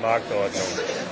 Marktordnung.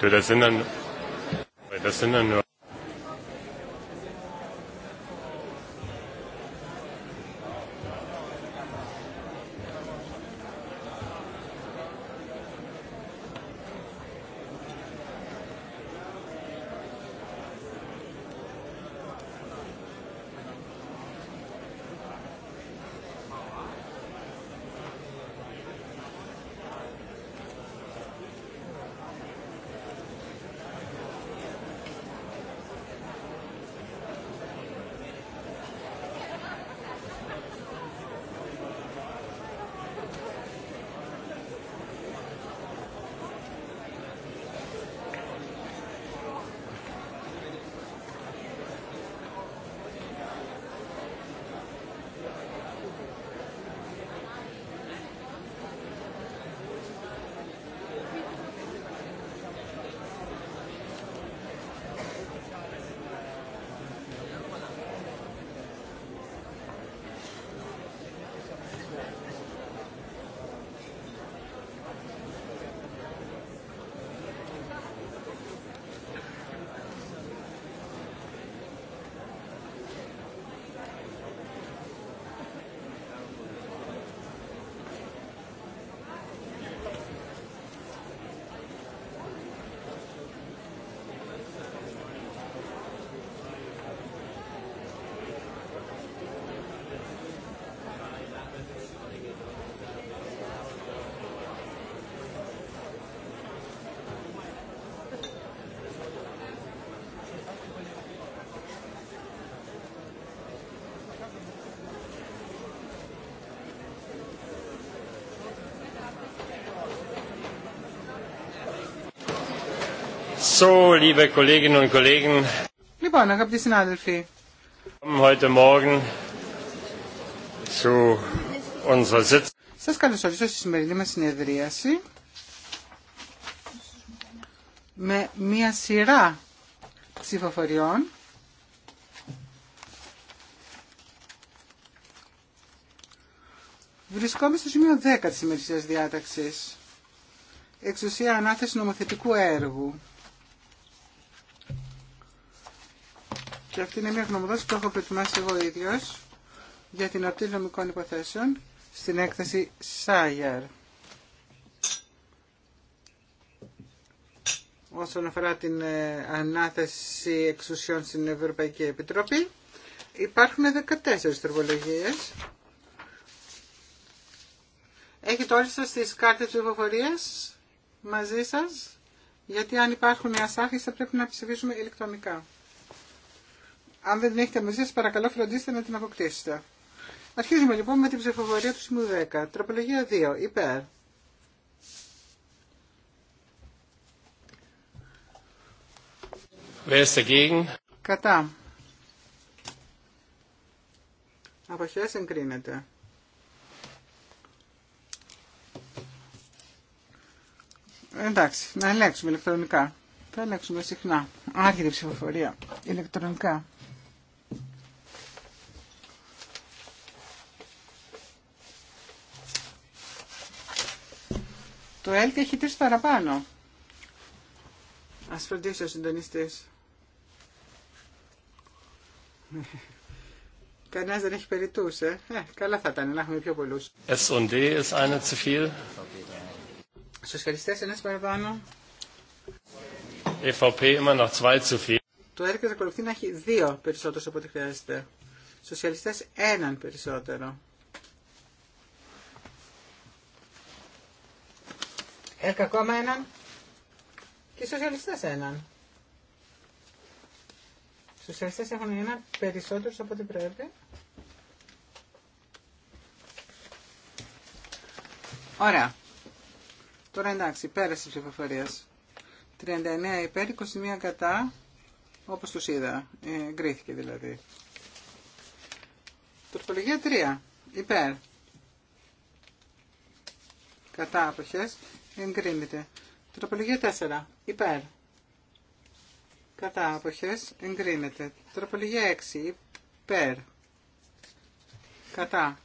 Das sind dann, das sind dann nur So, liebe Kolleginnen und Kollegen. Λοιπόν, αγαπητοί συνάδελφοι. Heute Morgen zu unserer Σας καλωσορίζω στη σημερινή μα συνεδρίαση με μία σειρά ψηφοφοριών Βρισκόμαστε στο σημείο 10 της σημερινής διάταξης. Εξουσία ανάθεση νομοθετικού έργου. Και αυτή είναι μια γνωμοδότηση που έχω προετοιμάσει εγώ ίδιο για την ορτή νομικών υποθέσεων στην έκθεση Σάιερ. όσον αφορά την ε, ανάθεση εξουσιών στην Ευρωπαϊκή Επιτροπή. Υπάρχουν 14 τροπολογίες. Έχετε όλες σας τις κάρτες ψηφοφορία μαζί σα, γιατί αν υπάρχουν ασάφειες θα πρέπει να ψηφίσουμε ηλεκτρονικά αν δεν την έχετε μαζί σας, παρακαλώ φροντίστε να την αποκτήσετε. Αρχίζουμε λοιπόν με την ψηφοφορία του σημείου 10. Τροπολογία 2. Υπέρ. Κατά. Αποχές εγκρίνεται. Εντάξει, να ελέγξουμε ηλεκτρονικά. Θα ελέγξουμε συχνά. Άρχεται η ψηφοφορία ηλεκτρονικά. Το ΕΛΚ έχει τρεις παραπάνω. Ας φροντίσει ο συντονιστής. Κανένας δεν έχει περιτούς, ε. ε. Καλά θα ήταν να έχουμε πιο πολλούς. S&D is eine zu Σοσιαλιστές ένας παραπάνω. EVP immer Το ΕΛΚ θα ακολουθεί να έχει δύο περισσότερους από ό,τι χρειάζεται. Σοσιαλιστές έναν περισσότερο. ΕΚ ακόμα έναν και οι σοσιαλιστές έναν. Οι σοσιαλιστές έχουν ένα περισσότερο από ό,τι πρέπει. Ωραία. Τώρα εντάξει, πέρασε η ψηφοφορία. 39 υπέρ, 21 κατά, όπως τους είδα. Ε, εγκρίθηκε δηλαδή. Τροπολογία 3. Υπέρ. Κατά αποχές εγκρίνεται. Τροπολογία 4. Υπέρ. Κατά αποχές εγκρίνεται. Τροπολογία 6. Υπέρ. Κατά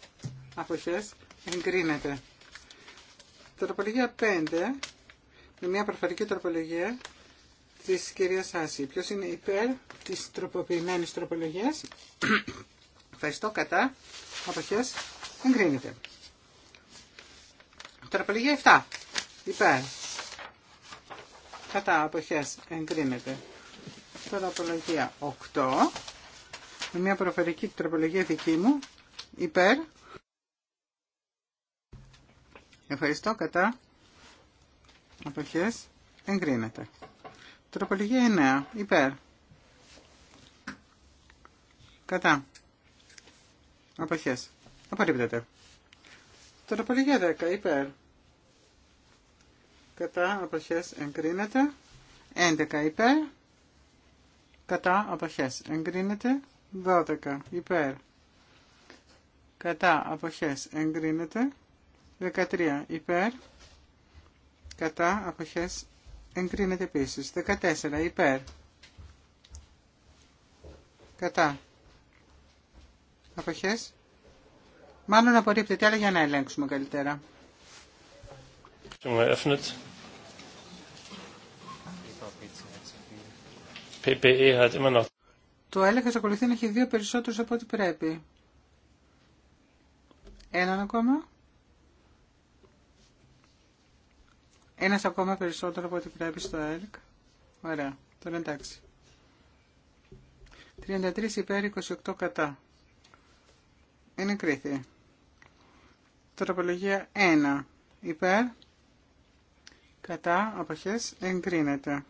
αποχές εγκρίνεται. Τροπολογία 5. Με μια προφορική τροπολογία της κυρίας Άση. Ποιος είναι υπέρ της τροποποιημένης τροπολογίας. Ευχαριστώ. Κατά αποχές εγκρίνεται. Τροπολογία 7. Υπέρ. Κατά αποχές εγκρίνεται. Τώρα 8. Με μια προφορική τροπολογία δική μου. Υπέρ. Ευχαριστώ. Κατά αποχές εγκρίνεται. Τροπολογία 9. Υπέρ. Κατά. Αποχές. Απορρίπτεται. Τροπολογία 10. Υπέρ κατά αποχές εγκρίνεται 11 υπέρ κατά αποχές εγκρίνεται 12 υπέρ κατά αποχές εγκρίνεται 13 υπέρ κατά αποχές εγκρίνεται επίσης 14 υπέρ κατά αποχές μάλλον απορρίπτεται αλλά για να ελέγξουμε καλύτερα PPE hat immer noch... Το έλεγχο εξακολουθεί να έχει δύο περισσότερους από ό,τι πρέπει. Έναν ακόμα. Ένα ακόμα περισσότερο από ό,τι πρέπει στο ΕΛΚ. Ωραία. Τώρα εντάξει. 33 υπέρ 28 κατά. Είναι κρίθη. Τροπολογία 1. Υπέρ. Κατά. Αποχές. Εγκρίνεται.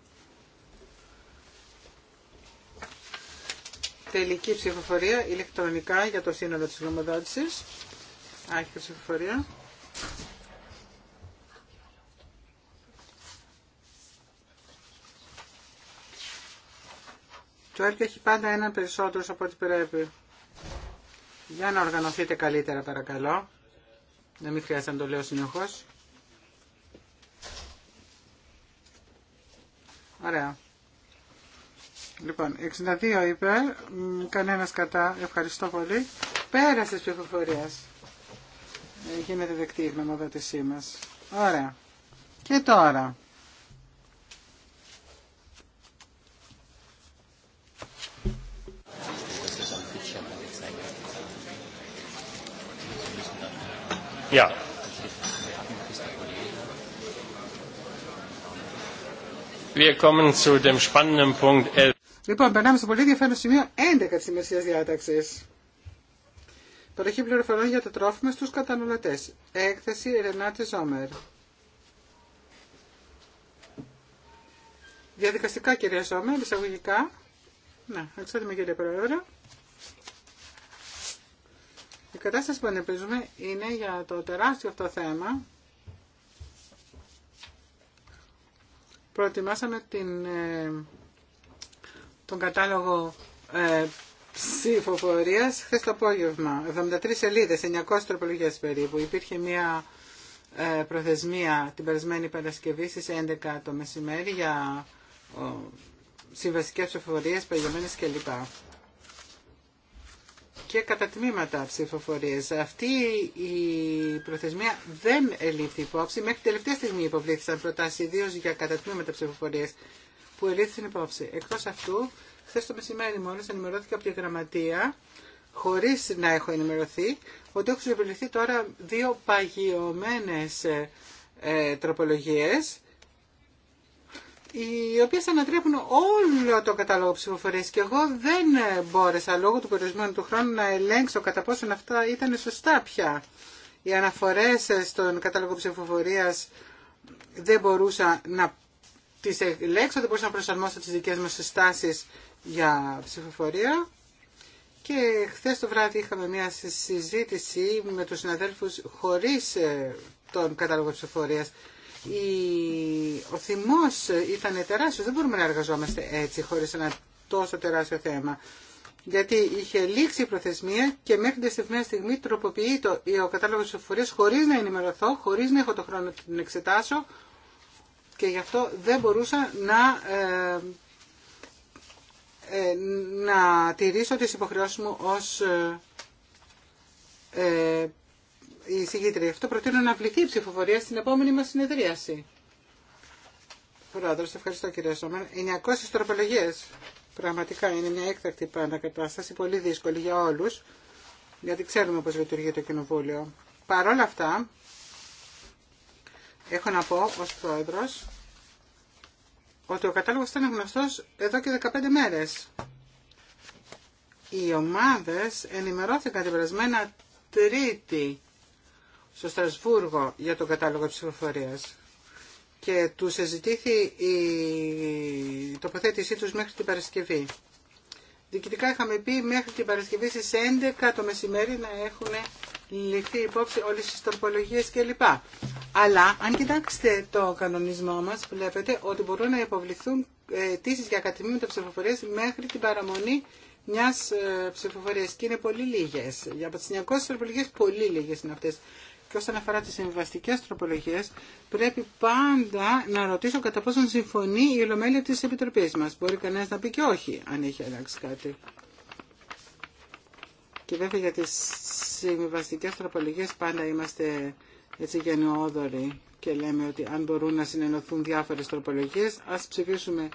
τελική ψηφοφορία ηλεκτρονικά για το σύνολο της γνωμοδότησης. Άρχισε ψηφοφορία. Το έργο έχει πάντα έναν περισσότερο από ό,τι πρέπει. Για να οργανωθείτε καλύτερα παρακαλώ. Να μην χρειάζεται να το λέω συνεχώς. Ωραία. Λοιπόν, 62 είπε, κανένας κατά, ευχαριστώ πολύ. Πέρα τη ψηφοφορία. Ε, γίνεται δεκτή η γνωμοδότησή μα. Ωραία. Και τώρα. Ja. Yeah. Wir kommen zu dem spannenden Punkt 11. Λοιπόν, περνάμε στο πολύ ενδιαφέρον σημείο 11 τη ημερησία διάταξης. Παροχή πληροφοριών για το τρόφιμα στου καταναλωτέ. Έκθεση Ρενάτε Ζόμερ. Διαδικαστικά κυρία Ζόμερ, εισαγωγικά. Να, με κύριε Πρόεδρε. Η κατάσταση που αντιμετωπίζουμε είναι για το τεράστιο αυτό θέμα. Προετοιμάσαμε την ε, τον κατάλογο ε, ψηφοφορία χθε το απόγευμα. 73 σελίδε, 900 τροπολογίε περίπου. Υπήρχε μια ε, προθεσμία την περασμένη Παρασκευή στι 11 το μεσημέρι για συμβασικέ ψηφοφορίε, παγιωμένε κλπ. Και κατά τμήματα ψηφοφορίε. Αυτή η προθεσμία δεν ελήφθη υπόψη. Μέχρι τελευταία στιγμή υποβλήθησαν προτάσει, ιδίω για κατά τμήματα ψηφοφορίε που την υπόψη. Εκτό αυτού, χθε το μεσημέρι μόλι ενημερώθηκα από τη γραμματεία, χωρίς να έχω ενημερωθεί, ότι έχουν συμπεριληφθεί τώρα δύο παγιωμένε ε, ε οι οποίε ανατρέπουν όλο το κατάλογο ψηφοφορία και εγώ δεν ε, μπόρεσα λόγω του περιορισμένου του χρόνου να ελέγξω κατά πόσον αυτά ήταν σωστά πια. Οι αναφορέ ε, στον κατάλογο ψηφοφορία δεν μπορούσα να τις λέξω ότι μπορούσα να προσαρμόσω τις δικές μας συστάσεις για ψηφοφορία. Και χθες το βράδυ είχαμε μια συζήτηση με τους συναδέλφους χωρίς ε, τον κατάλογο ψηφοφορίας. Ο θυμός ήταν τεράστιος, δεν μπορούμε να εργαζόμαστε έτσι χωρίς ένα τόσο τεράστιο θέμα. Γιατί είχε λήξει η προθεσμία και μέχρι τη στιγμή στιγμή τροποποιεί το, ο τη ψηφοφορίας χωρί να ενημερωθώ, χωρί να έχω το χρόνο να την εξετάσω, και γι' αυτό δεν μπορούσα να, ε, ε, να τηρήσω τις υποχρεώσεις μου ως ε, ε η Γι' Αυτό προτείνω να βληθεί η ψηφοφορία στην επόμενη μας συνεδρίαση. Πρόεδρος, ευχαριστώ κύριε Σόμερ. 900 τροπολογίες. Πραγματικά είναι μια έκτακτη πάντα κατάσταση, πολύ δύσκολη για όλους, γιατί ξέρουμε πώς λειτουργεί το Κοινοβούλιο. Παρ' όλα αυτά, Έχω να πω ως πρόεδρος ότι ο κατάλογος ήταν γνωστός εδώ και 15 μέρες. Οι ομάδες ενημερώθηκαν την περασμένα Τρίτη στο Στρασβούργο για τον κατάλογο ψηφοφορίας και του συζητήθη η τοποθέτησή τους μέχρι την Παρασκευή. Διοικητικά είχαμε πει μέχρι την Παρασκευή στις 11 το μεσημέρι να έχουν ληφθεί υπόψη όλες τις τροπολογίες κλπ. Αλλά αν κοιτάξετε το κανονισμό μας βλέπετε ότι μπορούν να υποβληθούν ε, αιτήσει για κατημήματα ψηφοφορίες μέχρι την παραμονή μιας ε, ψηφοφορία. και είναι πολύ λίγε. Για από τις 900 τροπολογίε, πολύ λίγε είναι αυτέ. Και όσον αφορά τι συμβαστικέ τροπολογίε, πρέπει πάντα να ρωτήσω κατά πόσον συμφωνεί η ολομέλεια τη επιτροπή μα. Μπορεί κανένα να πει και όχι, αν έχει αλλάξει κάτι. Και βέβαια για τις συμβιβαστικές τροπολογίες πάντα είμαστε έτσι γενναιόδοροι και λέμε ότι αν μπορούν να συνενωθούν διάφορες τροπολογίες ας ψηφίσουμε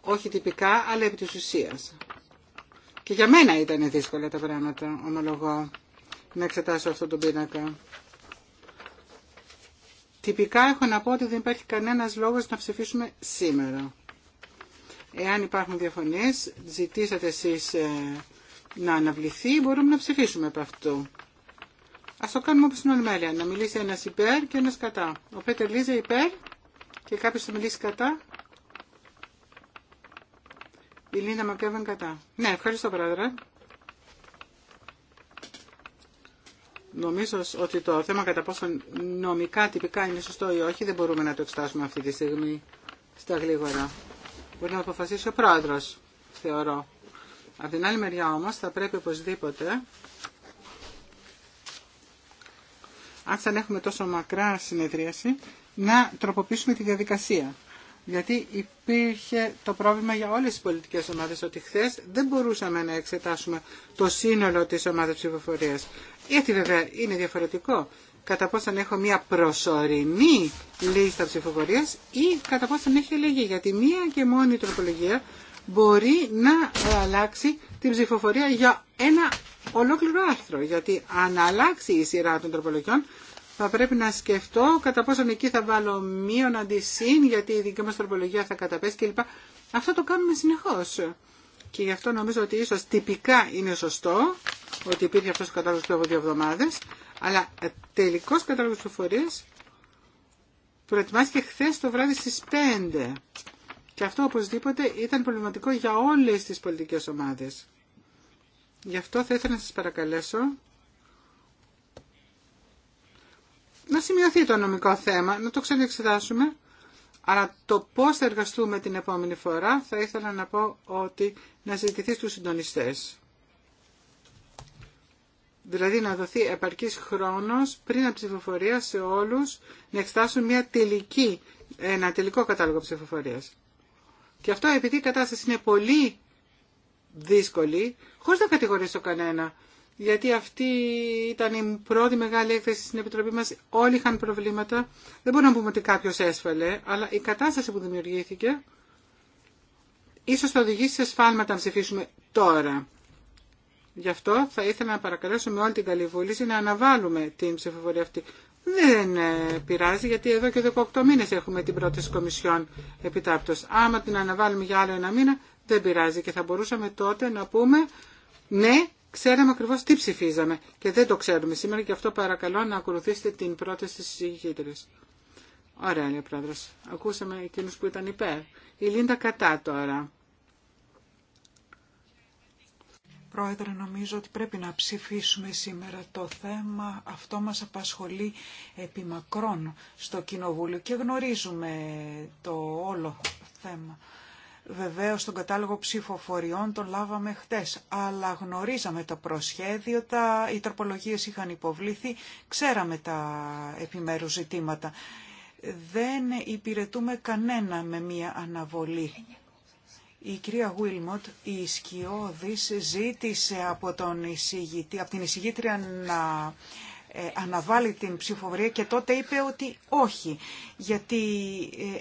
όχι τυπικά αλλά επί της ουσίας. Και για μένα ήταν δύσκολα τα πράγματα, ομολογώ, να εξετάσω αυτό τον πίνακα. Τυπικά έχω να πω ότι δεν υπάρχει κανένας λόγος να ψηφίσουμε σήμερα. Εάν υπάρχουν διαφωνίες, ζητήσατε εσείς ε, να αναβληθεί, μπορούμε να ψηφίσουμε από αυτό. Ας το κάνουμε όπως είναι Ολμέλεια, να μιλήσει ένας υπέρ και ένας κατά. Ο Πέτερ Λίζε υπέρ και κάποιος θα μιλήσει κατά. Η Λίνα Μακέβεν κατά. Ναι, ευχαριστώ πρόεδρε. Νομίζω ότι το θέμα κατά πόσο νομικά τυπικά είναι σωστό ή όχι δεν μπορούμε να το εξετάσουμε αυτή τη στιγμή στα γλίγορα. Μπορεί να αποφασίσει ο πρόεδρος, θεωρώ. Από την άλλη μεριά όμως θα πρέπει οπωσδήποτε αν δεν έχουμε τόσο μακρά συνεδρίαση να τροποποιήσουμε τη διαδικασία. Γιατί υπήρχε το πρόβλημα για όλες τις πολιτικές ομάδες ότι χθε δεν μπορούσαμε να εξετάσουμε το σύνολο της ομάδας ψηφοφορία. Γιατί βέβαια είναι διαφορετικό κατά αν έχω μια προσωρινή λίστα ψηφοφορία ή κατά θα έχει λίγη, Γιατί μία και μόνη τροπολογία μπορεί να αλλάξει την ψηφοφορία για ένα ολόκληρο άρθρο. Γιατί αν αλλάξει η σειρά των τροπολογιών θα πρέπει να σκεφτώ κατά πόσον εκεί θα βάλω μείον αντισύν γιατί η δική μας τροπολογία θα καταπέσει κλπ. Αυτό το κάνουμε συνεχώς. Και γι' αυτό νομίζω ότι ίσως τυπικά είναι σωστό ότι υπήρχε αυτός ο κατάλογος πριν από δύο εβδομάδες, αλλά τελικός κατάλογος ψηφοφορίας προετοιμάστηκε χθε το βράδυ στις 5. Και αυτό οπωσδήποτε ήταν προβληματικό για όλες τις πολιτικές ομάδες. Γι' αυτό θα ήθελα να σας παρακαλέσω να σημειωθεί το νομικό θέμα, να το ξαναεξετάσουμε. Αλλά το πώς θα εργαστούμε την επόμενη φορά θα ήθελα να πω ότι να συζητηθεί στους συντονιστές. Δηλαδή να δοθεί επαρκής χρόνος πριν από ψηφοφορία σε όλους να εξετάσουν μια ένα τελικό κατάλογο ψηφοφορίας. Και αυτό επειδή η κατάσταση είναι πολύ δύσκολη, χωρίς να κατηγορήσω κανένα. Γιατί αυτή ήταν η πρώτη μεγάλη έκθεση στην Επιτροπή μας, όλοι είχαν προβλήματα. Δεν μπορούμε να πούμε ότι κάποιος έσφαλε, αλλά η κατάσταση που δημιουργήθηκε ίσως θα οδηγήσει σε σφάλματα να ψηφίσουμε τώρα. Γι' αυτό θα ήθελα να παρακαλέσω με όλη την καλή βούληση να αναβάλουμε την ψηφοφορία αυτή δεν ε, πειράζει γιατί εδώ και 18 μήνες έχουμε την πρόταση Κομισιόν επιτάπτως. Άμα την αναβάλουμε για άλλο ένα μήνα δεν πειράζει και θα μπορούσαμε τότε να πούμε ναι, ξέραμε ακριβώς τι ψηφίζαμε και δεν το ξέρουμε σήμερα και αυτό παρακαλώ να ακολουθήσετε την πρόταση της συζητήτρες. Ωραία, λέει ο Ακούσαμε εκείνους που ήταν υπέρ. Η Λίντα κατά τώρα. Πρόεδρε, νομίζω ότι πρέπει να ψηφίσουμε σήμερα το θέμα. Αυτό μας απασχολεί μακρόν στο Κοινοβούλιο και γνωρίζουμε το όλο θέμα. Βεβαίως τον κατάλογο ψηφοφοριών τον λάβαμε χτες, αλλά γνωρίζαμε το προσχέδιο, τα, οι τροπολογίες είχαν υποβλήθει, ξέραμε τα επιμέρους ζητήματα. Δεν υπηρετούμε κανένα με μία αναβολή η κυρία Γουίλμοντ, η Σκιώδη, ζήτησε από, τον εισηγητή, από την εισηγήτρια να ε, αναβάλει την ψηφοφορία και τότε είπε ότι όχι, γιατί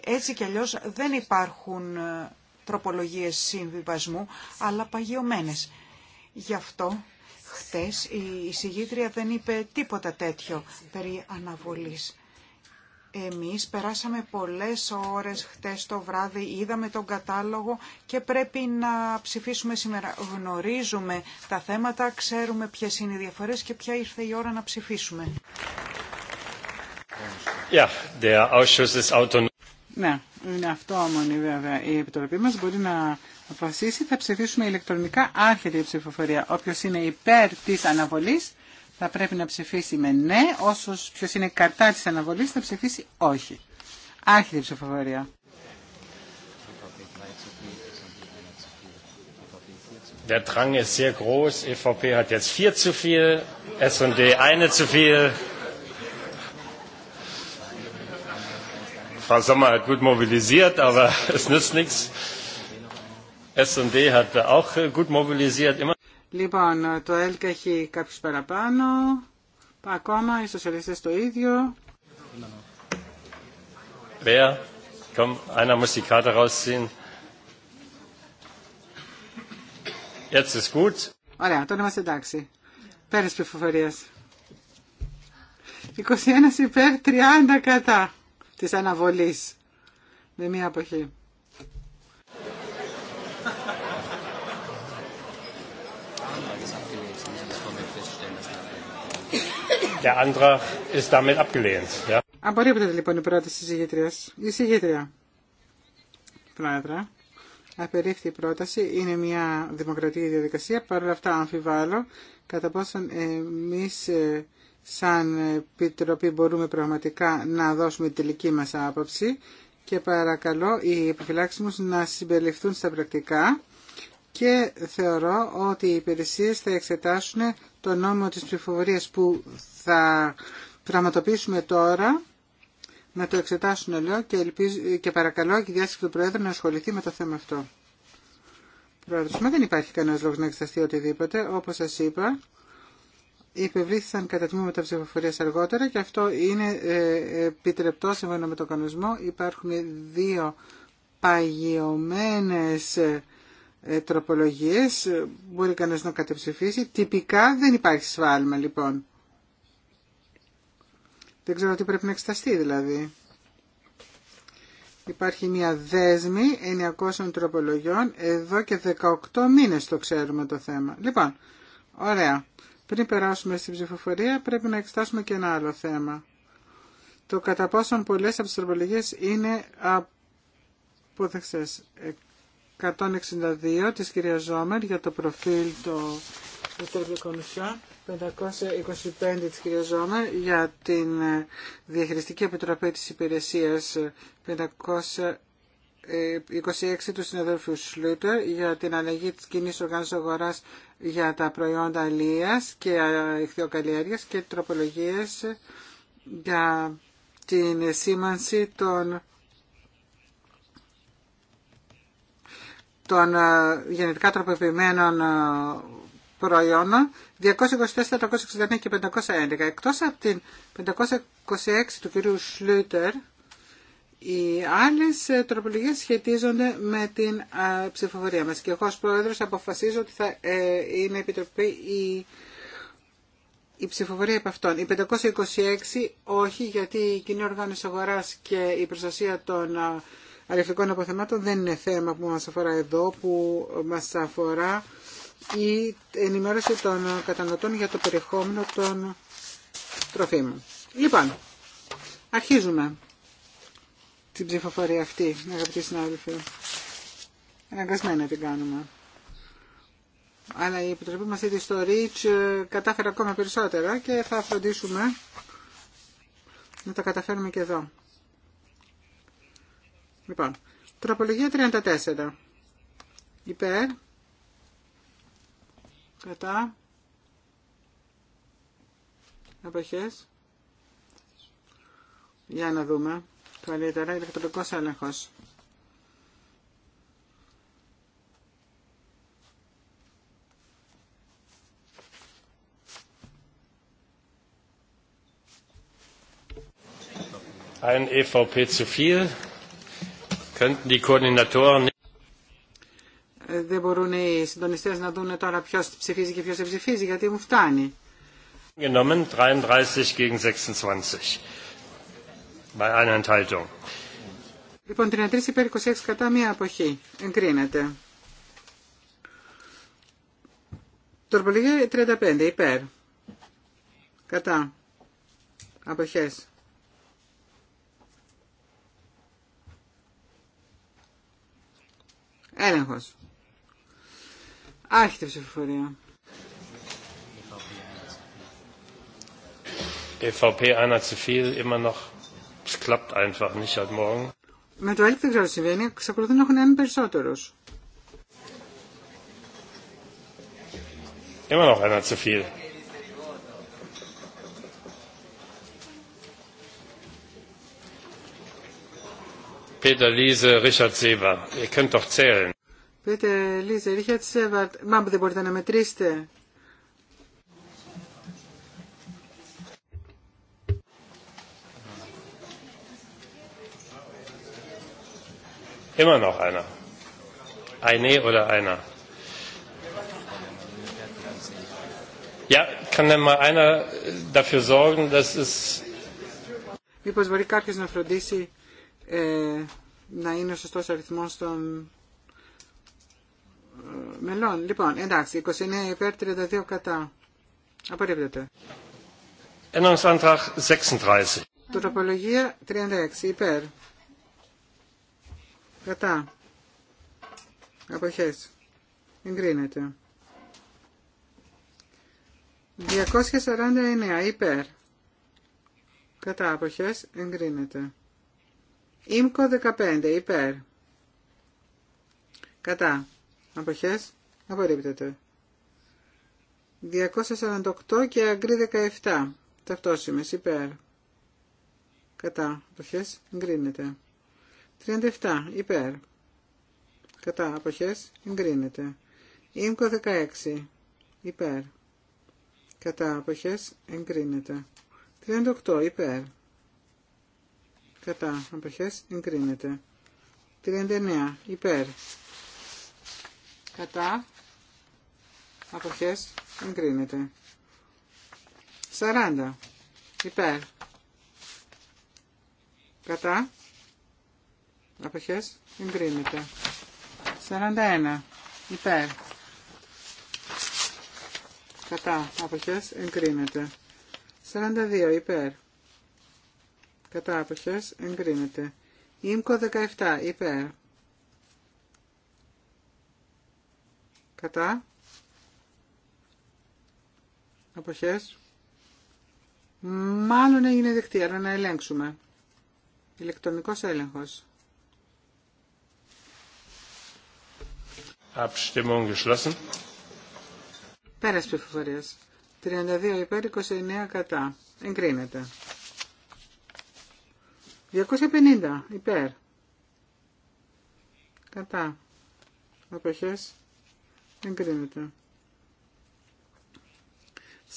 ε, έτσι κι αλλιώς δεν υπάρχουν ε, τροπολογίες συμβιβασμού, αλλά παγιωμένες. Γι' αυτό χθες η εισηγήτρια δεν είπε τίποτα τέτοιο περί αναβολής. Εμείς περάσαμε πολλές ώρες χτες το βράδυ, είδαμε τον κατάλογο και πρέπει να ψηφίσουμε σήμερα. Γνωρίζουμε τα θέματα, ξέρουμε ποιες είναι οι διαφορές και ποια ήρθε η ώρα να ψηφίσουμε. Yeah, ναι, είναι αυτό μόνο βέβαια. Η Επιτροπή μας μπορεί να αποφασίσει, θα ψηφίσουμε ηλεκτρονικά, άρχεται η ψηφοφορία. Όποιος είναι υπέρ της αναβολής, θα πρέπει να ψηφίσει με ναι, όσος ποιο είναι κατά της αναβολής θα ψηφίσει όχι. Άρχιτε ψηφοφορία. Der Drang ist sehr groß. EVP hat jetzt vier zu viel, S&D eine zu viel. Frau Sommer hat gut mobilisiert, aber es nützt nichts. S&D hat auch gut mobilisiert. Λοιπόν, το ΕΛΚ έχει κάποιους παραπάνω. Ακόμα, οι σοσιαλιστές το ίδιο. Βέα, Ωραία, τώρα είμαστε εντάξει. Πέρες πληροφορίες. 21 υπέρ 30 κατά της αναβολής. Με μία αποχή. Der Απορρίπτεται λοιπόν η πρόταση της ηγετρίας. Η Ηγετρία; Πρόεδρε. Απερίφθη η πρόταση. Είναι μια δημοκρατική διαδικασία. Παρ' όλα αυτά αμφιβάλλω κατά πόσον εμείς ε, σαν επιτροπή μπορούμε πραγματικά να δώσουμε τη τελική μας άποψη και παρακαλώ οι επιφυλάξει να συμπεριληφθούν στα πρακτικά και θεωρώ ότι οι υπηρεσίε θα εξετάσουν το νόμο της ψηφοφορίας που θα πραγματοποιήσουμε τώρα να το εξετάσουν λέω και, ελπίζω, και παρακαλώ και η διάσκεψη του Προέδρου να ασχοληθεί με το θέμα αυτό. Πρόεδρος, δεν υπάρχει κανένας λόγος να εξεταστεί οτιδήποτε. Όπως σας είπα, υπευλήθησαν κατά τμήματα ψηφοφορίας αργότερα και αυτό είναι ε, επιτρεπτό σύμφωνα με τον κανονισμό. Υπάρχουν δύο παγιωμένες ε, ε, τροπολογίες, μπορεί κανένας να κατεψηφίσει. Τυπικά δεν υπάρχει σφάλμα λοιπόν. Δεν ξέρω τι πρέπει να εξεταστεί δηλαδή. Υπάρχει μια δέσμη 900 τροπολογιών εδώ και 18 μήνες το ξέρουμε το θέμα. Λοιπόν, ωραία. Πριν περάσουμε στην ψηφοφορία πρέπει να εξετάσουμε και ένα άλλο θέμα. Το κατά πόσον πολλές από τις τροπολογίες είναι 162 της κυρία Ζόμερ για το προφίλ του Ευρωπαϊκού 525 της κυρία Ζώνα για την ε, Διαχειριστική Επιτροπή της Υπηρεσίας 526 ε, του συναδέλφου Σλούτερ για την αλλαγή της κοινή οργάνωσης αγοράς για τα προϊόντα αλίας και ε, ηχθειοκαλλιέργειας και τροπολογίες για την σήμανση των των γενετικά τροποποιημένων προϊόντων 224, 361 και 511. Εκτός από την 526 του κυρίου Σλούτερ, οι άλλες ε, τροπολογίες σχετίζονται με την ψηφοφορία μας. Και εγώ ως πρόεδρος αποφασίζω ότι θα ε, είναι επιτροπή η, ψηφοφορία από αυτόν. Η 526 όχι, γιατί η κοινή οργάνωση αγοράς και η προστασία των αριθμητικών αποθεμάτων δεν είναι θέμα που μας αφορά εδώ, που μας αφορά η ενημέρωση των καταναλωτών για το περιεχόμενο των τροφίμων. Λοιπόν, αρχίζουμε την ψηφοφορία αυτή, αγαπητοί συνάδελφοι. Αναγκασμένα την κάνουμε. Αλλά η Επιτροπή μας ήδη στο REACH ε, κατάφερε ακόμα περισσότερα και θα φροντίσουμε να τα καταφέρουμε και εδώ. Λοιπόν, τροπολογία 34. Υπέρ, κατά αποχές για να δούμε καλύτερα ηλεκτρονικός έλεγχος Ein EVP zu viel. Könnten die Koordinatoren nicht δεν μπορούν οι συντονιστέ να δουν τώρα ποιο ψηφίζει και ποιο δεν ψηφίζει, γιατί μου φτάνει. Genommen 33 gegen 26. Bei einer Enthaltung. Λοιπόν, 33 υπέρ 26 κατά μία αποχή. Εγκρίνεται. Τροπολογία 35 υπέρ. Κατά. Αποχές. Έλεγχος. Άρχεται ψηφοφορία. EVP einer zu viel, immer noch. Es klappt einfach nicht Morgen. Με το δεν ξέρω τι συμβαίνει, να έχουν έναν Immer noch einer zu viel. Peter Liese, Richard Seber, ihr könnt doch zählen. Πείτε, Λίζα, ρίχα σε μάμπου, δεν μπορείτε να μετρήσετε. Immer noch einer. Eine oder einer. Ja, kann einer dafür sorgen, dass es... Μήπως μπορεί κάποιος να φροντίσει ε, να είναι ο σωστός αριθμός των μελών. Λοιπόν, εντάξει, 29 υπέρ, 32 κατά. Απορρίπτεται. 36. Τροπολογία 36 υπέρ. Κατά. Αποχές. Εγκρίνεται. 249 υπέρ. Κατά αποχές εγκρίνεται. Ήμκο 15 υπέρ. Κατά Αποχές. Απορρίπτεται. 248 και αγκρί 17. Ταυτόσιμες. υπέρ. Κατά. Αποχές. Εγκρίνεται. 37. Υπέρ. Κατά. Αποχές. Εγκρίνεται. Ήμκο 16. Υπέρ. Κατά. Αποχές. Εγκρίνεται. 38. Υπέρ. Κατά. Αποχές. Εγκρίνεται. 39. Υπέρ κατά αποχές εγκρίνεται 40 υπέρ κατά αποχές εγκρίνεται 41 υπέρ κατά αποχές εγκρίνεται 42 υπέρ κατά αποχές εγκρίνεται ΙΜΚΟ 17 υπέρ κατά αποχές μάλλον έγινε δεκτή αλλά να ελέγξουμε ηλεκτρονικός έλεγχος Abstimmung geschlossen. Πέρας 32 υπέρ, 29 κατά. Εγκρίνεται. 250 υπέρ. Κατά. Αποχές εγκρίνεται.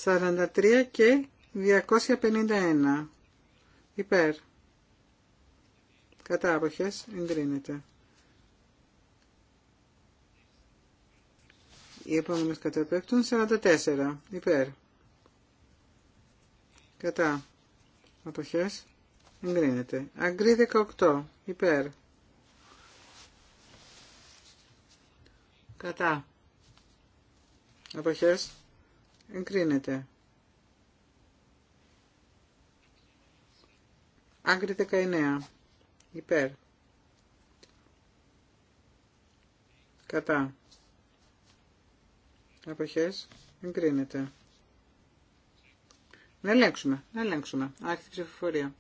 43 και 251 υπέρ κατά αποχές εγκρίνεται. Οι επόμενες καταπέφτουν 44 υπέρ κατά αποχές εγκρίνεται. Αγκρί 18 υπέρ κατά Εποχές. Εγκρίνεται. Άγκρι 19. Υπέρ. Κατά. Εποχές. Εγκρίνεται. Να ελέγξουμε. Να ελέγξουμε. Άρχιτη ψηφοφορία.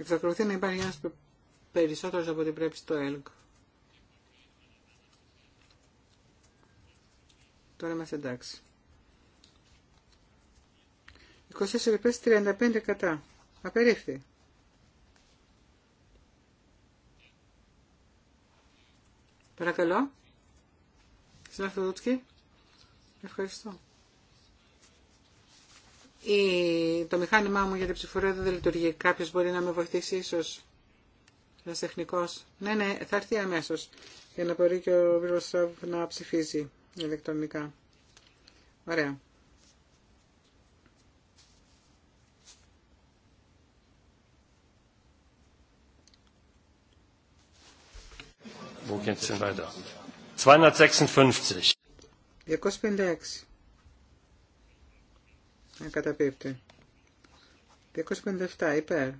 Εξακολουθεί να υπάρχει ένας περισσότερος από ό,τι πρέπει στο ΕΛΚ. Τώρα είμαστε εντάξει. 24 υπέρ 35 κατά. Απερίφθη. Παρακαλώ. Συνάρθω Δούτσκι. Ευχαριστώ το μηχάνημά μου για την ψηφορία δεν λειτουργεί. Κάποιο μπορεί να με βοηθήσει, ίσω. Ένα τεχνικό. Ναι, ναι, θα έρθει αμέσω. Για να μπορεί και ο να ψηφίζει ηλεκτρονικά. Ωραία. Wo weiter? 256. 256 καταπίπτει. 257 υπέρ.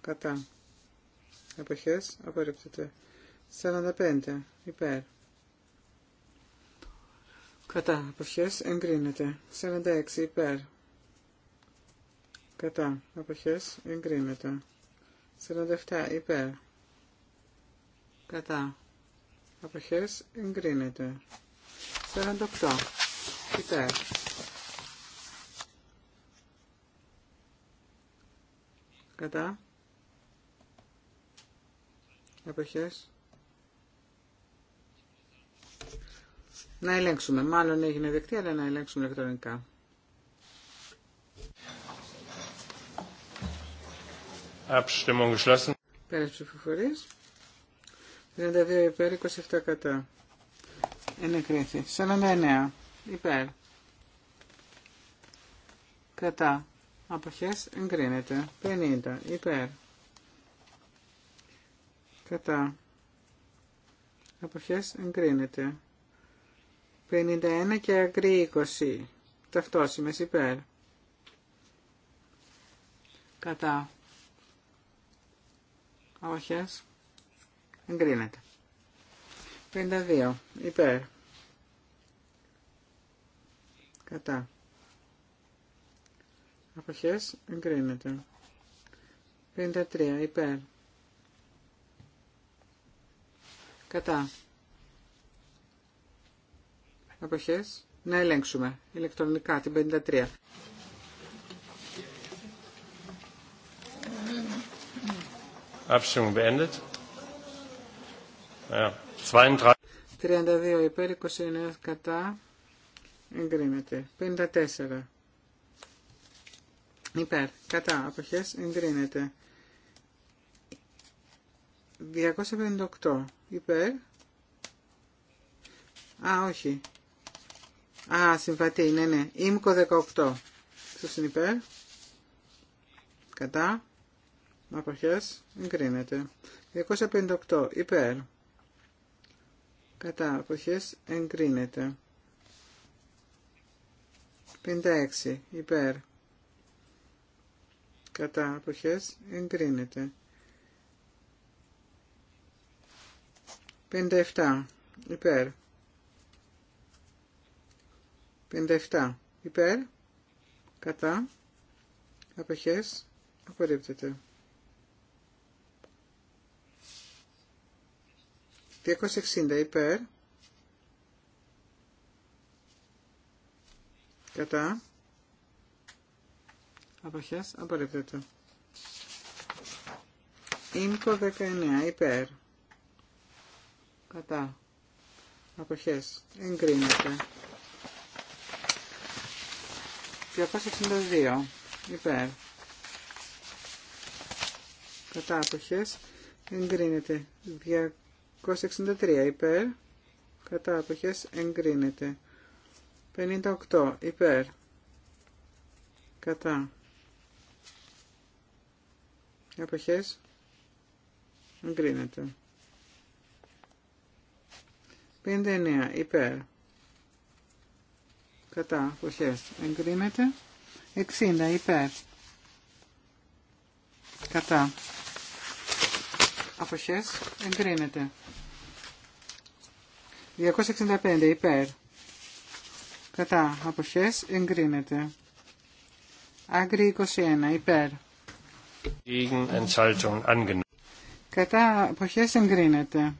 Κατά. Εποχές απορρίπτεται. 45 υπέρ. Κατά. Εποχές εγκρίνεται. 46 υπέρ. Κατά. Εποχές εγκρίνεται. 47 υπέρ. Κατά. Αποχές εγκρίνεται. 48 υπέρ. Κατά. Εποχέ. Να ελέγξουμε. Μάλλον έγινε δεκτή, αλλά να ελέγξουμε ηλεκτρονικά. Abstimmung geschlossen. Πέρα ψηφοφορίες. 32 υπέρ, 27 κατά. Ενεκρίθη. 49 υπέρ. Κατά. Αποχές εγκρίνεται. 50 υπέρ. Κατά. Αποχές εγκρίνεται. 51 και αγκρή 20. Ταυτόσιμες υπέρ. Κατά. Αποχές εγκρίνεται. 52 υπέρ. Κατά. Αποχές εγκρίνεται. 53 υπέρ. Κατά. Αποχές. Να ελέγξουμε ηλεκτρονικά την 53. Abstimmung beendet. Ja, 32. 32 υπέρ, 29 κατά εγκρίνεται. 54 υπέρ, κατά, αποχές, εγκρίνεται. 258 υπέρ. Α, όχι. Α, συμβατή, ναι, ναι. Ήμκο 18. Στο είναι υπέρ. Κατά. Αποχές. Εγκρίνεται. 258. Υπέρ. Κατά. Αποχές. Εγκρίνεται. 56 υπέρ κατά αποχές εγκρίνεται 57 υπέρ 57 υπέρ κατά αποχές απορρίπτεται 260 υπέρ Κατά. Αποχές απορρίπτεται. Ήμκο 19 υπέρ. Κατά. Αποχές. Εγκρίνεται. 262 υπέρ. Κατά αποχές. Εγκρίνεται. 263 υπέρ. Κατά αποχές. Εγκρίνεται. 58 υπέρ κατά εποχές εγκρίνεται 59 υπέρ κατά εποχές εγκρίνεται 60 υπέρ κατά αποχές εγκρίνεται 265 υπέρ κατά αποχές εγκρίνεται. Άγκρι 21 υπέρ. Κατά αποχές εγκρίνεται.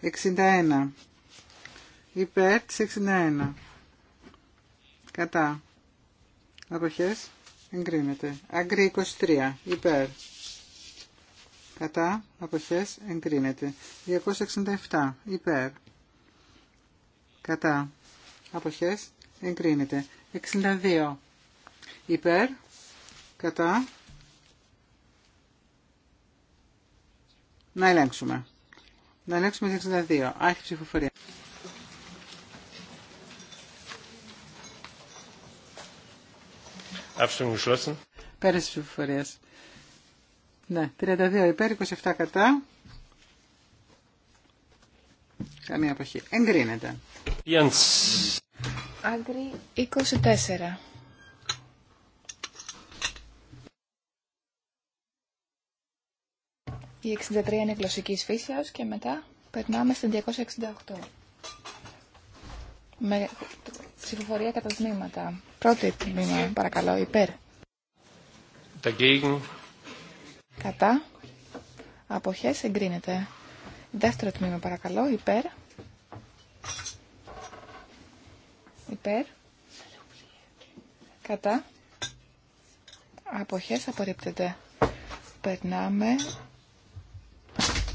Εξήντα Υπέρ της 61. Κατά. Αποχές εγκρίνεται. Άγκρι 23. Υπέρ κατά αποχές εγκρίνεται. 267 υπέρ κατά αποχές εγκρίνεται. 62 υπέρ κατά να ελέγξουμε. Να ελέγξουμε 62. Άρχη ψηφοφορία. Abstimmung geschlossen. ψηφοφορία. Ναι, 32 υπέρ, 27 κατά. Καμία αποχή. Εγκρίνεται. Άγκρι 24. Η 63 είναι γλωσσική φύσεω και μετά περνάμε στην 268. Με ψηφοφορία κατά τμήματα. Πρώτη τμήμα, παρακαλώ, υπέρ. Dagegen Κατά. Αποχές εγκρίνεται. Δεύτερο τμήμα παρακαλώ. Υπέρ. Υπέρ. Κατά. Αποχές απορρίπτεται. Περνάμε.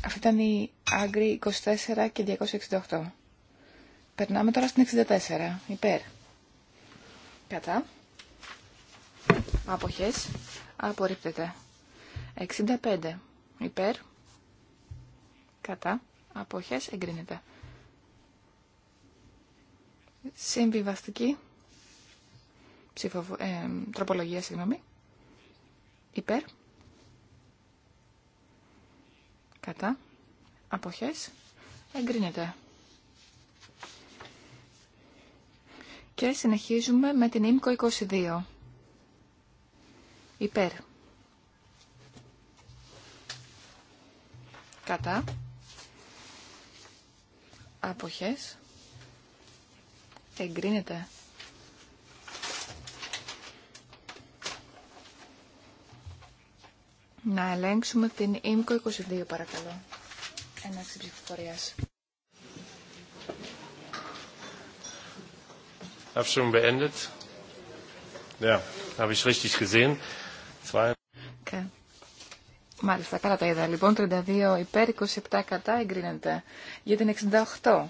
Αυτή ήταν η άγκρη 24 και 268. Περνάμε τώρα στην 64. Υπέρ. Κατά. Αποχές απορρίπτεται. 65 υπέρ, κατά, αποχές εγκρίνεται. Συμβιβαστική ε, τροπολογία, συγγνώμη, υπέρ, κατά, αποχές εγκρίνεται. Και συνεχίζουμε με την ΙΜΚΟ 22. Υπέρ. Κατά. Αποχές. Εγκρίνεται. Να ελέγξουμε την ΙΜΚΟ 22 παρακαλώ. Έναρξη ψηφοφορίας. Abstimmung beendet. Ja, habe ich richtig gesehen. Μάλιστα, καλά τα είδα. Λοιπόν, 32 υπέρ, 27 κατά εγκρίνεται. Για την 68.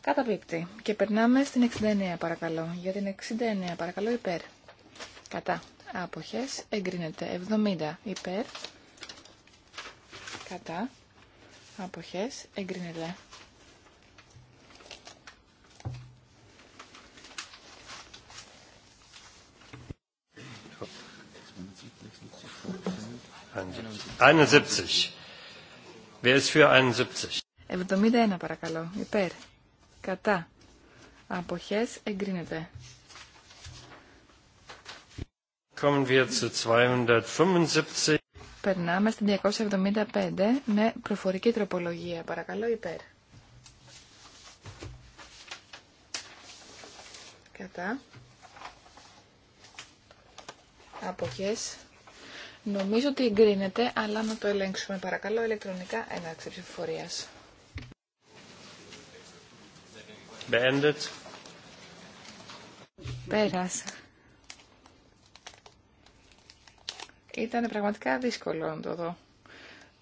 Καταπίπτει. Και περνάμε στην 69 παρακαλώ. Για την 69 παρακαλώ υπέρ. Κατά. Άποχες. Εγκρίνεται. 70 υπέρ. Κατά. Άποχες. Εγκρίνεται. 71. Wer ist für 71? 71 παρακαλώ. Υπέρ. Κατά. Αποχές εγκρίνεται. Kommen wir zu 275. Περνάμε στην 275 με προφορική τροπολογία. Παρακαλώ υπέρ. Κατά. Αποχές Νομίζω ότι εγκρίνεται, αλλά να το ελέγξουμε παρακαλώ ηλεκτρονικά έναρξη ψηφοφορία. Beendet. Πέρασα. Ήταν πραγματικά δύσκολο να το δω.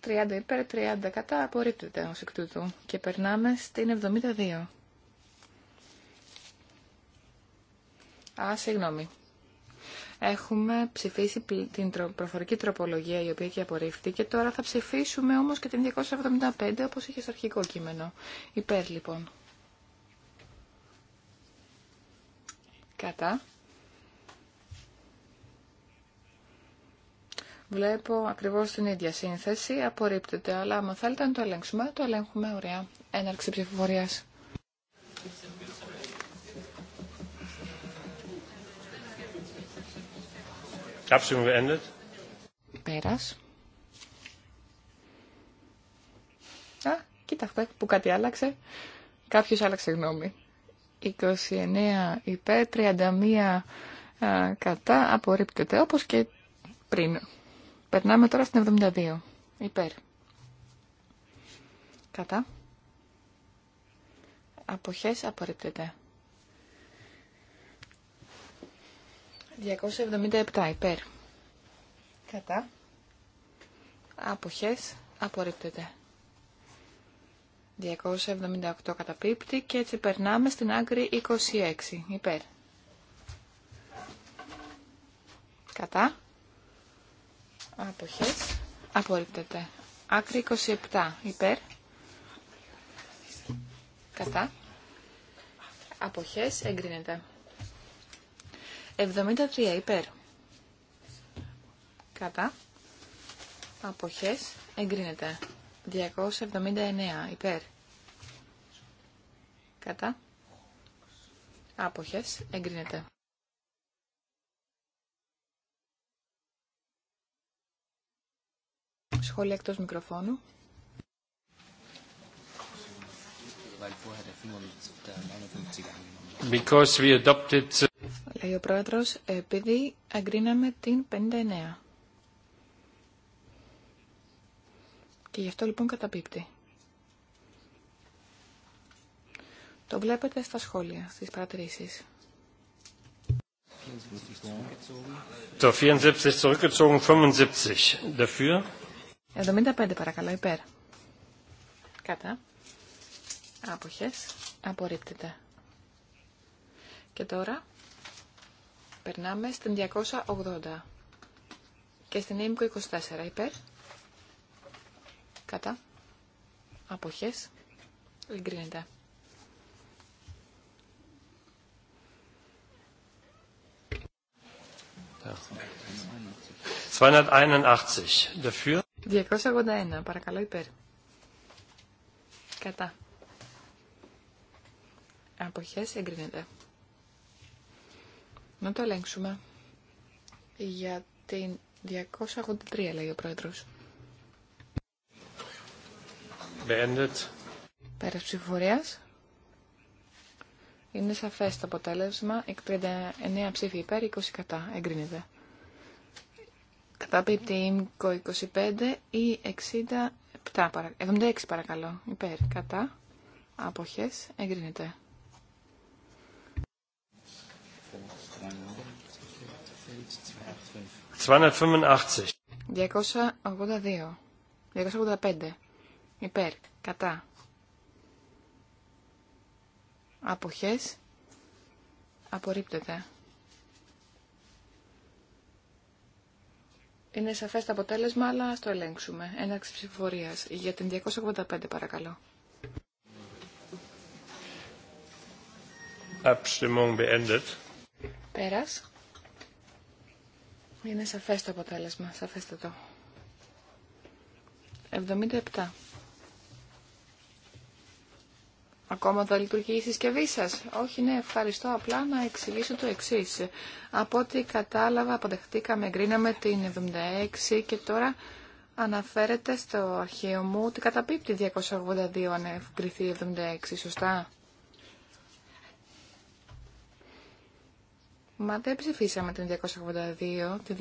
30 υπέρ, 30 κατά, απορρίπτεται ως εκ τούτου. Και περνάμε στην 72. Α, συγγνώμη. Έχουμε ψηφίσει την προφορική τροπολογία η οποία και απορρίφθηκε. Τώρα θα ψηφίσουμε όμως και την 275 όπως είχε στο αρχικό κείμενο. Υπέρ λοιπόν. Κατά. Βλέπω ακριβώς την ίδια σύνθεση. Απορρίπτεται, αλλά άμα θέλετε να το ελέγξουμε, το ελέγχουμε ωραία. Έναρξη ψηφοφορίας. Πέρας. Α, κοίταχτε που κάτι άλλαξε. Κάποιος άλλαξε γνώμη. 29 υπέρ, 31 α, κατά, απορρίπτεται όπως και πριν. Περνάμε τώρα στην 72. Υπέρ. Κατά. Αποχές απορρίπτεται. 277 υπέρ. Κατά. Αποχές. Απορρίπτεται. 278 καταπίπτει και έτσι περνάμε στην άκρη 26 υπέρ. Κατά. Αποχές. Απορρίπτεται. Άκρη 27 υπέρ. Κατά. Αποχές εγκρίνεται. 73 υπέρ. Κατά. Αποχές εγκρίνεται. 279 υπέρ. Κατά. Άποχες εγκρίνεται. Σχόλια εκτός μικροφώνου. Because we adopted λέει ο πρόεδρος, επειδή αγκρίναμε την 59. Και γι' αυτό λοιπόν καταπίπτει. Το βλέπετε στα σχόλια, στις παρατηρήσεις. Το 74 zurückgezogen, 75 dafür. 75 παρακαλώ, υπέρ. Κατά. Άποχες. Απορρίπτεται. Και τώρα Περνάμε στην 280 και στην ΕΜΚΟ 24 υπέρ. Κατά. Αποχές. Εγκρίνεται. 281 281, παρακαλώ υπέρ. Κατά. Αποχές εγκρίνεται. Να το ελέγξουμε. Για την 283 λέει ο πρόεδρος. Beendet. Πέρας Είναι σαφές το αποτέλεσμα. 39 ψήφοι υπέρ, 20 κατά. Εγκρίνεται. Καταπίπτει πίπτη 25 ή 67, 76 παρακαλώ. Υπέρ, κατά. Αποχές, εγκρίνεται. 285. 282. 285. Υπέρ. Κατά. Αποχές. Απορρίπτεται. Είναι σαφές το αποτέλεσμα, αλλά ας το ελέγξουμε. Έναρξη ψηφοφορίας για την 285 παρακαλώ. Πέρας. Είναι σαφέ το αποτέλεσμα, σαφέστατο. 77. Ακόμα θα λειτουργεί η συσκευή σα. Όχι, ναι, ευχαριστώ. Απλά να εξηγήσω το εξή. Από ό,τι κατάλαβα, αποδεχτήκαμε, εγκρίναμε την 76 και τώρα αναφέρεται στο αρχείο μου ότι καταπίπτει 282 αν ευκριθεί 76, σωστά. Μα δεν ψηφίσαμε την 282, την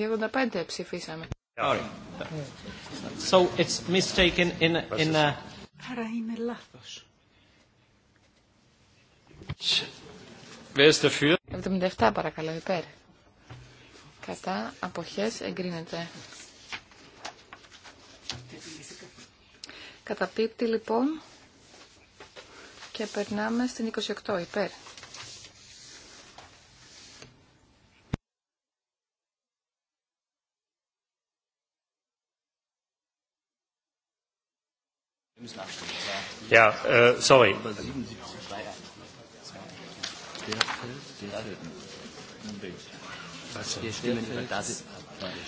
285 ψηφίσαμε. Sorry. So it's mistaken in, in a... Άρα είναι λάθος. 77 παρακαλώ, υπέρ. Κατά αποχές εγκρίνεται. Καταπίπτει λοιπόν και περνάμε στην 28 υπέρ. Ja, äh, sorry.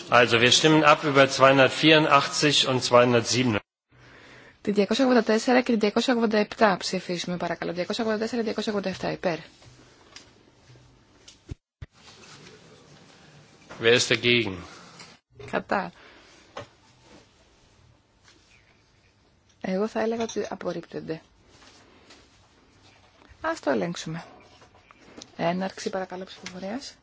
Also wir stimmen ab über 284 und 207. Την 284 και την 287 ψηφίσουμε παρακαλώ. 284-287 υπέρ. Wer ist dagegen? Κατά. Εγώ θα έλεγα ότι απορρίπτονται. Ας το ελέγξουμε. Έναρξη παρακαλώ ψηφοφορίας.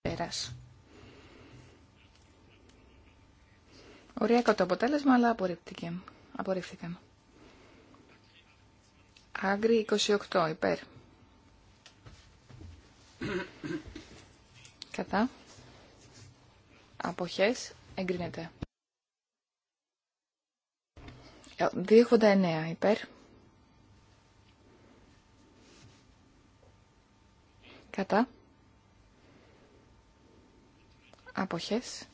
Πέρας. Οριακό το αποτέλεσμα, αλλά απορρίπτηκαν. απορρίφθηκαν. Άγκρι 28, υπέρ. Κατά αποχές εγκρίνεται. 289 ε, υπέρ. Κατά. Αποχές.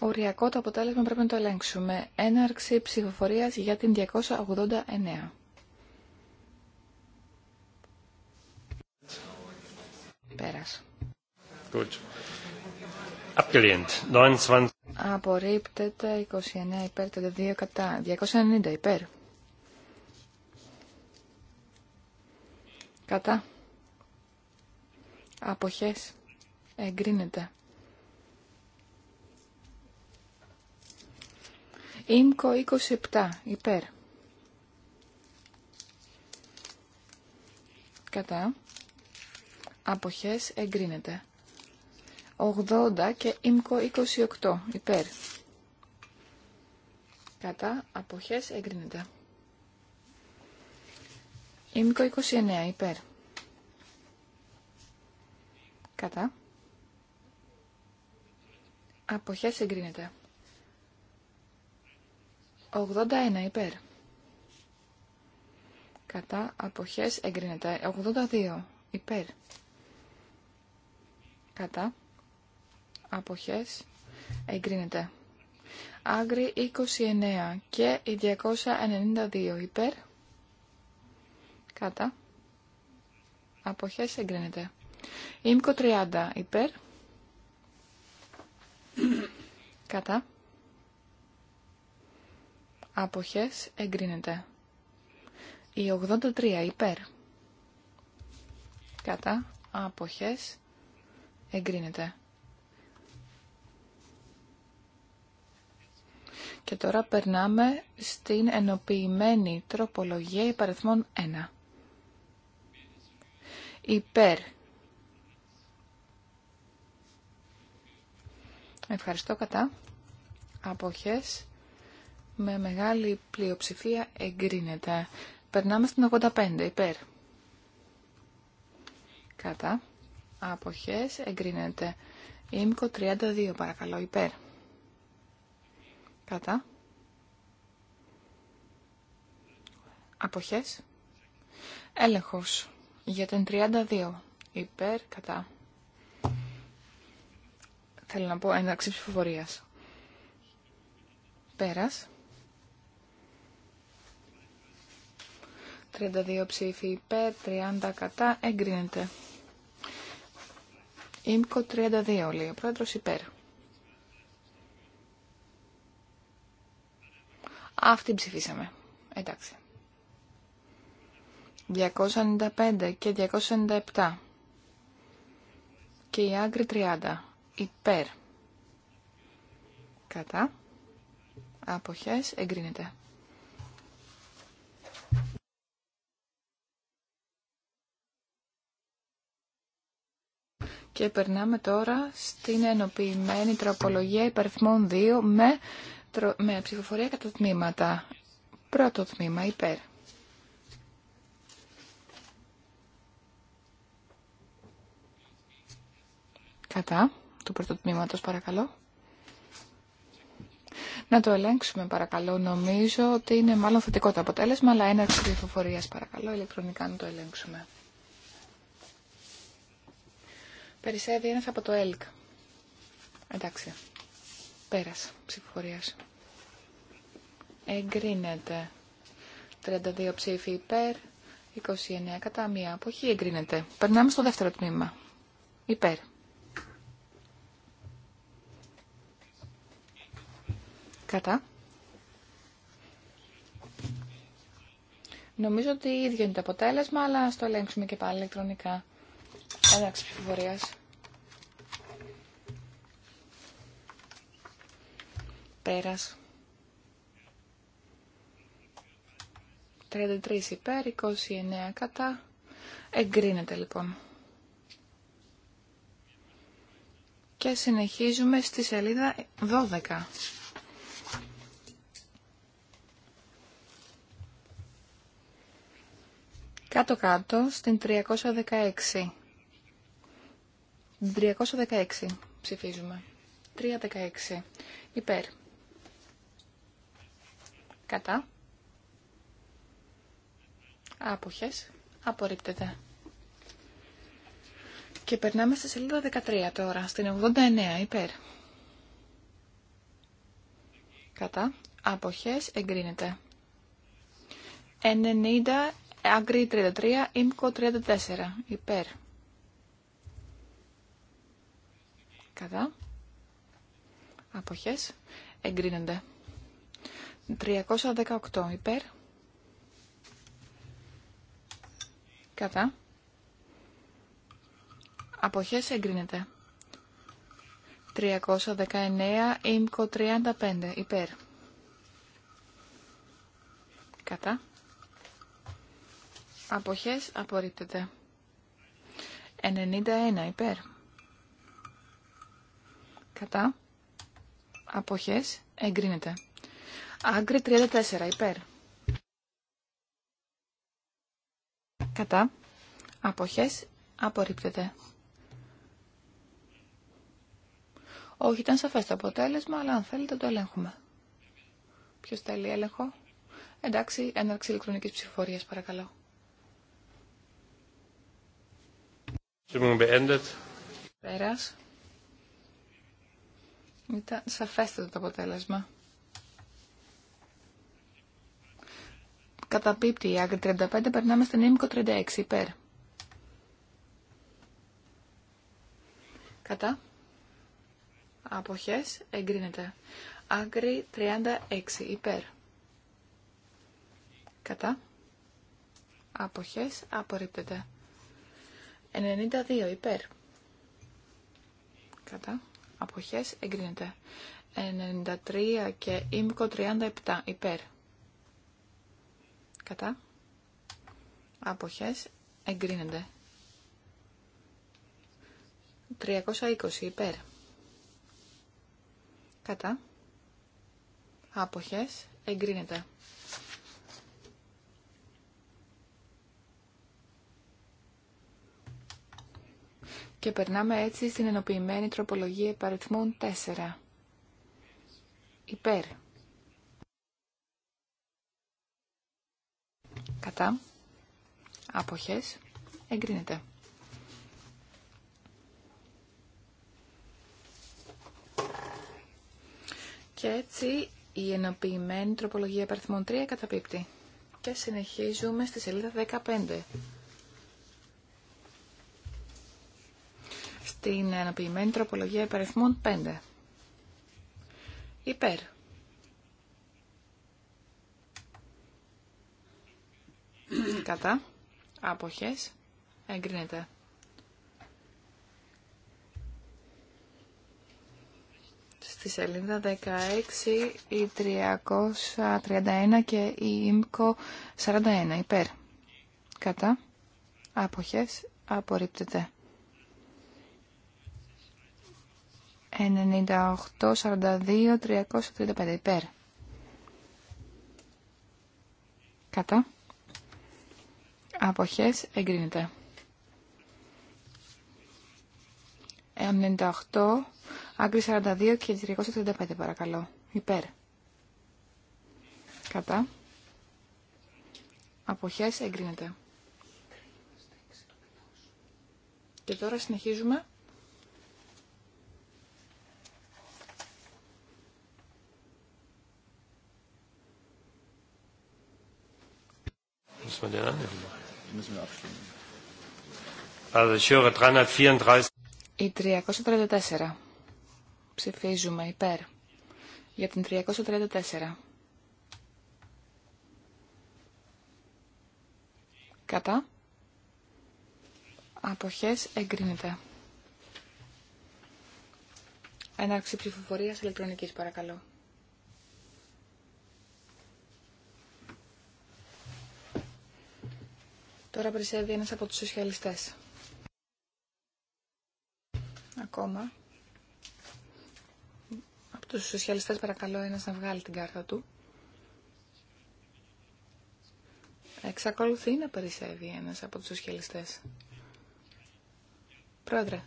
Οριακό το αποτέλεσμα πρέπει να το ελέγξουμε. Έναρξη ψηφοφορίας για την 289. Πέρας. Good. Απορρίπτεται 29 υπέρ, 32 κατά, 290 υπέρ. Κατά. Αποχές. Εγκρίνεται. Ήμκο 27 υπέρ. Κατά. Αποχές εγκρίνεται. 80 και ΙΜΚΟ 28 υπέρ. Κατά αποχές εγκρίνεται. ΙΜΚΟ 29 υπέρ. Κατά. Αποχές εγκρίνεται. 81 υπέρ. Κατά αποχές εγκρίνεται. 82 υπέρ. Κατά αποχές εγκρίνεται. Άγρι 29 και 292 υπέρ κατά αποχές εγκρίνεται. ΜΚΟ 30 υπέρ κατά αποχές εγκρίνεται. Η 83 υπέρ κατά αποχές εγκρίνεται. Και τώρα περνάμε στην ενοποιημένη τροπολογία υπαριθμών 1. Υπέρ. Ευχαριστώ κατά. Αποχές. Με μεγάλη πλειοψηφία εγκρίνεται. Περνάμε στην 85. Υπέρ. Κατά. Αποχές εγκρίνεται. Ήμικο 32 παρακαλώ. Υπέρ. Κατά. Αποχές. Έλεγχος για την 32. Υπέρ. Κατά. Θέλω να πω ένταξη ψηφοφορίας. Πέρας. 32 ψήφι. υπέρ, 30 κατά, εγκρίνεται. Ήμκο 32, λέει ο πρόεδρος υπέρ. Αυτή ψηφίσαμε. Εντάξει. 295 και 297 και η άγκρη 30 υπέρ κατά αποχές εγκρίνεται. Και περνάμε τώρα στην ενοποιημένη τροπολογία υπερθμών 2 με με ψηφοφορία κατά τμήματα. Πρώτο τμήμα υπέρ. Κατά του πρώτου τμήματος παρακαλώ. Να το ελέγξουμε παρακαλώ. Νομίζω ότι είναι μάλλον θετικό το αποτέλεσμα, αλλά ένα ψηφοφορία παρακαλώ ηλεκτρονικά να το ελέγξουμε. Περισσεύει ένας από το ΕΛΚ. Εντάξει ψηφοφορίας. Εγκρίνεται. 32 ψήφοι υπέρ, 29 κατά μία αποχή εγκρίνεται. Περνάμε στο δεύτερο τμήμα. Υπέρ. Κατά. Νομίζω ότι ίδιο είναι το αποτέλεσμα, αλλά ας το ελέγξουμε και πάλι ηλεκτρονικά. Εντάξει ψηφοφορίας. Πέρας. 33 υπέρ, 29 κατά. Εγκρίνεται λοιπόν. Και συνεχίζουμε στη σελίδα 12. Κάτω-κάτω στην 316. 316 ψηφίζουμε. 316. Υπέρ. Κατά. Άποχες. Απορρίπτεται. Και περνάμε στη σελίδα 13 τώρα, στην 89 υπέρ. Κατά. Αποχές εγκρίνεται. 90, Άγκρι 33, Ήμκο 34 υπέρ. Κατά. Αποχές εγκρίνονται. 318 υπέρ. Κατά. Αποχές εγκρίνεται. 319 ΙΜΚΟ 35 υπέρ. Κατά. Αποχές απορρίπτεται. 91 υπέρ. Κατά. Αποχές εγκρίνεται. Άγκρι 34 υπέρ. Κατά. Αποχές απορρίπτεται. Όχι, ήταν σαφές το αποτέλεσμα, αλλά αν θέλετε το ελέγχουμε. Ποιος θέλει έλεγχο. Εντάξει, έναρξη ηλεκτρονικής ψηφοφορίας, παρακαλώ. Πέρας. Ήταν σαφέστατο το αποτέλεσμα. Καταπίπτει η άγκρη 35, περνάμε στην ύμικο 36, υπέρ. Κατά. Αποχές, εγκρίνεται. Άγκρη 36, υπέρ. Κατά. Αποχές, απορρίπτεται. 92, υπέρ. Κατά. Αποχές, εγκρίνεται. 93 και ύμικο 37, υπέρ. Κατά. Αποχές. Εγκρίνεται. 320 υπέρ. Κατά. Άποχες. Εγκρίνεται. Και περνάμε έτσι στην ενοποιημένη τροπολογία υπαριθμών 4. Υπέρ. Κατά. Αποχές. Εγκρίνεται. Και έτσι η ενοποιημένη τροπολογία υπεριθμών 3 καταπίπτει. Και συνεχίζουμε στη σελίδα 15. Στην ενοποιημένη τροπολογία υπεριθμών 5. Υπέρ. Κατά. Αποχές. Εγκρίνεται. Στη σελίδα 16 η 331 και η ΙΜΚΟ 41 υπέρ. Κατά. Αποχές. Απορρίπτεται. 98, 42, 335 υπέρ. Κατά. Αποχές εγκρίνεται. 98, άγκρι 42 και 335 παρακαλώ. Υπέρ. Κατά. Αποχές εγκρίνεται. Και τώρα συνεχίζουμε. Η 334. Ψηφίζουμε υπέρ. Για την 334. Κατά. Αποχές εγκρίνεται. Έναρξη ψηφοφορίας ηλεκτρονικής παρακαλώ. Τώρα περισσεύει ένας από τους σοσιαλιστές. Ακόμα. Από τους σοσιαλιστές παρακαλώ ένας να βγάλει την κάρτα του. Εξακολουθεί να περισσεύει ένας από τους σοσιαλιστές. Πρόεδρε.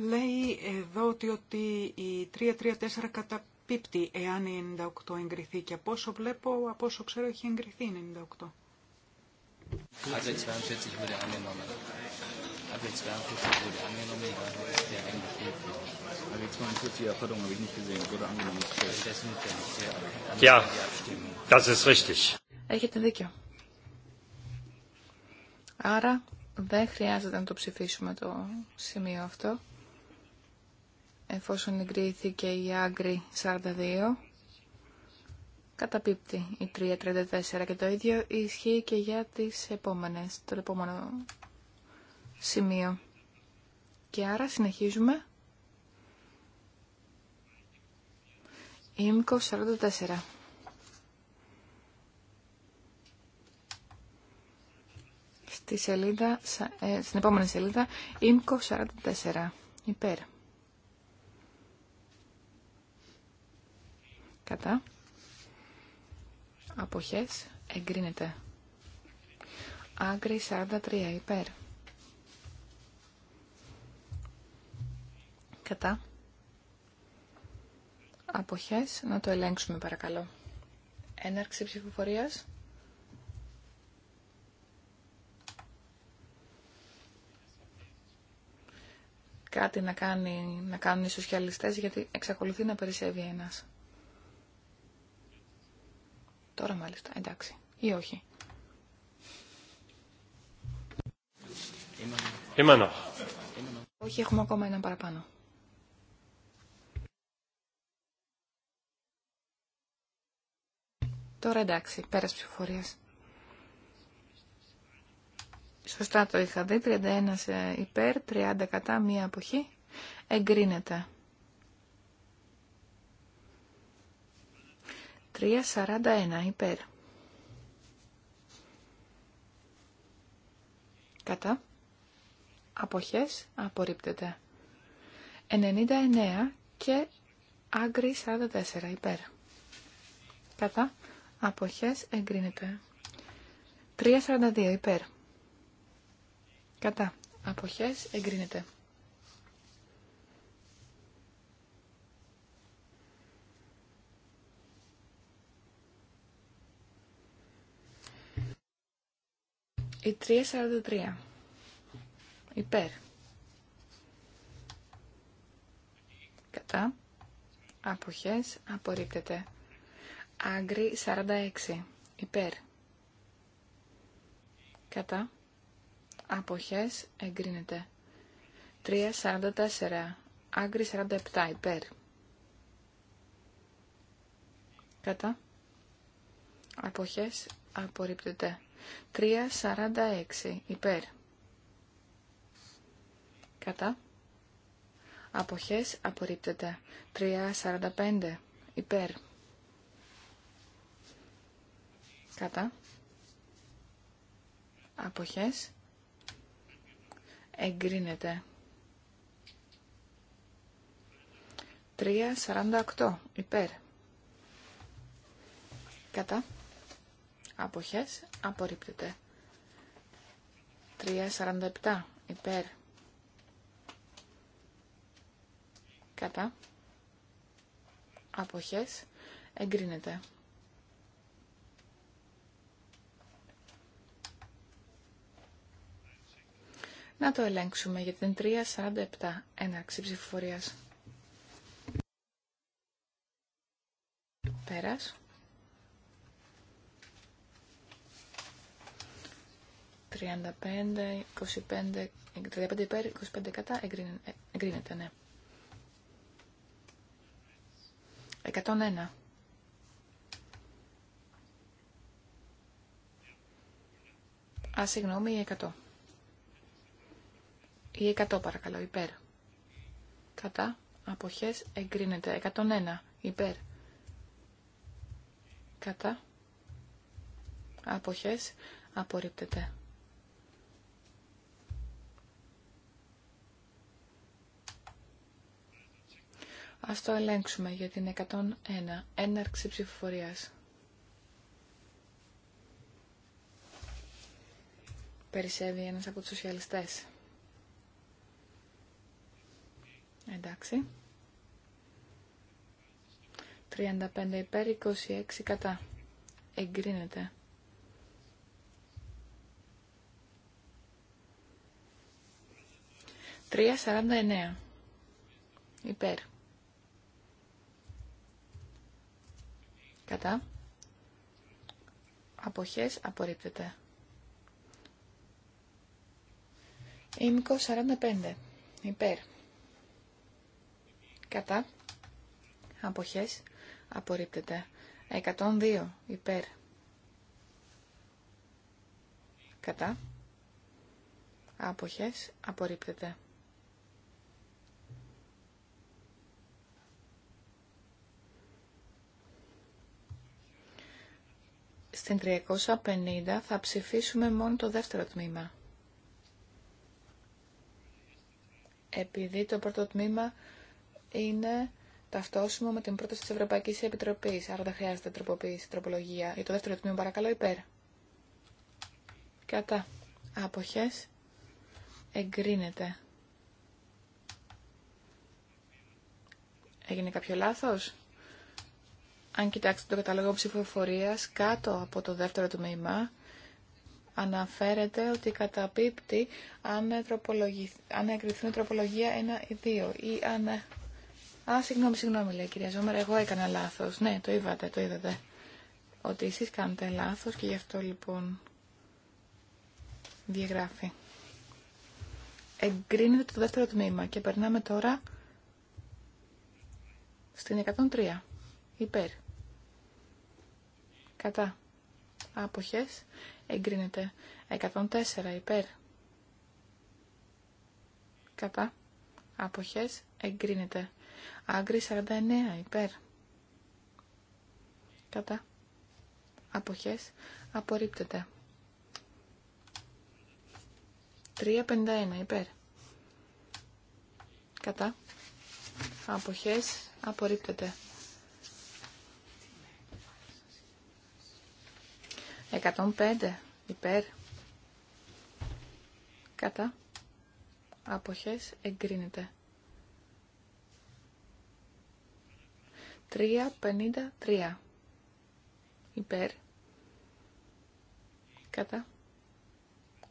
Λέει εδώ ότι, ότι η 4 κατα πίπτει εάν η 98 εγκριθεί και από όσο βλέπω, από όσο ξέρω, έχει εγκριθεί η 98. Έχετε δίκιο. Άρα δεν χρειάζεται να το ψηφίσουμε το σημείο αυτό εφόσον εγκρίθηκε η άγκρη 42, καταπίπτει η 334 και το ίδιο ισχύει και για τις επόμενες, το επόμενο σημείο. Και άρα συνεχίζουμε. Ήμκο 44. Στη σελίδα, ε, στην επόμενη σελίδα, ΙΜΚΟ 44. Υπέρ. κατά αποχές εγκρίνεται άγκρι 43 υπέρ κατά αποχές να το ελέγξουμε παρακαλώ έναρξη ψηφοφορίας κάτι να, κάνει, να κάνουν οι σοσιαλιστές γιατί εξακολουθεί να περισσεύει ένας τώρα μάλιστα, εντάξει, ή όχι. Είμαι Όχι, έχουμε ακόμα έναν παραπάνω. Τώρα εντάξει, πέρας ψηφοφορίας. Σωστά το είχα δει, 31 ε, υπέρ, 30 κατά, μία αποχή. Εγκρίνεται. 3.41 υπέρ. Κατά. Αποχές απορρίπτεται. 99 και άγκρι 44 υπέρ. Κατά. Αποχές εγκρίνεται. 3.42 υπέρ. Κατά. Αποχές εγκρίνεται. Η 343. Υπέρ. Κατά. Αποχές. Απορρίπτεται. Άγκρι 46. Υπέρ. Κατά. Αποχές. Εγκρίνεται. 344. Άγκρι 47. Υπέρ. Κατά. Αποχές. Απορρίπτεται. 3.46 υπέρ. Κατά. Αποχές απορρίπτεται. 3.45 υπέρ. Κατά. Αποχές εγκρίνεται. 3.48 υπέρ. Κατά αποχές απορρίπτεται. 3.47 υπέρ κατά αποχές εγκρίνεται. Να το ελέγξουμε για την 3.47 έναρξη ψηφοφορίας. Πέρας. 35, 25, υπέρ, 25 κατά, εγκρίνεται, ναι. 101. Α, συγγνώμη, η 100. Η 100 παρακαλώ, υπέρ. Κατά, αποχές, εγκρίνεται. 101, υπέρ. Κατά, αποχές, απορρίπτεται. Ας το ελέγξουμε για την 101. Έναρξη ψηφοφορίας. Περισσεύει ένας από τους σοσιαλιστές. Εντάξει. 35 υπέρ, 26 κατά. Εγκρίνεται. Τρία σαράντα εννέα. Υπέρ. Κατά. Αποχές απορρίπτεται. Ήμικο 45. Υπέρ. Κατά. Αποχές απορρίπτεται. 102. Υπέρ. Κατά. Άποχες απορρίπτεται. Στην 350 θα ψηφίσουμε μόνο το δεύτερο τμήμα. Επειδή το πρώτο τμήμα είναι ταυτόσιμο με την πρόταση της Ευρωπαϊκής Επιτροπής, άρα δεν χρειάζεται τροποποίηση, τροπολογία. Για το δεύτερο τμήμα παρακαλώ υπέρ. Κατά. Αποχές. Εγκρίνεται. Έγινε κάποιο λάθος. Αν κοιτάξετε το κατάλογο ψηφοφορία, κάτω από το δεύτερο τμήμα αναφέρεται ότι καταπίπτει αν, αν εγκριθούν τροπολογία 1 ή 2 ή αν... Ε- Α, συγγνώμη, συγγνώμη, λέει η κυρία Ζόμερα, εγώ έκανα λάθος. Ναι, το είδατε, το είδατε. Ότι εσείς κάνετε λάθος και γι' αυτό λοιπόν διαγράφει. Εγκρίνεται το δεύτερο τμήμα και περνάμε τώρα στην 103. Υπέρ κατά αποχές εγκρίνεται 104 υπέρ κατά αποχές εγκρίνεται άγκρι 49 υπέρ κατά αποχές απορρίπτεται 351 υπέρ κατά αποχές απορρίπτεται 105 υπέρ κατά αποχές εγκρίνεται 353 υπέρ κατά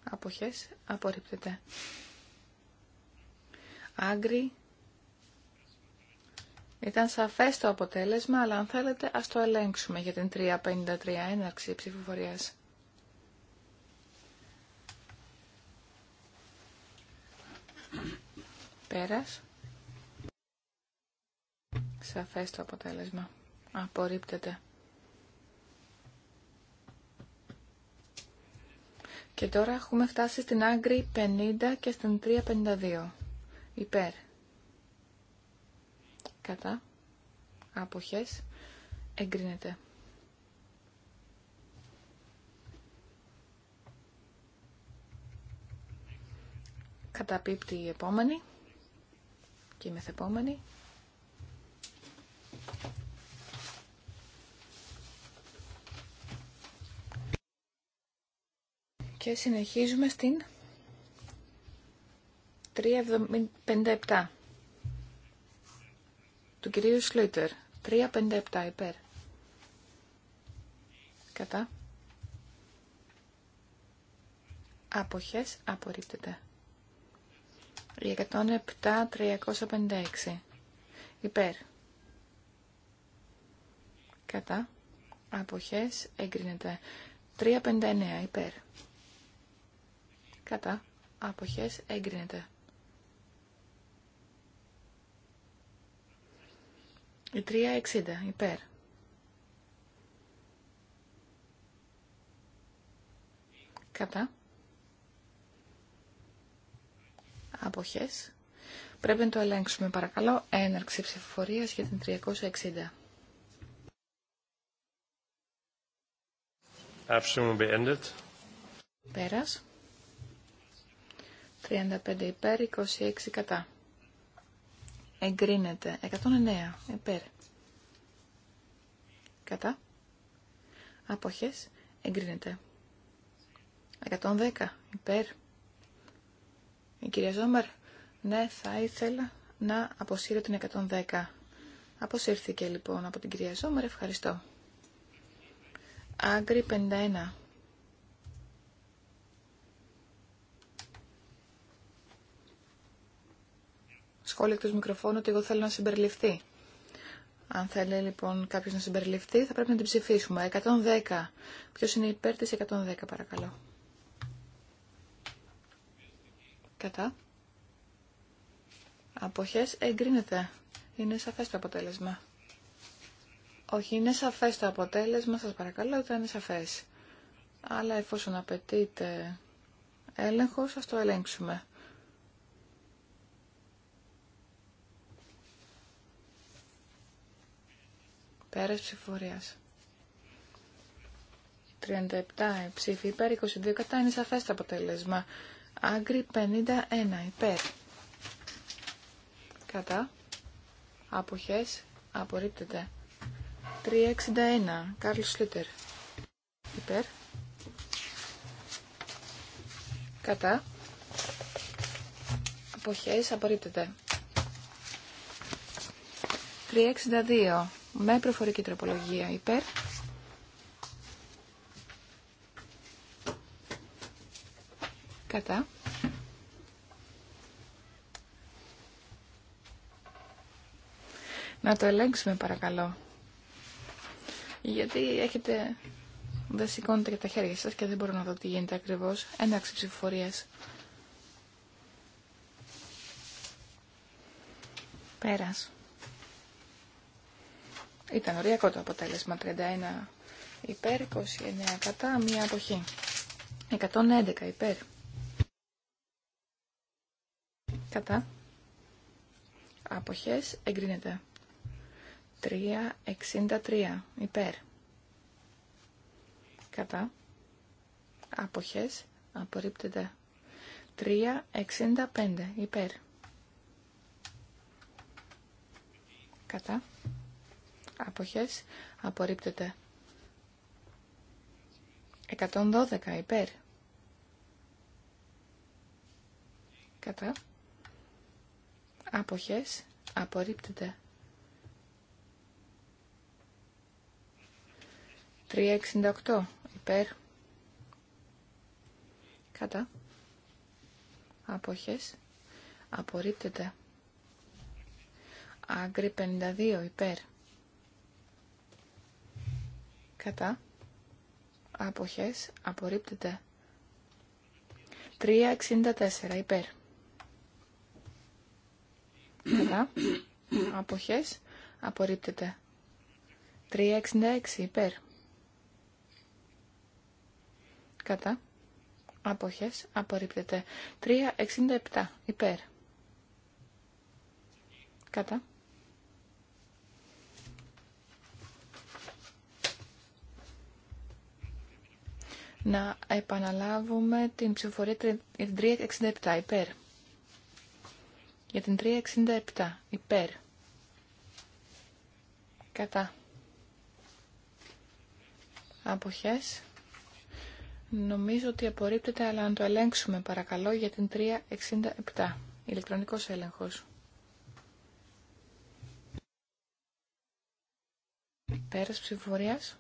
αποχές απορρίπτεται άγκρι ήταν σαφές το αποτέλεσμα, αλλά αν θέλετε ας το ελέγξουμε για την 353 έναρξη ψηφοφορίας. Πέρας. Σαφές το αποτέλεσμα. Απορρίπτεται. Και τώρα έχουμε φτάσει στην άγκρη 50 και στην 352. Υπέρ κατά αποχές εγκρίνεται. Καταπίπτει η επόμενη και η μεθεπόμενη. Και συνεχίζουμε στην 357 του κυρίου Σλίτερ. 357 υπέρ. Κατά. Αποχές απορρίπτεται. 107-356 υπέρ. Κατά. Αποχές εγκρίνεται. 359 υπέρ. Κατά. Αποχές εγκρίνεται. Η 360 υπέρ. Κατά. Αποχές. Πρέπει να το ελέγξουμε παρακαλώ. Έναρξη ψηφοφορίας για την 360. Abstimmung Πέρας. 35 υπέρ, 26 κατά εγκρίνεται 109 υπέρ κατά αποχές εγκρίνεται 110 υπέρ η κυρία Ζόμαρ ναι θα ήθελα να αποσύρω την 110 αποσύρθηκε λοιπόν από την κυρία Ζόμαρ ευχαριστώ Άγκρι 51 σχόλιο εκτός μικροφώνου ότι εγώ θέλω να συμπεριληφθεί. Αν θέλει λοιπόν κάποιος να συμπεριληφθεί θα πρέπει να την ψηφίσουμε. 110. Ποιος είναι υπέρ της 110 παρακαλώ. Κατά. Αποχές εγκρίνεται. Είναι σαφές το αποτέλεσμα. Όχι, είναι σαφές το αποτέλεσμα, σας παρακαλώ, ότι είναι σαφές. Αλλά εφόσον απαιτείται έλεγχο, ας το ελέγξουμε. Πέρας ψηφορίας. 37 ε, ψήφοι υπέρ, 22 κατά, είναι σαφές το αποτέλεσμα. Άγκρι 51 υπέρ. Κατά. Αποχές. Απορρίπτεται. 361. Κάρλ Σλίτερ. Υπέρ. Κατά. Αποχές. Απορρίπτεται. 362 με προφορική τροπολογία υπέρ. Κατά. Να το ελέγξουμε παρακαλώ. Γιατί έχετε... Δεν σηκώνετε και τα χέρια σας και δεν μπορώ να δω τι γίνεται ακριβώς. Ένταξη ψηφοφορίας. Πέρας. Ήταν οριακό το αποτέλεσμα. 31 υπέρ, 29 κατά, μία αποχή. 111 υπέρ. Κατά. Αποχές εγκρίνεται. 363 υπέρ. Κατά. Αποχές απορρίπτεται. 365 υπέρ. Κατά αποχές απορρίπτεται. 112 υπέρ. Κατά. Αποχές απορρίπτεται. 368 υπέρ. Κατά. Αποχές απορρίπτεται. Αγκρή 52 υπέρ κατά αποχές απορρίπτεται 364 υπέρ κατά αποχές απορρίπτεται 366 υπέρ κατά αποχές απορρίπτεται 367 υπέρ κατά να επαναλάβουμε την ψηφοφορία για την 367 υπέρ. Για την 367 υπέρ. Κατά. Αποχές. Νομίζω ότι απορρίπτεται, αλλά να το ελέγξουμε παρακαλώ για την 367. Ηλεκτρονικός έλεγχος. Πέρας ψηφοφορίας.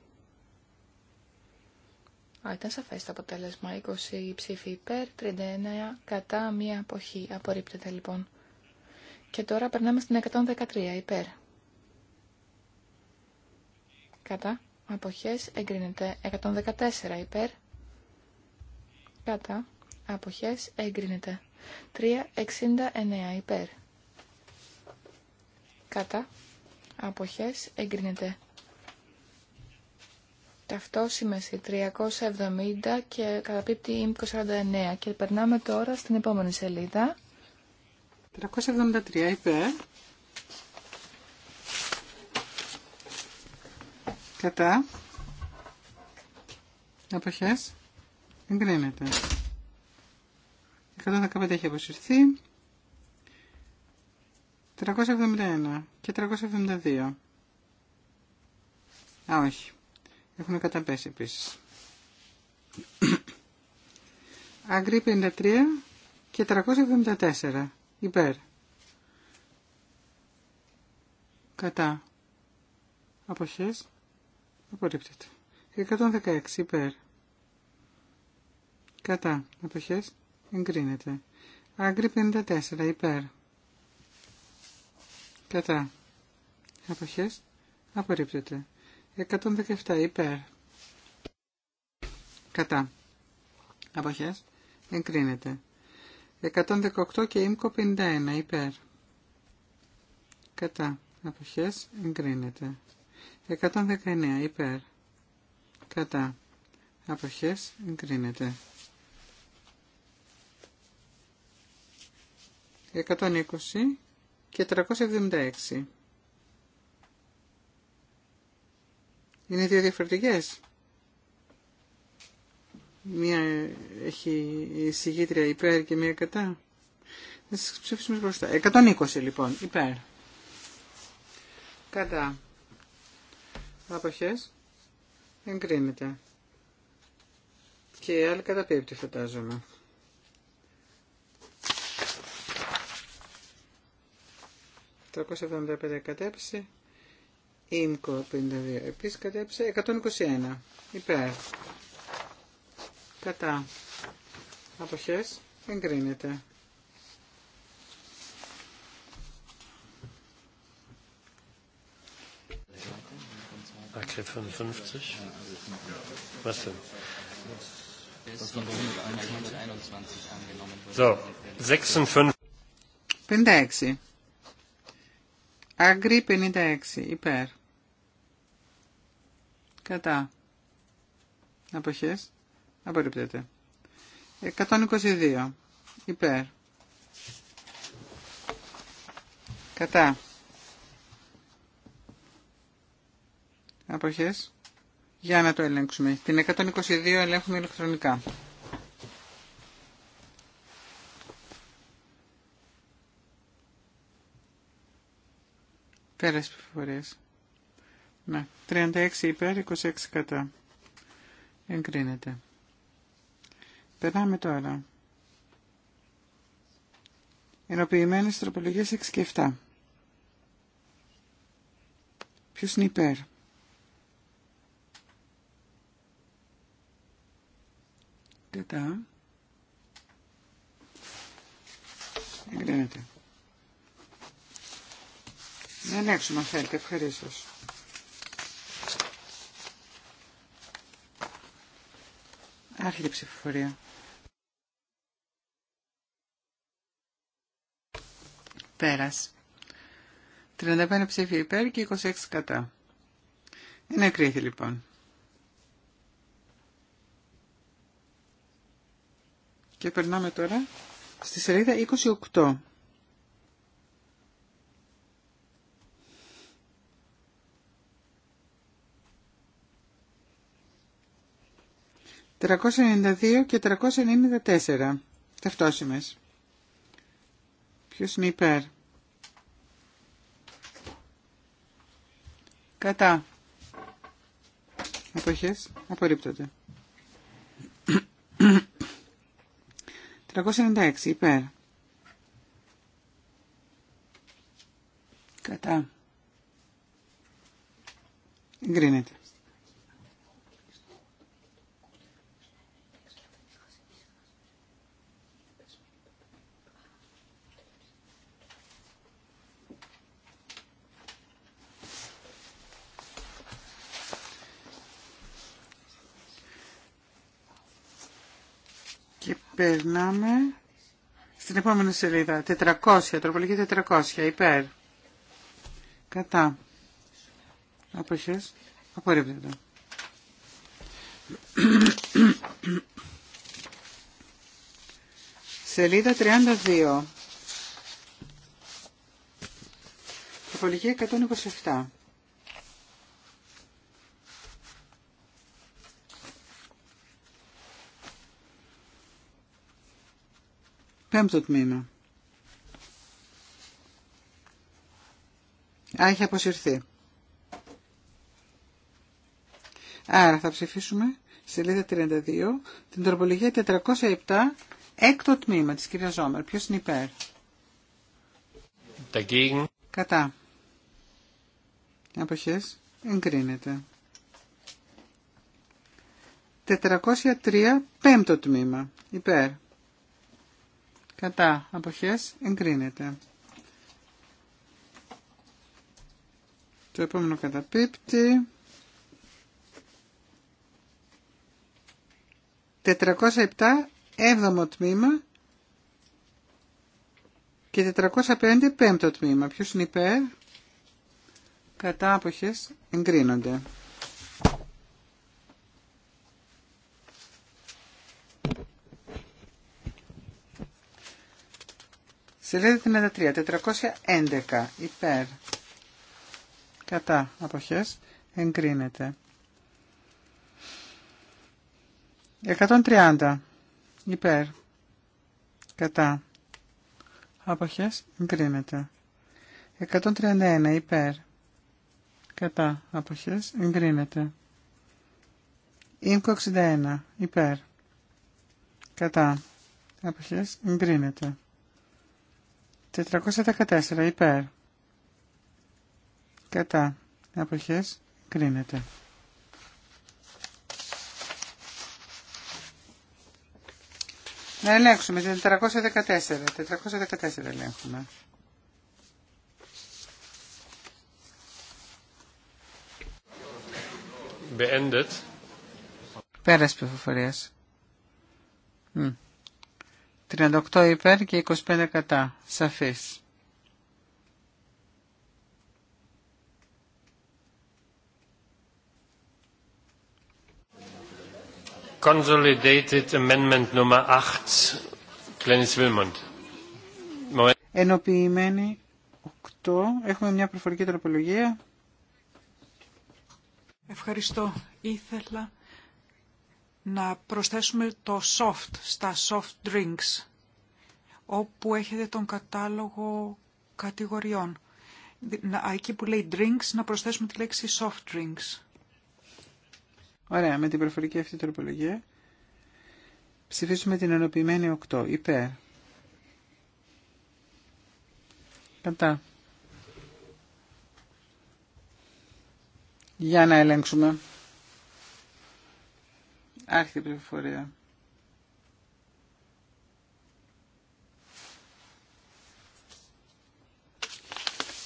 Α, ήταν σαφές το αποτέλεσμα. 20 ψήφοι υπέρ, 39 κατά, μία αποχή. Απορρίπτεται λοιπόν. Και τώρα περνάμε στην 113 υπέρ. Κατά, αποχές εγκρίνεται. 114 υπέρ. Κατά, αποχές εγκρίνεται. 369 υπέρ. Κατά, αποχές εγκρίνεται ταυτόσημες οι 370 και καταπίπτει η 49. Και περνάμε τώρα στην επόμενη σελίδα. 373 είπε. Κατά. Αποχές. Εγκρίνεται. 115 έχει αποσυρθεί. 371 και 372. Α, όχι. Έχουν καταπέσει επίσης. Αγκρή 53 και 374. Υπέρ. Κατά. Αποχές. Απορρίπτεται. 116. Υπέρ. Κατά. Αποχές. Εγκρίνεται. Άγκρι 54. Υπέρ. Κατά. Αποχές. Απορρίπτεται. 117 υπέρ. Κατά. Αποχές. Εγκρίνεται. 118 και ΙΜΚΟ 51 υπέρ. Κατά. Αποχές. Εγκρίνεται. 119 υπέρ. Κατά. Αποχές. Εγκρίνεται. 120 και 376 Είναι δύο διαφορετικές. Μία έχει συγγήτρια υπέρ και μία κατά. Να σας ψηφίσουμε μπροστά. 120 λοιπόν, υπέρ. Κατά. Αποχές. Εγκρίνεται. Και άλλη καταπίπτει φαντάζομαι. Το 375 κατέψει. Ήμκο 52. Επίση κατέψε 121. Υπέρ. Κατά. Αποχέ. Εγκρίνεται. Ακριβώ 55. Was denn? So, 56. 56. Άγκρι 56. Υπέρ κατά αποχές απορρίπτεται 122 υπέρ κατά αποχές για να το ελέγξουμε την 122 ελέγχουμε ηλεκτρονικά Πέρας πληροφορίες. Ναι, 36 υπέρ, 26 κατά. Εγκρίνεται. Περνάμε τώρα. Ενοποιημένες τροπολογίες 6 και 7. Ποιος είναι υπέρ. Κατά. Εγκρίνεται. Να ελέγξουμε αν θέλετε. Ευχαρίστως. Άρχεται η ψηφοφορία. Πέρας. 35 ψήφοι υπέρ και 26 κατά. Είναι κρίθη λοιπόν. Και περνάμε τώρα στη σελίδα 28. 392 και 394. Ταυτόσιμες. Ποιος είναι υπέρ. Κατά. Αποχές. Απορρίπτονται. 396. Υπέρ. Κατά. Εγκρίνεται. Περνάμε στην επόμενη σελίδα. 400, τροπολογία 400, υπέρ. Κατά. Αποχές. Απορρίπτεται. Σελίδα 32. Τροπολογία 127. Πέμπτο τμήμα. Α, έχει αποσυρθεί. Άρα θα ψηφίσουμε σελίδα 32 την τροπολογία 407 έκτο τμήμα της κυρίας Ζόμερ. Ποιος είναι υπέρ. Κατά. Αποχές. Εγκρίνεται. 403 πέμπτο τμήμα. Υπέρ κατά αποχές εγκρίνεται. Το επόμενο καταπίπτει. 407 έβδομο τμήμα και 405 πέμπτο τμήμα. Ποιος είναι υπέρ, κατά αποχές εγκρίνονται. Σελίδα 33, 411, υπέρ. Κατά αποχές εγκρίνεται. 130, υπέρ. Κατά αποχές εγκρίνεται. 131, υπέρ. Κατά αποχές εγκρίνεται. Ήμκο 61, υπέρ. Κατά αποχές εγκρίνεται. 414 υπέρ. Κατά. Αποχές κρίνεται. Να ελέγξουμε την 414. 414 ελέγχουμε. Beendet. πληροφορία. πληροφορίας. 38 υπέρ και 25 κατά. Σαφής. Consolidated Amendment 8, Ενοποιημένη 8. Έχουμε μια προφορική τροπολογία. Ευχαριστώ. Ήθελα να προσθέσουμε το soft στα soft drinks, όπου έχετε τον κατάλογο κατηγοριών. Εκεί που λέει drinks, να προσθέσουμε τη λέξη soft drinks. Ωραία, με την προφορική αυτή τροπολογία ψηφίσουμε την ενοποιημένη 8, υπέρ. Κατά. Για να ελέγξουμε. Άρχεται η πληροφορία.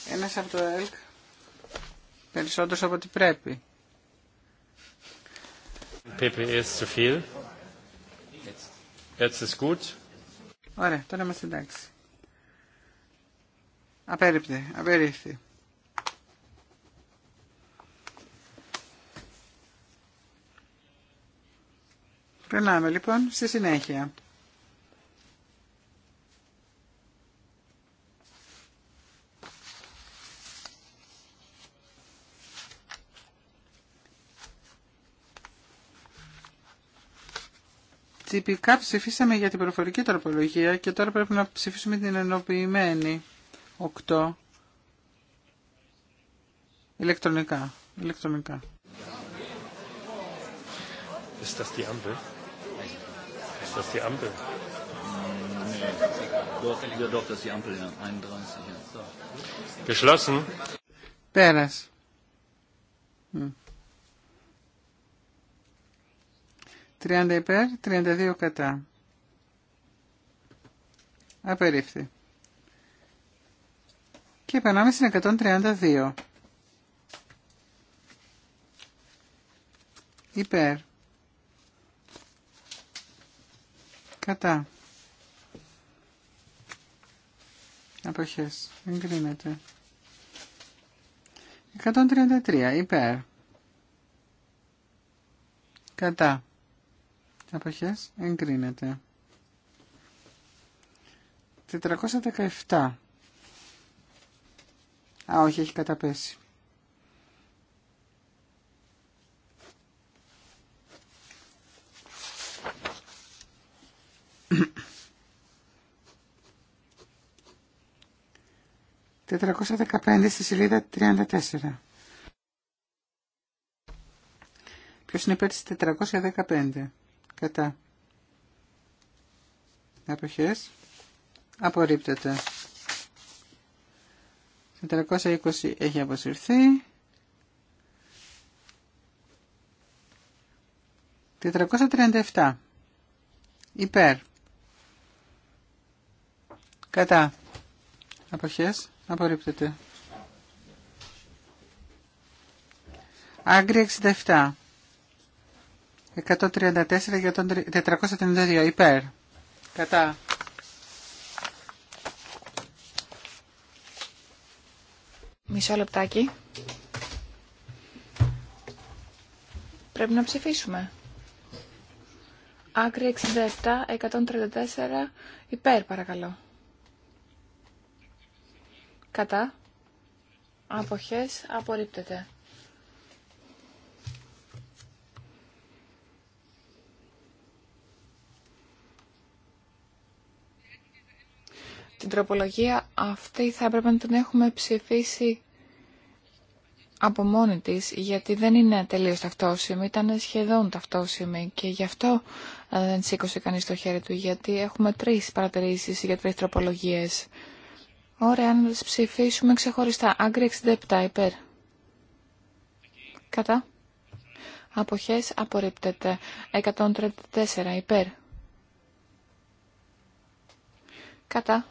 Ένας από το ΕΛΚ περισσότερος από ό,τι πρέπει. Ωραία, τώρα είμαστε εντάξει. Απέριπτε, απερίφθη. Περνάμε λοιπόν στη συνέχεια. Τυπικά ψηφίσαμε για την προφορική τροπολογία και τώρα πρέπει να ψηφίσουμε την ενοποιημένη 8 ηλεκτρονικά. ηλεκτρονικά. Ist ist das die Ampel? Ja, doch, das ist die Ampel, ja. 31. So. Geschlossen. Πέρας. Hm. 30 υπέρ, 32 κατά. Απερίφθη. Και περνάμε στην 132. Υπέρ. Κατά. Αποχές. Εγκρίνεται. 133. Υπέρ. Κατά. Αποχές. Εγκρίνεται. 417. Α, όχι, έχει καταπέσει. 415 στη σελίδα 34. Ποιος είναι υπέρ 415. Κατά. Αποχές. Απορρίπτεται. 420 έχει αποσυρθεί. 437. Υπέρ. Κατά. Αποχές. Απορρίπτεται. Άγκρι 67. 134 για τον 432. Υπέρ. Κατά. Μισό λεπτάκι. Πρέπει να ψηφίσουμε. Άκρη 67, 134, υπέρ παρακαλώ. Κατά. Αποχές απορρίπτεται. Την τροπολογία αυτή θα έπρεπε να την έχουμε ψηφίσει από μόνη της, γιατί δεν είναι τελείως ταυτόσιμη, ήταν σχεδόν ταυτόσιμη και γι' αυτό ε, δεν σήκωσε κανείς το χέρι του, γιατί έχουμε τρεις παρατηρήσεις για τρεις τροπολογίες. Ωραία, να τις ψηφίσουμε ξεχωριστά. Άγκρι 67 υπέρ. Κατά. Αποχές απορρίπτεται. 134 υπέρ. Κατά.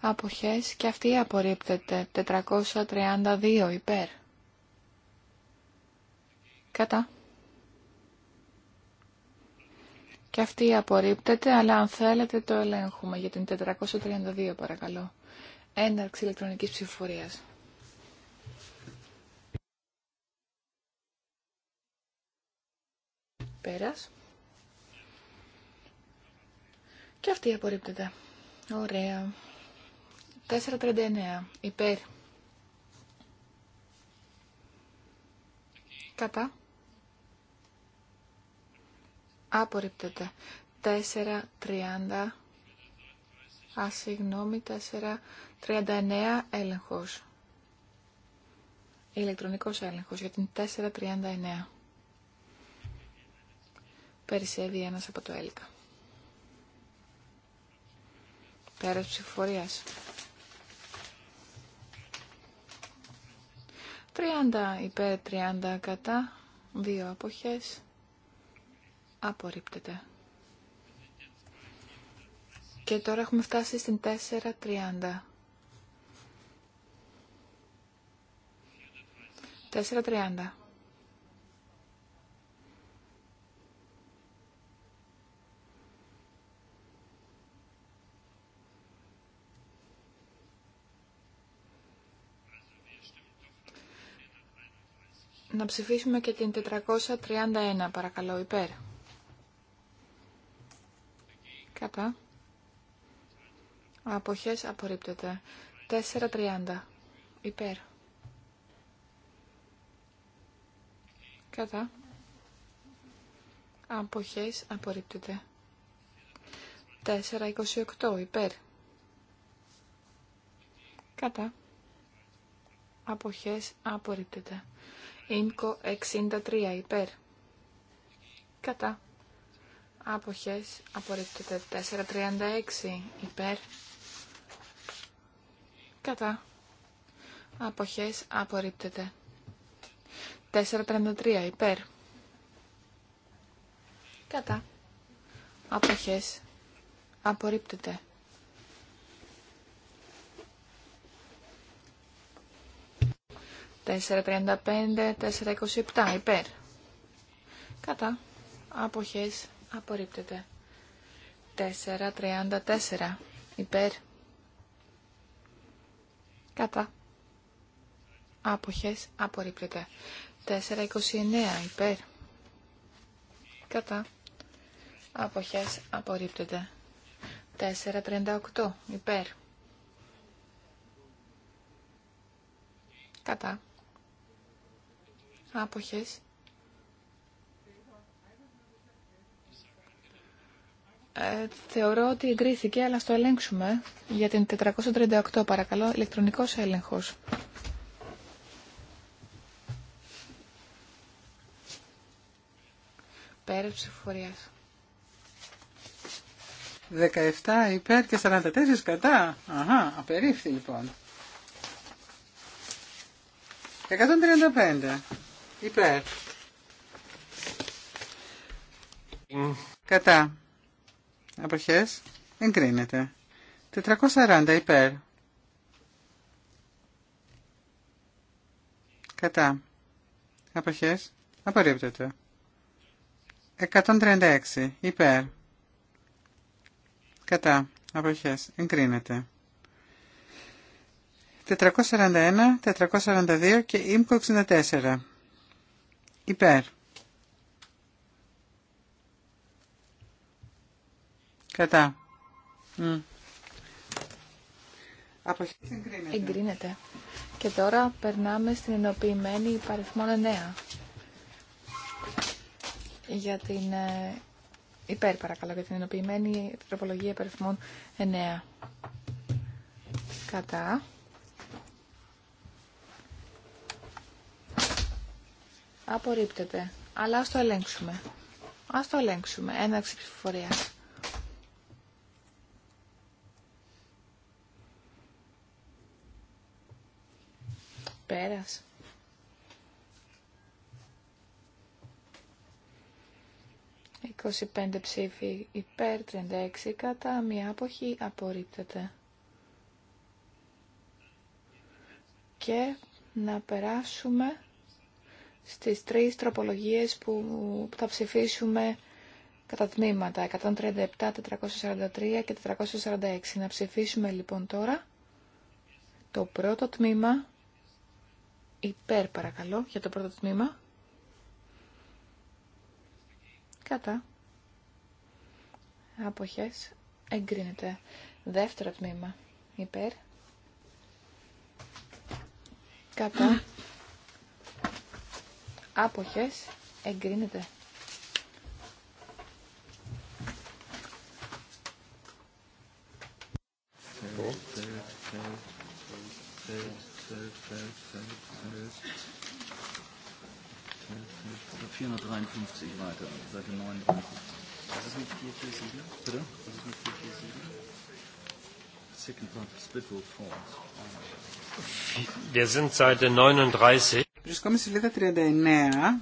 Αποχές και αυτή απορρίπτεται. 432 υπέρ. Κατά. Και αυτή απορρίπτεται, αλλά αν θέλετε το ελέγχουμε για την 432 παρακαλώ. Έναρξη ηλεκτρονικής ψηφοφορίας. Πέρας. Και αυτή απορρίπτεται. Ωραία. 4.39. Υπέρ. Κατά. Απορρίπτεται. 4.30. Α, συγγνώμη, 439 έλεγχος. Ηλεκτρονικός έλεγχος για την 439. Περισσεύει ένας από το έλικα. Πέρας ψηφοφορίας. 30 υπέρ 30 κατά, δύο αποχές, απορρίπτεται. Και τώρα έχουμε φτάσει στην 4.30. 4.30. Να ψηφίσουμε και την 431, παρακαλώ, υπέρ. Κατά. Αποχές απορρίπτεται. 4.30. Υπέρ. Κατά. Αποχές απορρίπτεται. 4.28. Υπέρ. Κατά. Αποχές απορρίπτεται. Ίνκο 63. Υπέρ. Κατά. Αποχές απορρίπτεται. 4.36. Υπέρ κατά. Αποχές απορρίπτεται. 4.33 υπέρ. Κατά. Αποχές απορρίπτεται. 4.35-4.27 υπέρ. Κατά. Αποχές απορρίπτεται. 4.34 υπέρ. Κατά. Άποχες. Απορρίπτεται. 429 υπέρ. Κατά. Άποχες. Απορρίπτεται. 438 υπέρ. Κατά. Άποχες. Ε, θεωρώ ότι εγκρίθηκε, αλλά στο ελέγξουμε για την 438, παρακαλώ, ηλεκτρονικός έλεγχος. Πέρα ψηφορίας. 17 υπέρ και 44 κατά. Αχα, απερίφθη λοιπόν. 135 υπέρ. Κατά αποχές εγκρίνεται. 440 υπέρ. Κατά. Αποχές απορρίπτεται. 136 υπέρ. Κατά. Αποχές εγκρίνεται. 441, 442 και ΙΜΚΟ 64. Υπέρ. Κατά. Εγκρίνεται. Εγκρίνεται. Και τώρα περνάμε στην ενοποιημένη υπαριθμό 9. Για την ε, υπέρ παρακαλώ, για την ενοποιημένη τροπολογία υπαριθμών 9. Κατά. Απορρίπτεται. Αλλά ας το ελέγξουμε. Ας το ελέγξουμε. Ένα ψηφοφορίας. πέρας. «25 ψήφοι υπέρ, 36 κατά, μία αποχή απορρίπτεται». Και να περάσουμε στις τρεις τροπολογίες που θα ψηφίσουμε κατά τμήματα, 137, 443 και 446. Να ψηφίσουμε λοιπόν τώρα το πρώτο τμήμα Υπέρ παρακαλώ για το πρώτο τμήμα. Κατά. Αποχές. Εγκρίνεται. Δεύτερο τμήμα. Υπέρ. Κατά. Άποχες. Εγκρίνεται. 453 weiter, Seite 39. Das ist mit 447. Bitte? Das ist mit 447. Second part of Splitwell Falls. Wir sind Seite 39. Βρισκόμαστε στη σελίδα 39.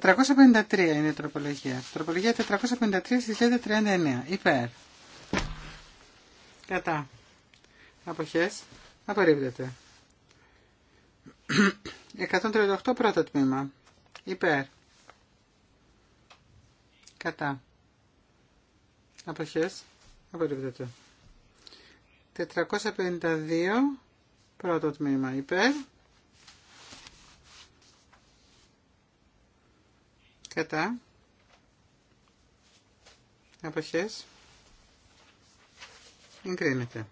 453 είναι η τροπολογία. Τροπολογία 453 στη σελίδα 39. Υπέρ. Κατά αποχές απορρίπτεται. 138 πρώτο τμήμα υπέρ κατά αποχές απορρίπτεται. 452 πρώτο τμήμα υπέρ κατά Αποχές. εγκρίνεται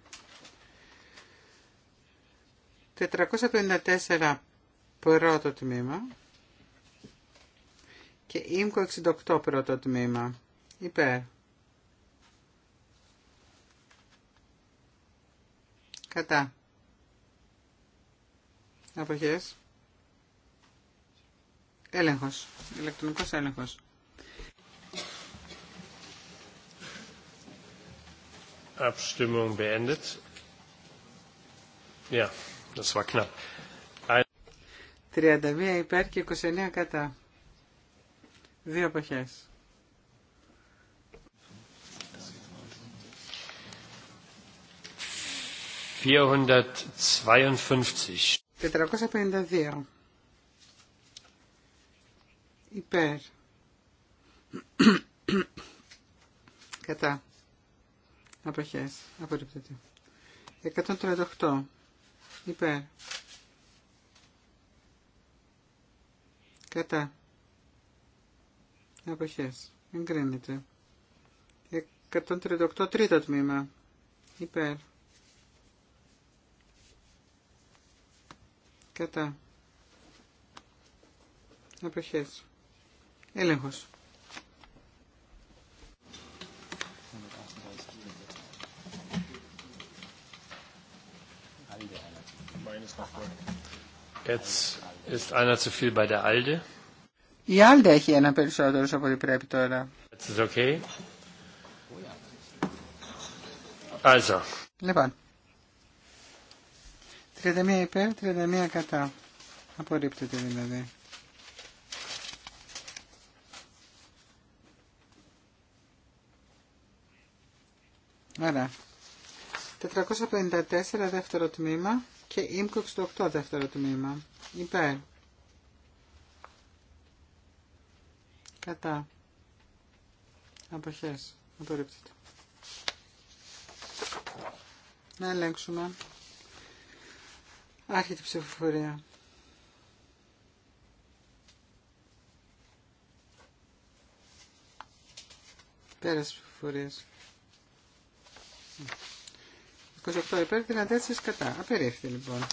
454 πρώτο τμήμα και ΙΜΚΟ 68 πρώτο τμήμα. Υπέρ. Κατά. Αποχές. Έλεγχος. Ηλεκτρονικός έλεγχος. Abstimmung beendet. Ja, Das war knapp. 31 υπέρ και 29 κατά. Δύο εποχές. Υπέρ. κατά. Αποχές. Απορρίπτεται. 138. Υπέρ. Κατά. Αποχές. Εγκρίνεται. 138 τρίτο τμήμα. Υπέρ. Κατά. Αποχές. Έλεγχος. Η Άλντα έχει ένα περισσότερο από ό,τι πρέπει τώρα. okay. Also. Λοιπόν. 31 υπέρ, 31 κατά. Απορρίπτεται δηλαδή. Ωραία. 454 δεύτερο τμήμα και ΙΜΚΟ 68 δεύτερο τμήμα. Υπέρ. Κατά. Αποχές. Απορρίπτεται. Να ελέγξουμε. Άρχεται η ψηφοφορία. Πέρασε ψηφοφορίες. ψηφοφορία. 28 υπέρ, 34 κατά. Απερίφθη λοιπόν.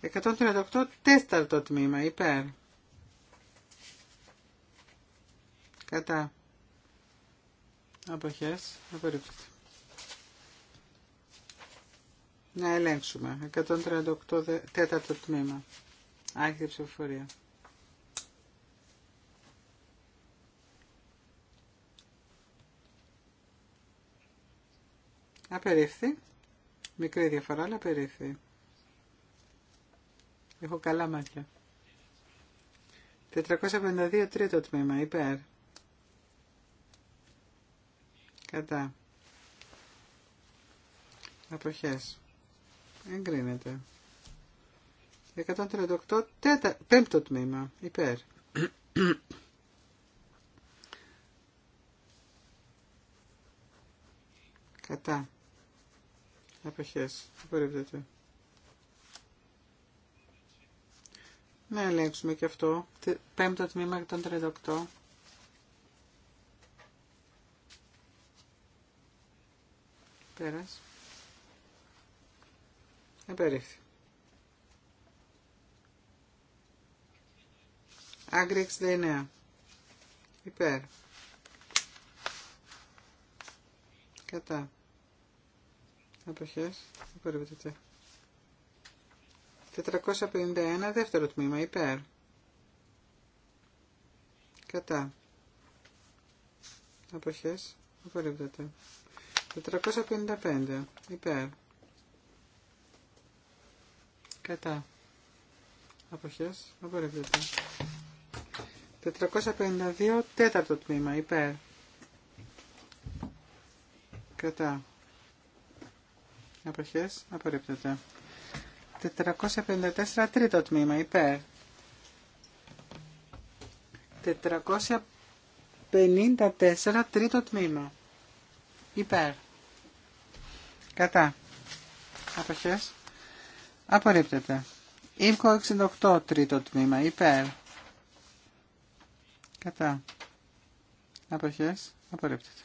Εκατόν τέταρτο τμήμα υπέρ. Κατά. Αποχές, απερίφθη. Να ελέγξουμε. 138 τέταρτο τμήμα. Άρχιτε ψηφοφορία. Απερίφθη. Μικρή διαφορά, αλλά απερίφθη. Έχω καλά μάτια. 452 τρίτο τμήμα, υπέρ. Κατά. Αποχές. Εγκρίνεται. 138 τέτα, πέμπτο τμήμα, υπέρ. Κατά. Αποχές. Απορρίπτεται. Να ελέγξουμε και αυτό. Πέμπτο τμήμα 38. Πέρας. Επερίφθη. Άγκρι 69. Υπέρ. Κατά αποχές απορρίπτεται 451 δεύτερο τμήμα υπέρ κατά αποχές απορρίπτεται 455 υπέρ κατά αποχές απορρίπτεται 452 τέταρτο τμήμα υπέρ κατά Αποχέ απορρίπτεται. 454 τρίτο τμήμα υπέρ. 454 τρίτο τμήμα υπέρ. Κατά. Αποχέ. Απορρίπτεται. Ήμκο 68 τρίτο τμήμα υπέρ. Κατά. Αποχέ, Απορρίπτεται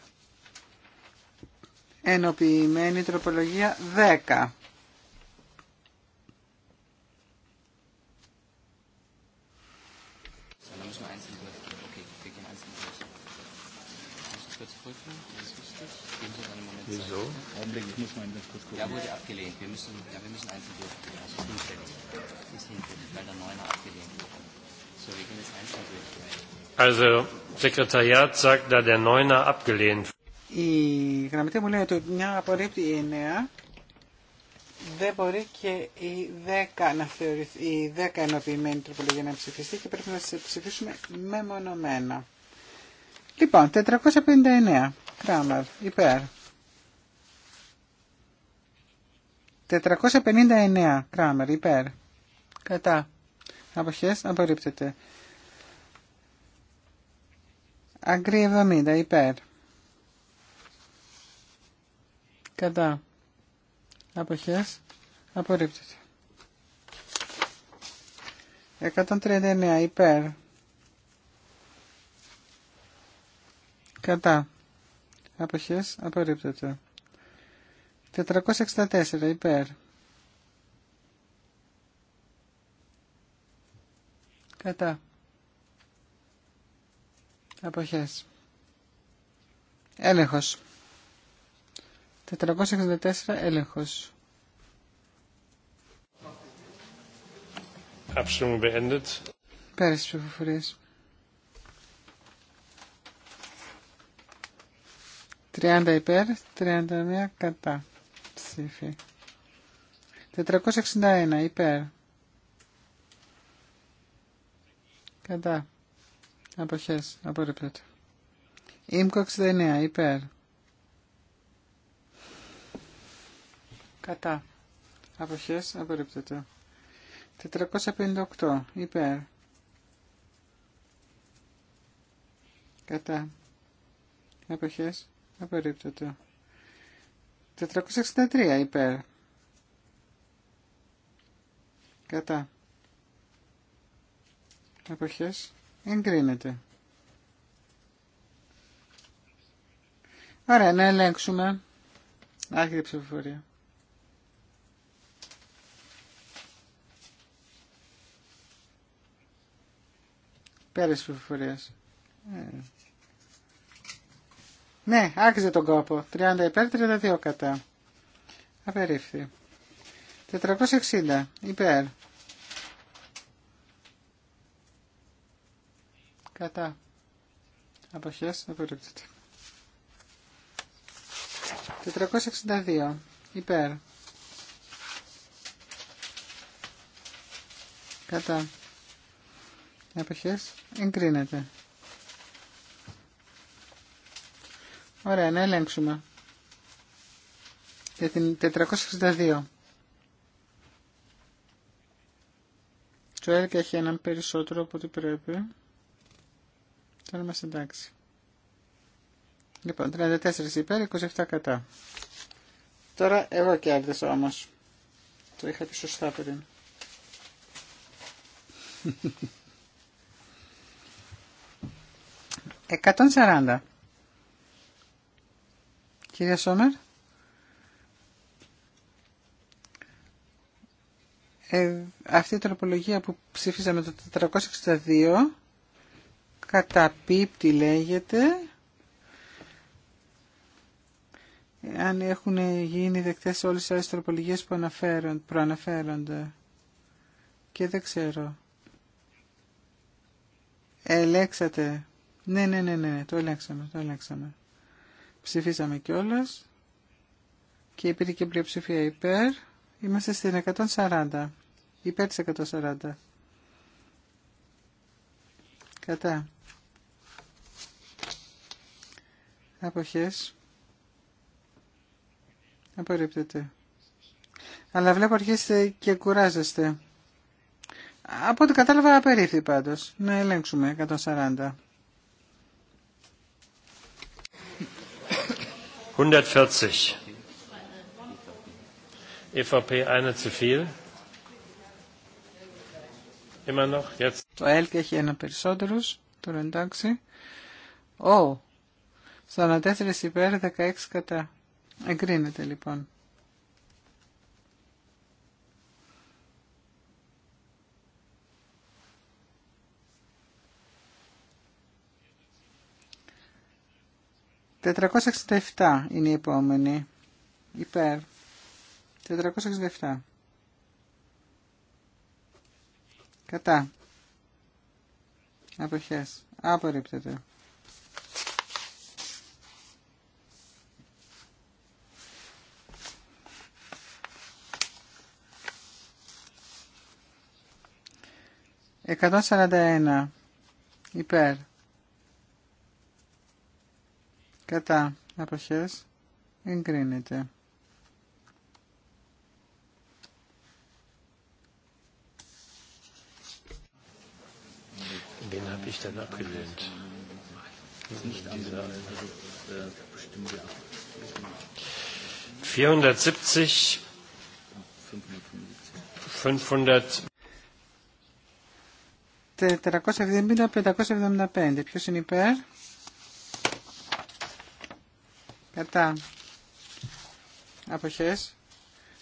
ενοποιημένη τροπολογία 10. Wieso? Ja, wurde abgelehnt. Wir müssen, einzeln durchgehen. Also ist hinfällig. weil der Neuner abgelehnt So, wir Sekretariat sagt, da der Neuner abgelehnt η γραμματεία μου λέει ότι μια απορρίπτει η 9, δεν μπορεί και η 10 να θεωρηθεί, η 10 ενοποιημένη τροπολογία να ψηφιστεί και πρέπει να τις ψηφίσουμε μεμονωμένα. Λοιπόν, 459, κράμερ υπέρ. 459, κράμερ υπέρ. Κατά. Αποχές, απορρίπτεται. Αγκρή 70, υπέρ. κατά αποχές απορρίπτεται 139 υπέρ κατά αποχές απορρίπτεται 464 υπέρ κατά αποχές έλεγχος 464 έλεγχος. Abstimmung beendet. Πέρασε ψηφοφορίες. 30 υπέρ, 31 κατά ψήφι. 461 υπέρ. Κατά. Αποχές. Απορρίπτεται. Ήμκο 69 υπέρ. Κατά. Αποχές απορρίπτεται. 458. Υπέρ. Κατά. Αποχές απορρίπτεται. 463. Υπέρ. Κατά. Αποχές εγκρίνεται. Ωραία, να ελέγξουμε. Άρχιτε ψηφοφορία. Πέρασε τη Ναι, άκουσε τον κόπο. 30 υπέρ, 32 κατά. Απερίφθη. 460 υπέρ. Κατά. Αποχές απορρίπτεται. 462 υπέρ. Κατά. Αποχές. Εγκρίνεται. Ωραία, να ελέγξουμε. Για την 462. Το έλκα έχει έναν περισσότερο από ό,τι πρέπει. Τώρα μας εντάξει. Λοιπόν, 34 υπέρ, 27 κατά. Τώρα εγώ και κέρδισα όμως. Το είχα πει σωστά πριν. 140. Κυρία Σόμερ. Ε, αυτή η τροπολογία που ψήφισαμε το 462 καταπίπτει λέγεται αν έχουν γίνει δεκτές όλες τις άλλες τροπολογίες που αναφέρον, προαναφέρονται και δεν ξέρω ελέξατε ναι, ναι, ναι, ναι, ναι, το ελέγξαμε, το ελέγξαμε. Ψηφίσαμε κιόλα. Και υπήρχε και πλειοψηφία υπέρ. Είμαστε στην 140. Υπέρ τη 140. Κατά. Αποχές. Απορρίπτεται. Αλλά βλέπω αρχίσετε και κουράζεστε. Από ό,τι κατάλαβα απερίφθη πάντως. Να ελέγξουμε 140. 140. EVP eine zu viel. Immer noch, jetzt. Το ΕΛΚ έχει ένα περισσότερος, τώρα εντάξει. Ω, oh, 44 υπέρ, 16 κατά. Εγκρίνεται λοιπόν. 467 είναι η επόμενη. Υπέρ. 467. Κατά. Αποχές. Απορρίπτεται. Εκατόν σαράντα ένα. Υπέρ κατά αποχές εγκρίνεται. Wen habe ich denn abgelehnt? Nicht 470, 500. 470, 575. Ποιος είναι υπέρ? Κατά. Αποχές.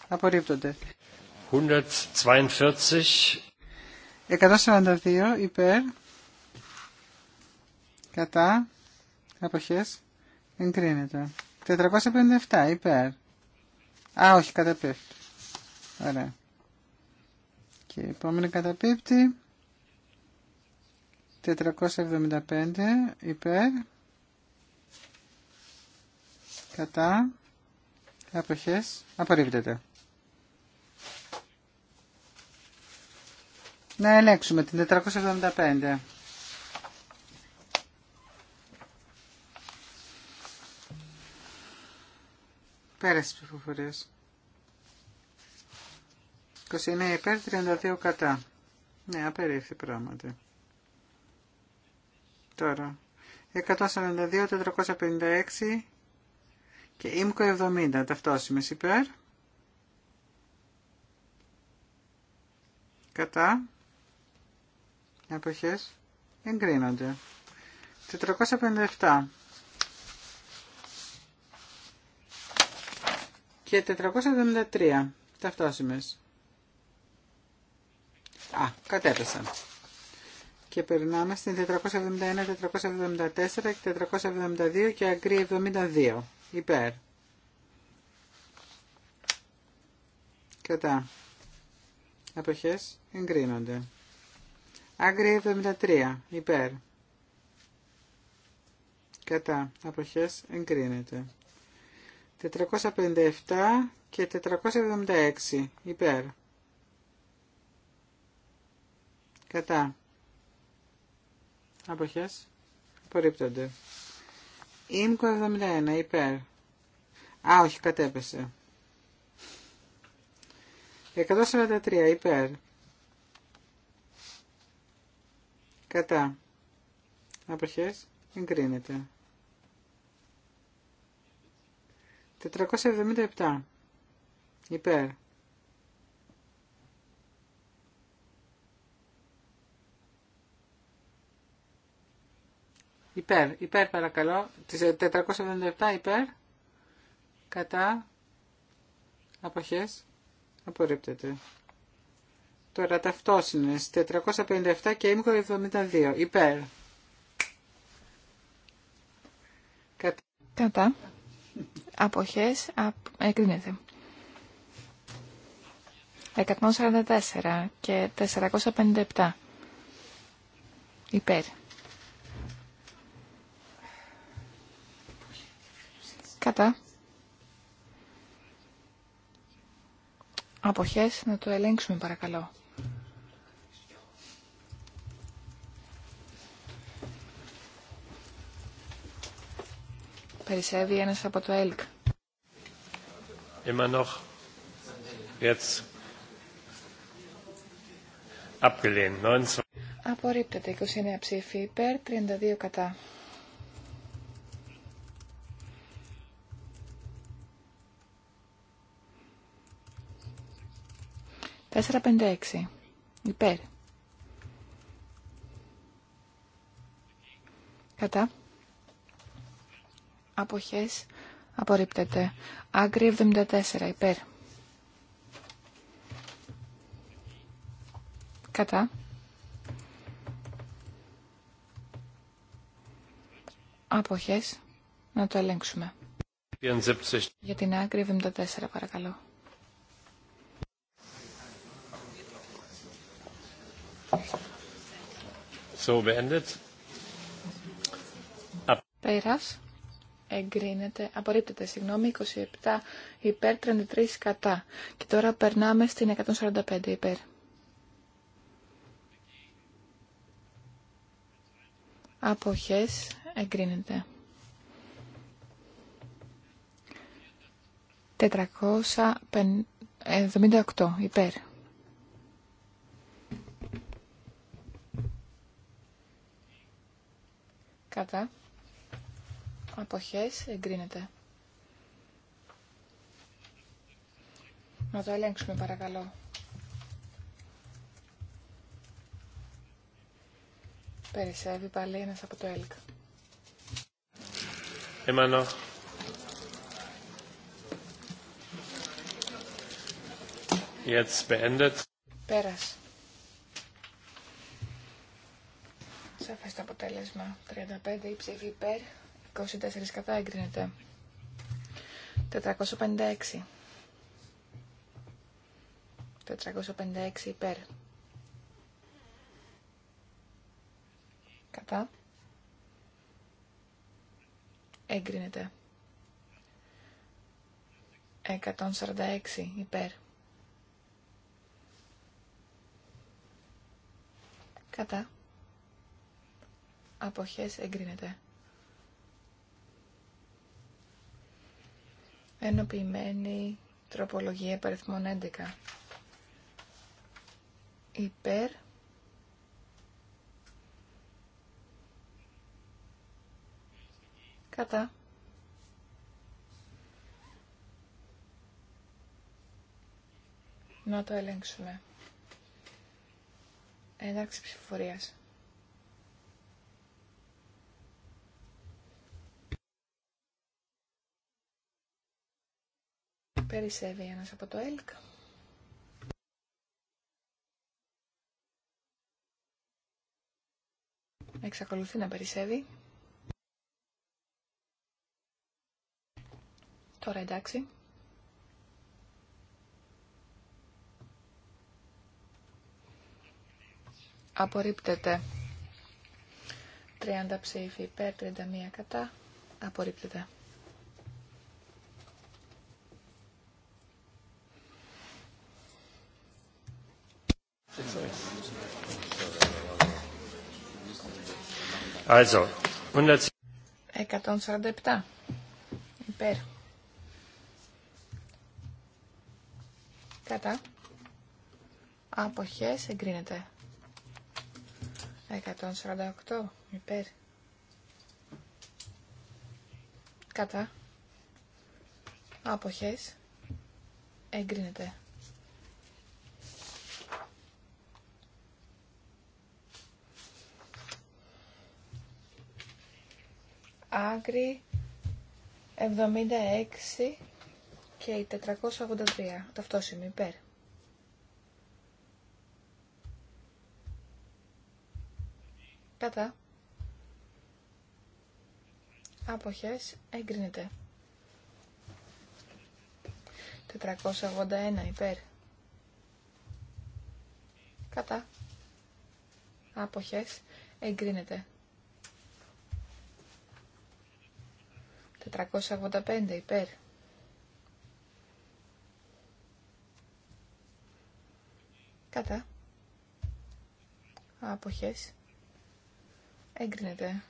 Απορρίπτονται. 142. 142 υπέρ. Κατά. Αποχές. Εγκρίνεται. 457 υπέρ. Α, όχι, καταπίπτει. Ωραία. Και η επόμενη καταπίπτει. 475 υπέρ κατά αποχές απορρίπτεται. Να ελέγξουμε την 475. Πέρασε τις ψηφοφορίες. 29 υπέρ, 32 κατά. Ναι, απερίφθη πράγματι. Τώρα, 142, 456 και ΙΜΚΟ 70 ταυτόσημες υπέρ κατά εποχές εγκρίνονται 457 και 473 ταυτόσημες. α, κατέπεσαν και περνάμε στην 471, 474 και 472 και αγκρή 72 υπέρ κατά αποχές εγκρίνονται άγκρι 73 υπέρ κατά αποχές εγκρίνεται 457 και 476 υπέρ κατά αποχές απορρίπτονται Ήμκο 71, υπέρ. Α, όχι, κατέπεσε. 143, υπέρ. Κατά. Αποχές, εγκρίνεται. 477, υπέρ. Υπέρ, υπέρ παρακαλώ. Τις 477 ε, υπέρ. Κατά. Αποχές. Απορρίπτεται. Τώρα είναι, 457 και ήμικο 72. Υπέρ. Κατά. Κατά. Αποχές. Α... 144 και 457. Υπέρ. Κατά. Αποχές να το ελέγξουμε παρακαλώ. Περισσεύει ένας από το ΕΛΚ. Immer noch. Jetzt. Απορρίπτεται 29 ψήφοι υπέρ, 32 κατά. 456. Υπέρ. Κατά. Αποχές. Απορρίπτεται. Άγκρι 74. Υπέρ. Κατά. Αποχές. Να το ελέγξουμε. Για την άκρη 74 παρακαλώ. so Εγκρίνεται. Απορρίπτεται. Συγγνώμη. 27 υπέρ 33 κατά. Και τώρα περνάμε στην 145 υπέρ. Αποχές. Εγκρίνεται. 478 υπέρ. Κατά. Αποχές εγκρίνεται. Να το ελέγξουμε παρακαλώ. Περισσεύει πάλι ένας από το ΕΛΚ. Πέρασε. Jetzt Σαφές το αποτέλεσμα. 35 η υπέρ, 24 κατά εγκρίνεται. 456. 456 υπέρ. Κατά. Έγκρινεται. 146 υπέρ. Κατά αποχές εγκρίνεται. Ενοποιημένη τροπολογία παριθμών 11. Υπέρ. Κατά. Να το ελέγξουμε. Ένταξη ψηφοφορίας. Περισσεύει ένας από το ΕΛΚ. Εξακολουθεί να περισσεύει. Τώρα εντάξει. Απορρίπτεται. 30 ψήφοι υπέρ, 31 κατά. Απορρίπτεται. Also, 147. Υπέρ. Κατά. Αποχές εγκρίνεται. 148. Υπέρ. Κατά. Αποχές εγκρίνεται. άκρη 76 και 483. Ταυτόσημη υπέρ. Κατά. Άποχες εγκρίνεται. 481 υπέρ. Κατά. Άποχες εγκρίνεται. 485 υπέρ. Κατά. Αποχές. Έγκρινεται.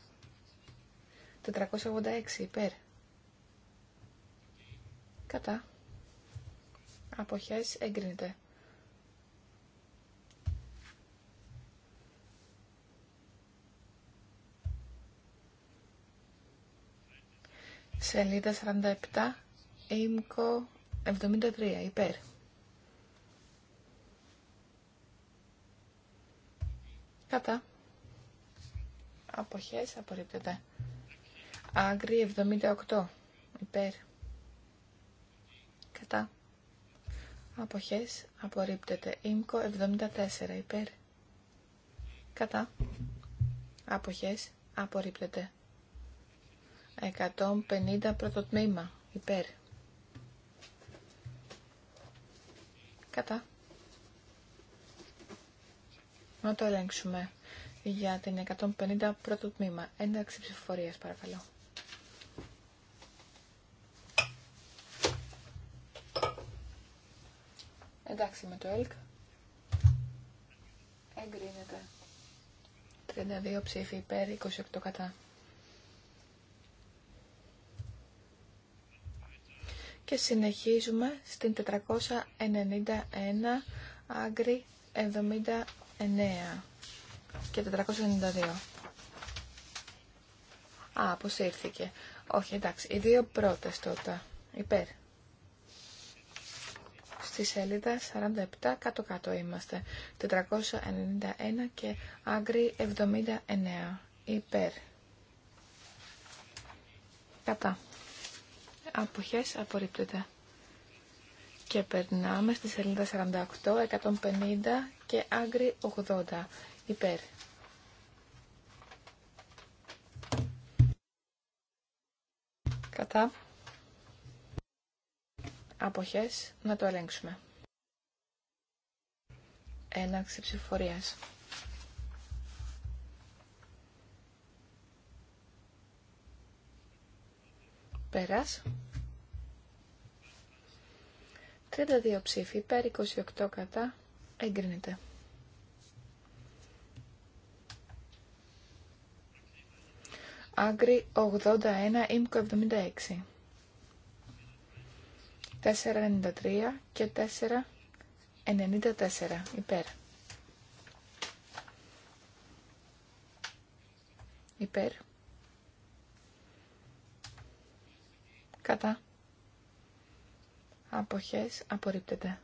486 υπέρ. Κατά. Αποχές έγκρινεται. Σελίδα 47, ΙΜΚΟ 73, υπέρ. Κατά. Αποχές απορρίπτεται. Άγκρι 78, υπέρ. Κατά. Αποχές απορρίπτεται. ΙΜΚΟ 74, υπέρ. Κατά. Αποχές απορρίπτεται. 150 πρώτο τμήμα. Υπέρ. Κατά. Να το ελέγξουμε για την 150 πρώτο τμήμα. Ένταξη ψηφοφορίας παρακαλώ. Εντάξει με το ΕΛΚ. Εγκρίνεται. 32 ψήφοι υπέρ, 28 κατά. Και συνεχίζουμε στην 491 άγκρι 79 και 492. Α, αποσύρθηκε. Όχι, εντάξει, οι δύο πρώτες τότε. Υπέρ. Στη σελίδα 47 κάτω-κάτω είμαστε. 491 και άγκρι 79. Υπέρ. Κατά αποχές απορρίπτεται. Και περνάμε στη σελίδα 48, 150 και άγκρι 80 υπέρ. Κατά αποχές να το ελέγξουμε. Έναξη ψηφορίας. Πέρας. 32 ψήφοι πέρ 28 κατά, εγκρίνεται. Άγκρι 81, ΙΜΚΟ 76. 4,93 και 4,94 υπέρ. Υπέρ. κατά αποχές απορρίπτεται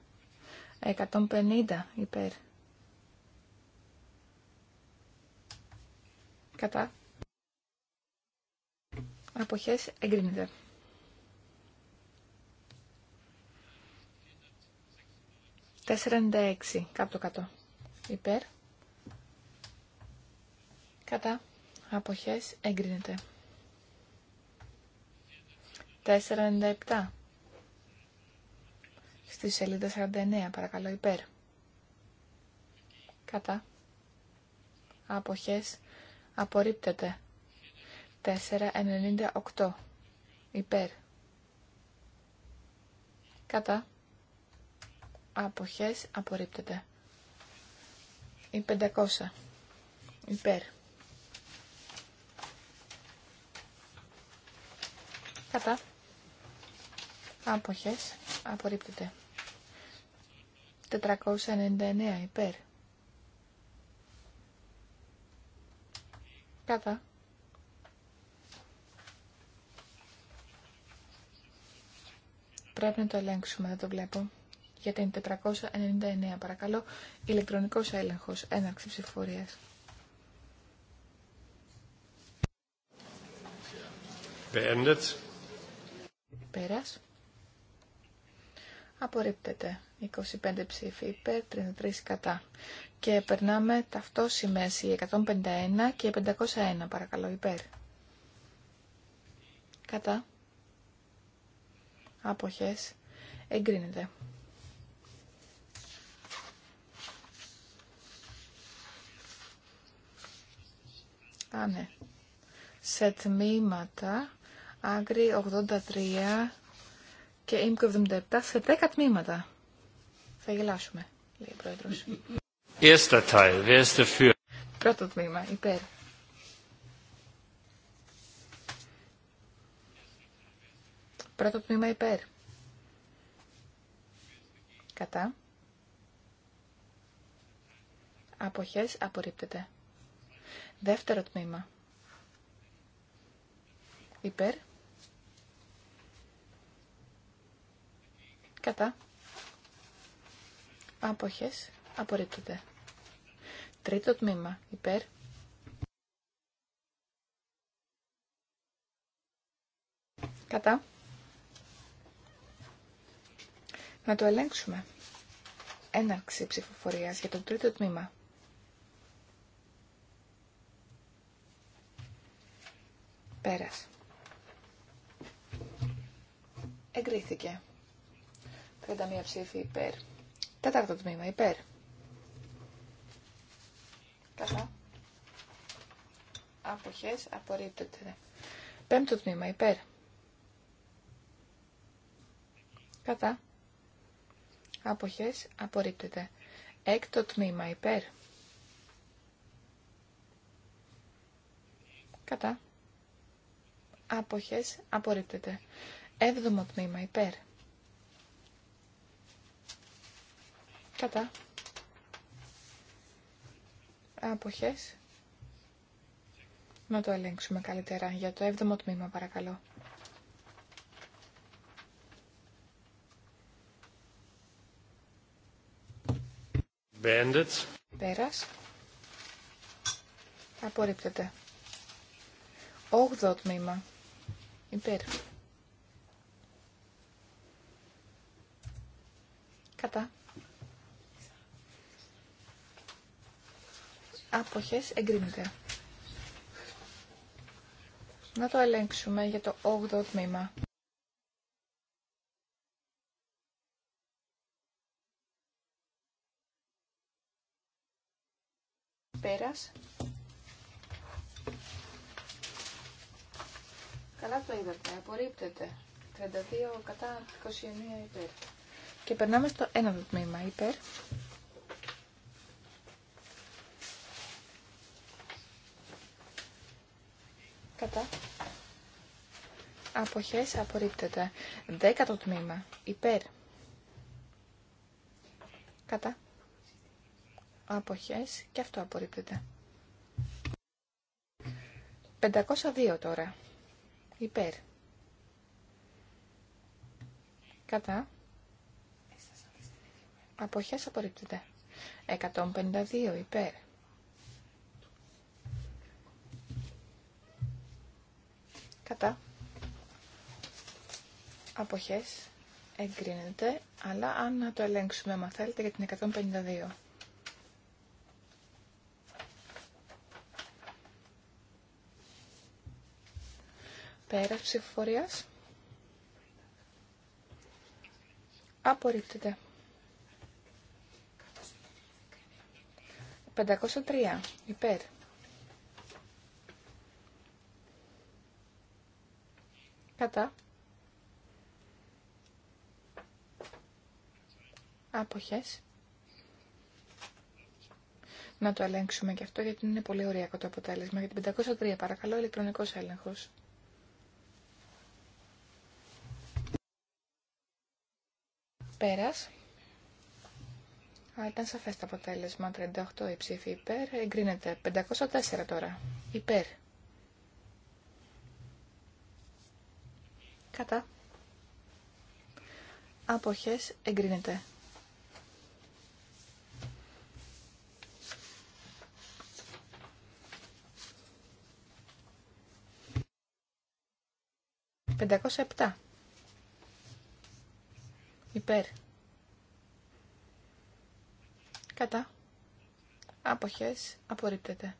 150 υπέρ κατά αποχές εγκρίνεται 46 κάτω κάτω υπέρ κατά αποχές εγκρίνεται 497. Στη σελίδα 49, παρακαλώ, υπέρ. Κατά. Αποχές. Απορρίπτεται. 498. Υπέρ. Κατά. Αποχές. Απορρίπτεται. Η 500. Υπέρ. Κατά. Αποχές. Απορρίπτεται. 499 υπέρ. Κατά. Πρέπει να το ελέγξουμε, δεν το βλέπω. Γιατί την 499 παρακαλώ. Ηλεκτρονικός έλεγχος. Έναρξη ψηφορίας. Beendet. Πέρας απορρίπτεται. 25 ψήφοι υπέρ, 33 κατά. Και περνάμε ταυτόσημες οι 151 και 501 παρακαλώ υπέρ. Κατά. Αποχές. Εγκρίνεται. Α, ναι. Σε τμήματα, άγρι 83, και ΙΜΚΟ 77 σε 10 τμήματα. Θα γελάσουμε, λέει ο Πρόεδρος. Πρώτο τμήμα, υπέρ. Πρώτο τμήμα υπέρ. Κατά. Αποχές απορρίπτεται. Δεύτερο τμήμα. Υπέρ. κατά αποχές απορρίπτονται. Τρίτο τμήμα υπέρ κατά να το ελέγξουμε. Έναρξη ψηφοφορίας για το τρίτο τμήμα. Πέρας. Εγκρίθηκε. 31 ψήφοι υπέρ. Τέταρτο τμήμα υπέρ. Καλά. Αποχές απορρίπτεται. Πέμπτο τμήμα υπέρ. Κατά. Αποχές απορρίπτεται. Έκτο τμήμα υπέρ. Κατά. Άποχες απορρίπτεται. Έβδομο τμήμα υπέρ. κατά αποχές να το ελέγξουμε καλύτερα για το 7ο τμήμα παρακαλώ Bandits. Πέρας. Απορρίπτεται. 8ο τμήμα. Υπέρ. Κατά. Αποχές εγκρίνεται. Να το ελέγξουμε για το 8ο τμήμα. Πέρας. Καλά το είδατε, απορρίπτεται. 32 κατά 29 υπέρ. Και περνάμε στο 1ο τμήμα υπέρ. κατά αποχές απορρίπτεται. Δέκατο τμήμα υπέρ κατά αποχές και αυτό απορρίπτεται. 502 τώρα υπέρ κατά αποχές απορρίπτεται. 152 υπέρ Κατά. Αποχές. Εγκρίνεται. Αλλά αν να το ελέγξουμε, Μα θέλετε, για την 152. Πέρα ψηφοφορίας. Απορρίπτεται. 503. Υπέρ. Κατά. Αποχές. Να το ελέγξουμε και αυτό γιατί είναι πολύ ωριακό το αποτέλεσμα. Για την 503 παρακαλώ ηλεκτρονικός έλεγχος. Πέρας. ήταν σαφές το αποτέλεσμα. 38 η ψήφη υπέρ. Εγκρίνεται. 504 τώρα. Υπέρ. Κατά. Αποχές εγκρίνεται. Πεντακόσια επτά. Υπέρ. Κατά. Αποχές απορρίπτεται.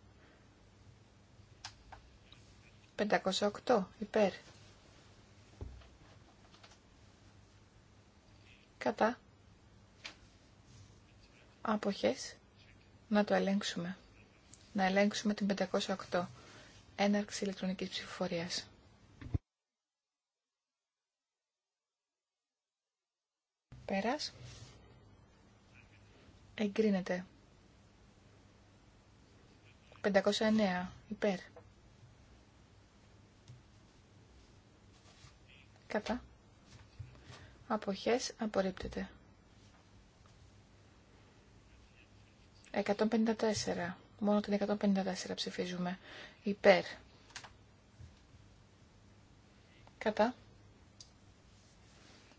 508 υπέρ. κατά αποχές να το ελέγξουμε. Να ελέγξουμε την 508 έναρξη ηλεκτρονικής ψηφοφορίας. Πέρας. Εγκρίνεται. 509 υπέρ. Κατά αποχές απορρίπτεται. 154. Μόνο την 154 ψηφίζουμε. Υπέρ. Κατά.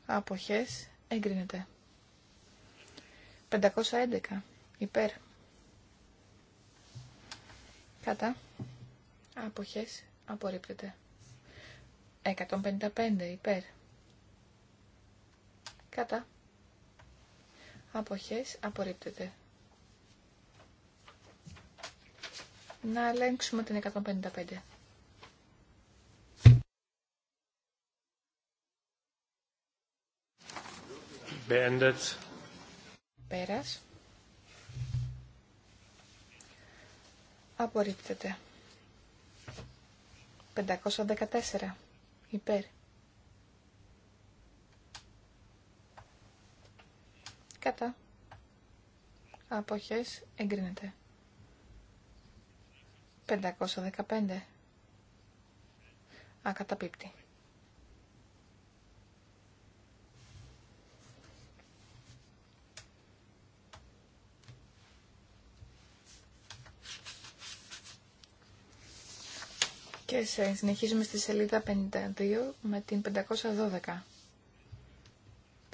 Αποχές εγκρίνεται. 511. Υπέρ. Κατά. Αποχές απορρίπτεται. 155. Υπέρ. Κατά. Αποχές απορρίπτεται. Να ελέγξουμε την 155. Beendet. Πέρας. Απορρίπτεται. 514. Υπέρ. Κατά. Αποχές εγκρίνεται. 515. Ακαταπίπτει. Και συνεχίζουμε στη σελίδα 52 με την 512.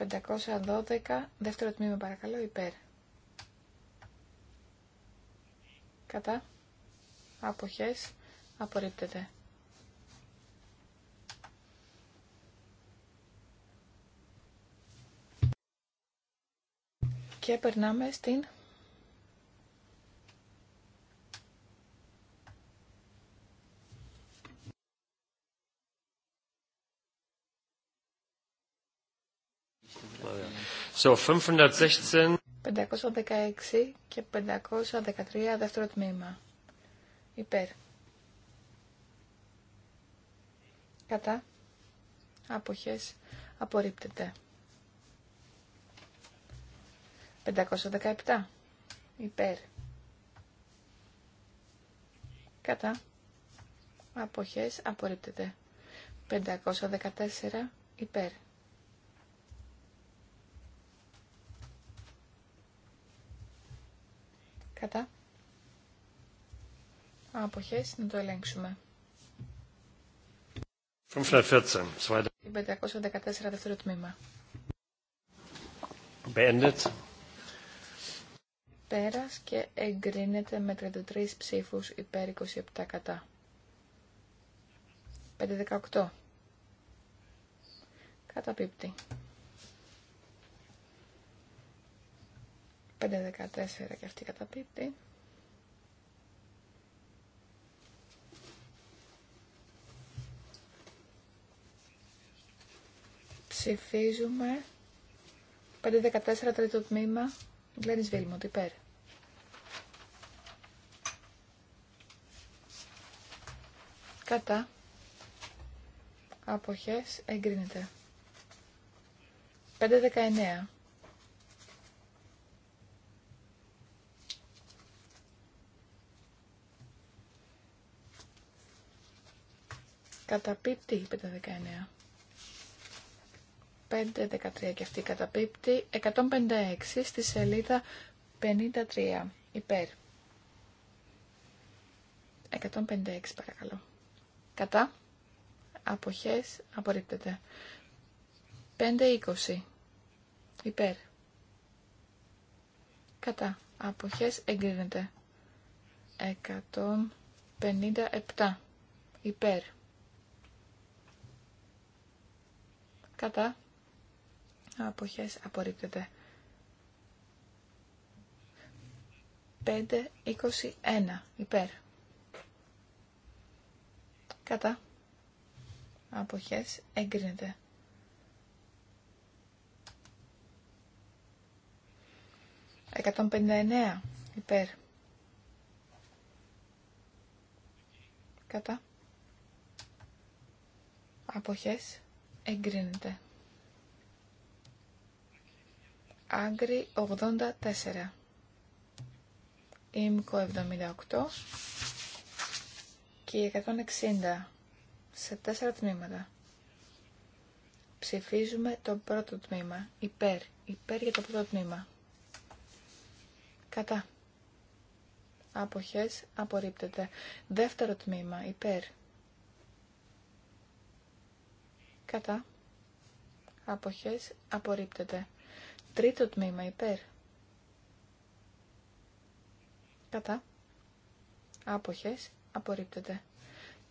512, δεύτερο τμήμα παρακαλώ, υπέρ. Κατά. Αποχές. Απορρίπτεται. Και περνάμε στην 516. και 513 δεύτερο τμήμα. Υπέρ. Κατά. Αποχές. Απορρίπτεται. 517. Υπέρ. Κατά. Αποχές. Απορρίπτεται. 514. Υπέρ. Κατά. Αποχές να το ελέγξουμε. 514. δεύτερο τμήμα. Beendet. Πέρας και εγκρίνεται με 33 ψήφους υπέρ 27 κατά. 518. Καταπίπτει. 514 και αυτή καταπίπτει. Ψηφίζουμε 514 τρίτο τμήμα Γκλένις Βίλμοντ υπέρ. Κατά αποχές εγκρίνεται. 519 Καταπίπτει, είπε τα 19. 5-13 και αυτή καταπίπτει. 156 στη σελίδα 53. Υπέρ. 156 παρακαλώ. Κατά. Αποχές. Απορρίπτεται. 5-20. Υπέρ. Κατά. Αποχές εγκρίνεται. 157. Υπέρ. κατά αποχές απορρίπτεται. 5.21 υπέρ κατά αποχές εγκρίνεται. 159 υπέρ. Κατά. Αποχές. Εγκρίνεται. Άγκρι 84. Ήμκο 78 και 160 σε τέσσερα τμήματα. Ψηφίζουμε το πρώτο τμήμα. Υπέρ. Υπέρ για το πρώτο τμήμα. Κατά. Αποχές απορρίπτεται. Δεύτερο τμήμα. Υπέρ. κατά αποχές απορρίπτεται. Τρίτο τμήμα υπέρ κατά αποχές απορρίπτεται.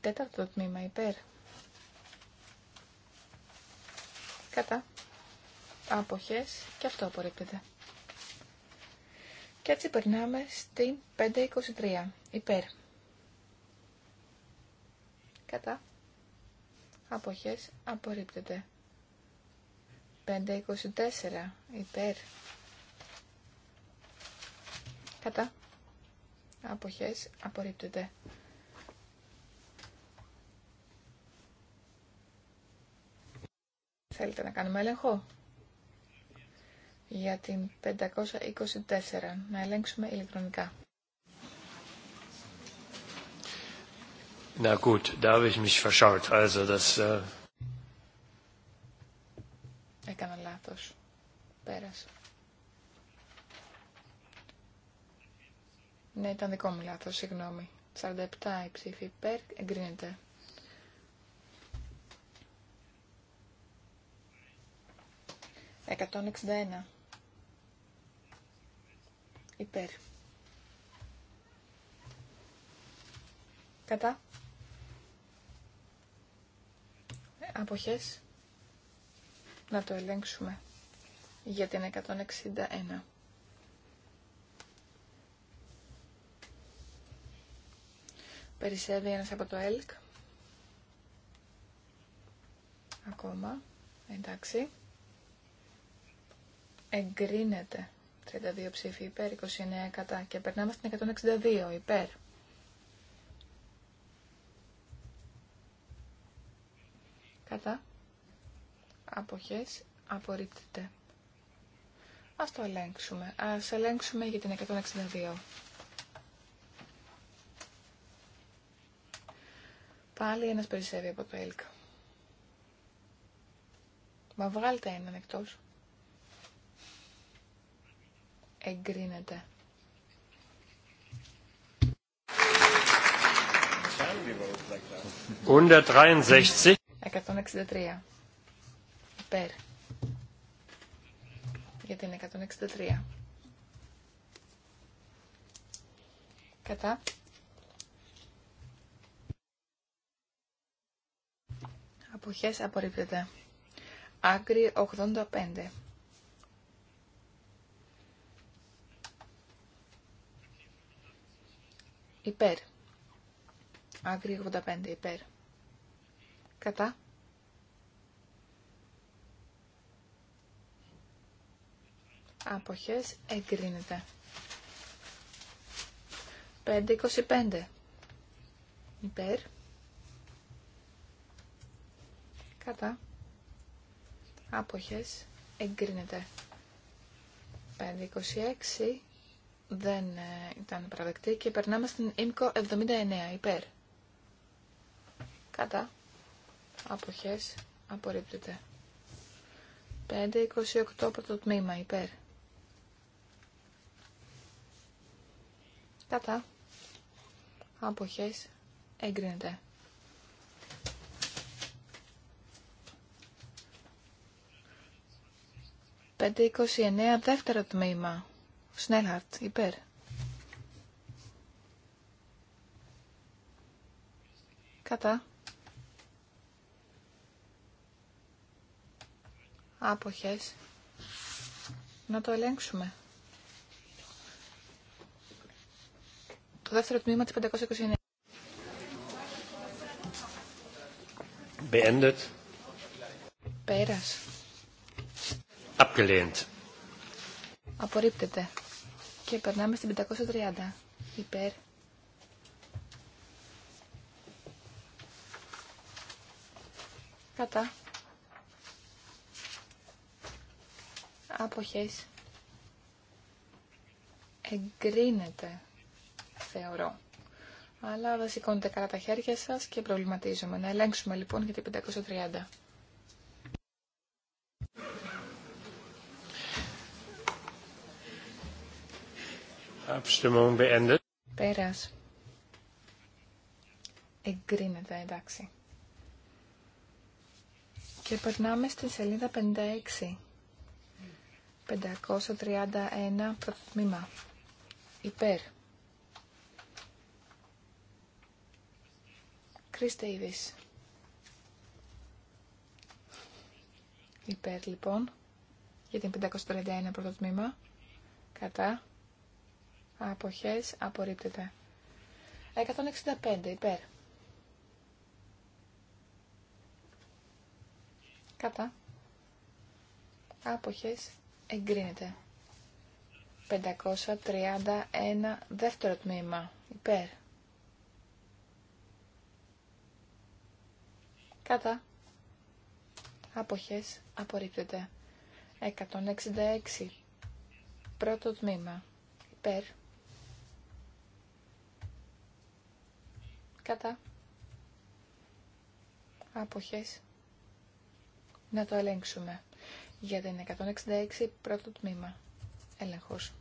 Τέταρτο τμήμα υπέρ κατά αποχές και αυτό απορρίπτεται. Και έτσι περνάμε στην 523 υπέρ κατά αποχές απορρίπτεται. 524 υπέρ κατά αποχές απορρίπτεται. Θέλετε να κάνουμε έλεγχο για την 524, να ελέγξουμε ηλεκτρονικά. Na gut, da habe ich mich verschaut. Also das. Äh, Έκανα λάθος. Ναι, ήταν δικό μου λάθος, συγγνώμη. 47 η ψήφη υπέρ, εγκρίνεται. Εκατόν Υπέρ. Κατά. αποχές να το ελέγξουμε για την 161. Περισσεύει ένας από το ΕΛΚ. Ακόμα. Εντάξει. Εγκρίνεται. 32 ψήφοι υπέρ, 29 κατά. Και περνάμε στην 162 υπέρ. Κατά. Αποχές. Απορρίπτεται. Ας το ελέγξουμε. Ας ελέγξουμε για την 162. Πάλι ένας περισσεύει από το ΕΛΚΑ. Μα βγάλτε έναν εκτός. Εγκρίνεται. 163. 163. Υπέρ. γιατί είναι 163. Κατά. Αποχές απορρίπτεται. Άγκρι 85. Υπέρ. Άγκρι 85 υπέρ. Κατά. Αποχές εγκρίνεται. 5.25. Υπέρ. Κατά. Άποχες. Εγκρίνεται. 5.26. Δεν ε, ήταν παραδεκτή και περνάμε στην ΙΜΚΟ 79. Υπέρ. Κατά αποχές απορρίπτεται. 5.28 πρώτο τμήμα υπέρ. Κατά αποχές έγκρινεται. 5.29 δεύτερο τμήμα. Σνέλχαρτ, υπέρ. Κατά. άποχες να το ελέγξουμε. Το δεύτερο τμήμα της 529. Beendet. Πέρας. Abgelehnt. Απορρίπτεται. Και περνάμε στην 530. Υπέρ. Κατά. αποχές εγκρίνεται, θεωρώ. Αλλά δεν σηκώνετε καλά τα χέρια σας και προβληματίζομαι. Να ελέγξουμε λοιπόν για την 530. Abstimmung beendet. Πέρας. Εγκρίνεται, εντάξει. Και περνάμε στη σελίδα 56. 531 πρωτοτμήμα. Υπέρ. Chris Davis. Υπέρ λοιπόν. Για την 531 πρωτοτμήμα. Κατά. Αποχές. Απορρίπτεται. 165 υπέρ. Κατά. Άποχες εγκρίνεται. 531 δεύτερο τμήμα υπέρ. Κατά. Αποχές απορρίπτεται. 166 πρώτο τμήμα υπέρ. Κατά. Αποχές. Να το ελέγξουμε για την 166 πρώτο τμήμα. Έλεγχος.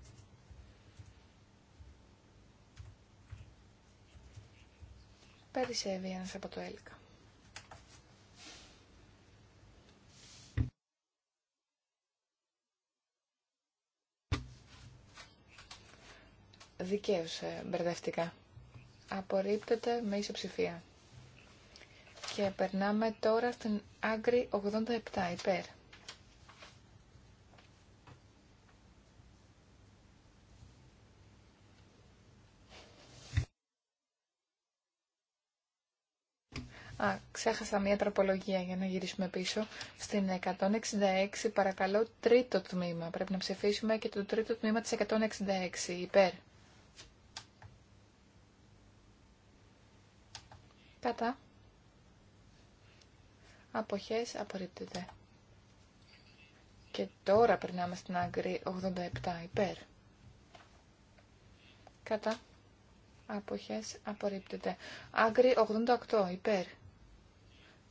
Περισσεύει ένας από το έλκα Δικαίως ε, μπερδευτικά. Απορρίπτεται με ισοψηφία. Και περνάμε τώρα στην άγκρη 87 υπέρ. Α, ξέχασα μία τροπολογία για να γυρίσουμε πίσω. Στην 166 παρακαλώ τρίτο τμήμα. Πρέπει να ψηφίσουμε και το τρίτο τμήμα της 166 υπέρ. Κατά. Αποχές απορρίπτεται. Και τώρα περνάμε στην άγκρη 87 υπέρ. Κατά. Αποχές απορρίπτεται. Άγκρη 88 υπέρ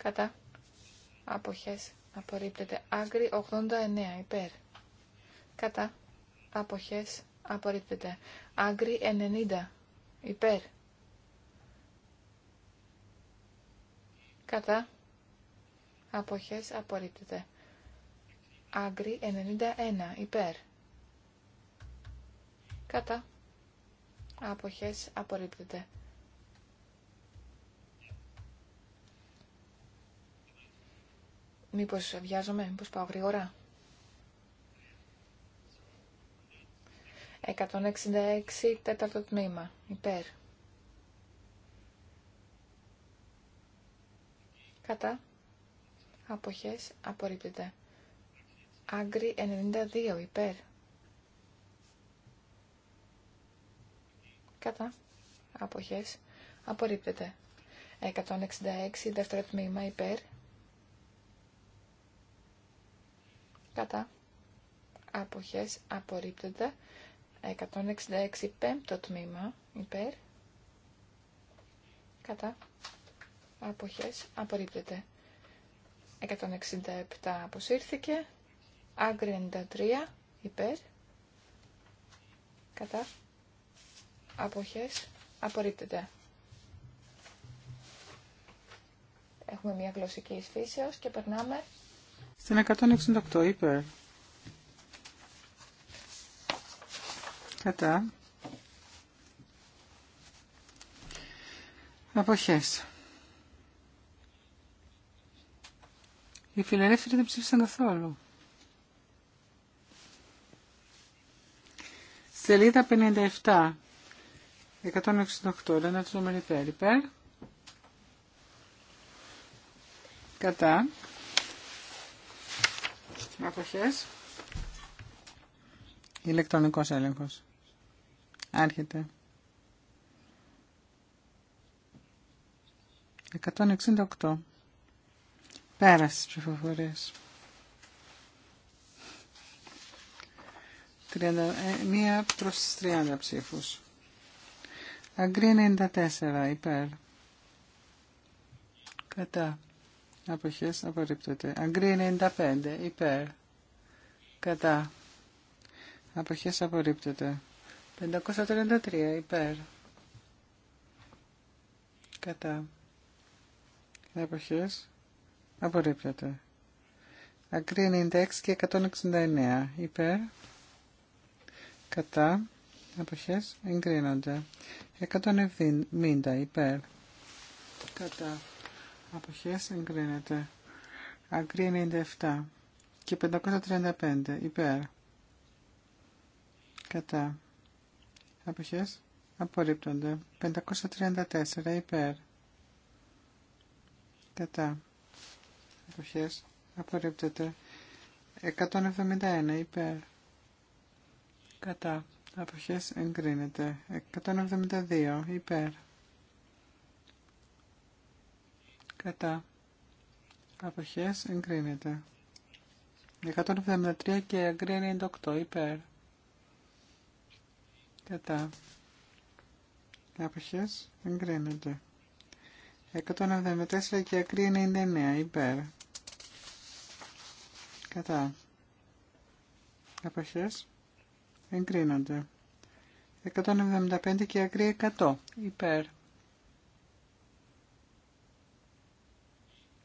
κατά αποχές απορρίπτεται. Άγκρι 89 υπέρ κατά αποχές απορρίπτεται. Άγκρι 90 υπέρ κατά αποχές απορρίπτεται. Άγκρι 91 υπέρ κατά αποχές απορρίπτεται. Μήπως βιάζομαι, μήπως πάω γρήγορα. 166 τέταρτο τμήμα. Υπέρ. Κατά. Αποχές απορρίπτεται. Άγκρι 92 υπέρ. Κατά. Αποχές απορρίπτεται. 166 δεύτερο τμήμα υπέρ. κατά αποχές απορρίπτεται 166 πέμπτο τμήμα υπέρ κατά αποχές απορρίπτεται 167 αποσύρθηκε άγκρι 93 υπέρ κατά αποχές απορρίπτεται έχουμε μια γλωσσική εισφύσεως και περνάμε στην 168 υπέρ. Κατά. Αποχές. Οι φιλελεύθεροι δεν ψήφισαν καθόλου. Σελίδα 57. 168. Λένε το υπέρ. Υπέρ. Κατά αποχές ηλεκτρονικός έλεγχος άρχεται 168 πέρασε τις ψηφοφορίες 31 προς 30 ψήφους Αγκρή 94 υπέρ κατά αποχές απορρίπτεται. Αγκρί 95 υπέρ κατά αποχές απορρίπτεται. 533 υπέρ κατά αποχές απορρίπτεται. Αγκρί 96 και 169 υπέρ κατά αποχές εγκρίνονται. 170 υπέρ κατά αποχές εγκρίνεται. Αγκρή 97 και 535 υπέρ. Κατά. Αποχές απορρίπτονται. 534 υπέρ. Κατά. Αποχές απορρίπτεται. 171 υπέρ. Κατά. Αποχές εγκρίνεται. 172 υπέρ. κατά αποχές εγκρίνεται 173 και 98 υπέρ κατά αποχές εγκρίνεται 174 και 99 υπέρ κατά αποχές εγκρίνονται 175 και 100 υπέρ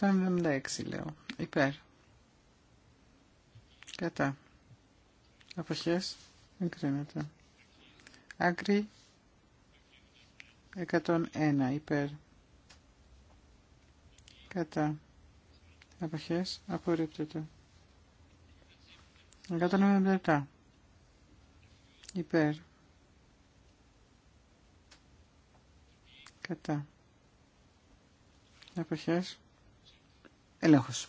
176 λέω. Υπέρ. Κατά. Αποχές. Εγκρίνεται. Άκρη. 101. Υπέρ. Κατά. Αποχές. Απορρίπτεται. 197. Υπέρ. Κατά. Αποχές. Ελέγχος.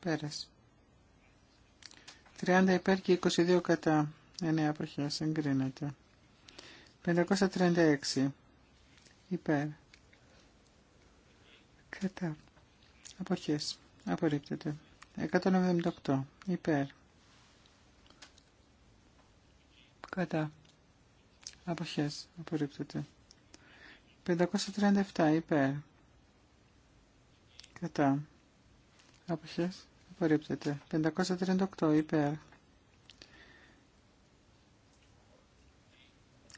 Πέρας. 30 υπέρ και 22 κατά. 9 αποχές. Εγκρίνεται. 536 υπέρ. Κατά. Αποχές. Απορρίπτεται. 178 υπέρ. Κατά. Αποχές. Απορρίπτεται. 537 υπέρ. Κατά. Αποχές. Απορρίπτεται. 538 υπέρ.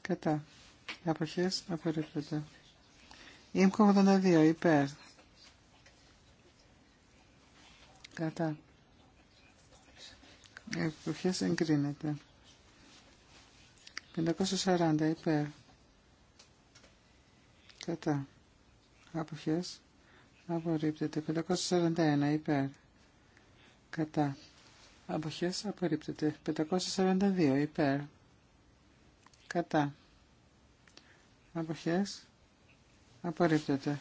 Κατά. Αποχές. Απορρίπτεται. Ήμκο 82 υπέρ. Κατά. Αποχές εγκρίνεται. 540 υπέρ. Κατά. Αποχές. Απορρίπτεται. 541 υπέρ. Κατά. Αποχές. Απορρίπτεται. 542 υπέρ. Κατά. Αποχές. Απορρίπτεται.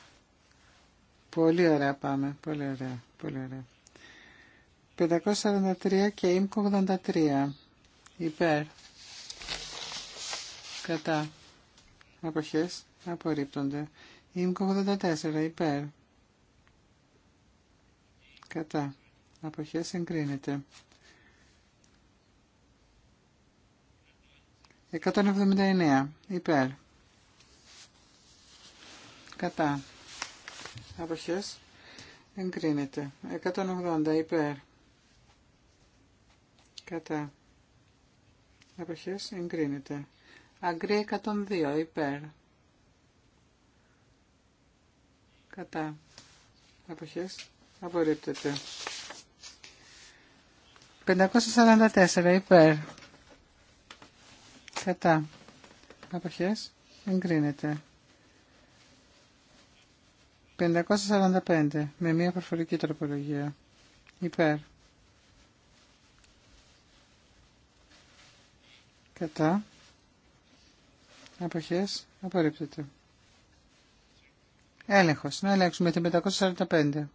Πολύ ωραία πάμε. Πολύ ωραία. Πολύ ωραία. 543 και ΙΜΚΟ 83. Υπέρ κατά αποχές απορρίπτονται. Ήμκο 84 υπέρ κατά αποχές εγκρίνεται. 179 υπέρ κατά αποχές εγκρίνεται 180 υπέρ κατά αποχές εγκρίνεται Αγκρή 102 υπέρ. Κατά. Αποχές. Απορρίπτεται. 544 υπέρ. Κατά. Αποχές. Εγκρίνεται. 545 με μία προφορική τροπολογία. Υπέρ. Κατά. Αποχές. Απορρίπτεται. Έλεγχος. Να ελέγξουμε την 545.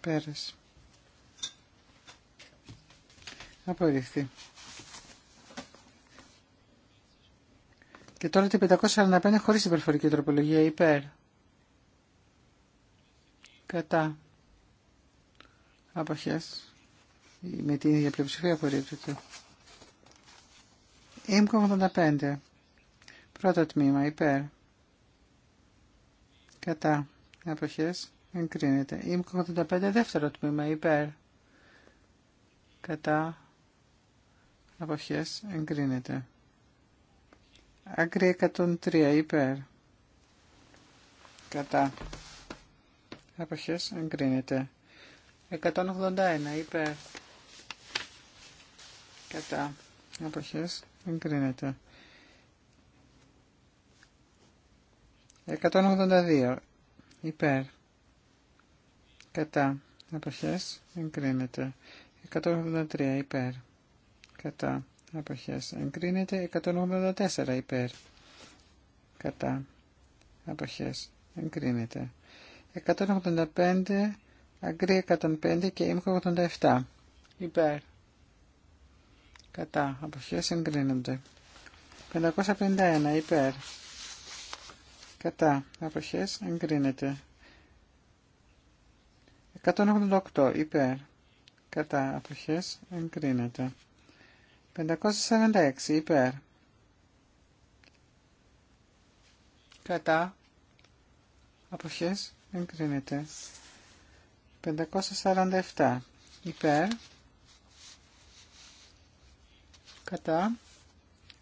Πέρας. Απορρίφθη. Και τώρα την 545 χωρίς την προφορική τροπολογία υπέρ κατά αποχές με την ίδια πλειοψηφία απορρίπτεται. ΥΜΚΟ 85. Πρώτο τμήμα υπέρ. Κατά αποχές εγκρίνεται. ΥΜΚΟ 85 δεύτερο τμήμα υπέρ. Κατά αποχές εγκρίνεται. Άγκρι 103 υπέρ. Κατά εποχές εγκρίνεται. 181 υπέρ. Κατά. εποχές εγκρίνεται. 182 υπέρ. Κατά. εποχές εγκρίνεται. 183 υπέρ. Κατά. εποχές εγκρίνεται. 184 υπέρ. Κατά. εποχές εγκρίνεται. 185, Αγκρή 105 και Ήμχο 87. Υπέρ. Κατά. Αποχές εγκρίνονται. 551. Υπέρ. Κατά. Αποχές εγκρίνεται. 188. Υπέρ. Κατά. Αποχές εγκρίνεται. 546. Υπέρ. Κατά. Αποχές Εγκρίνεται. 547 υπέρ. Κατά.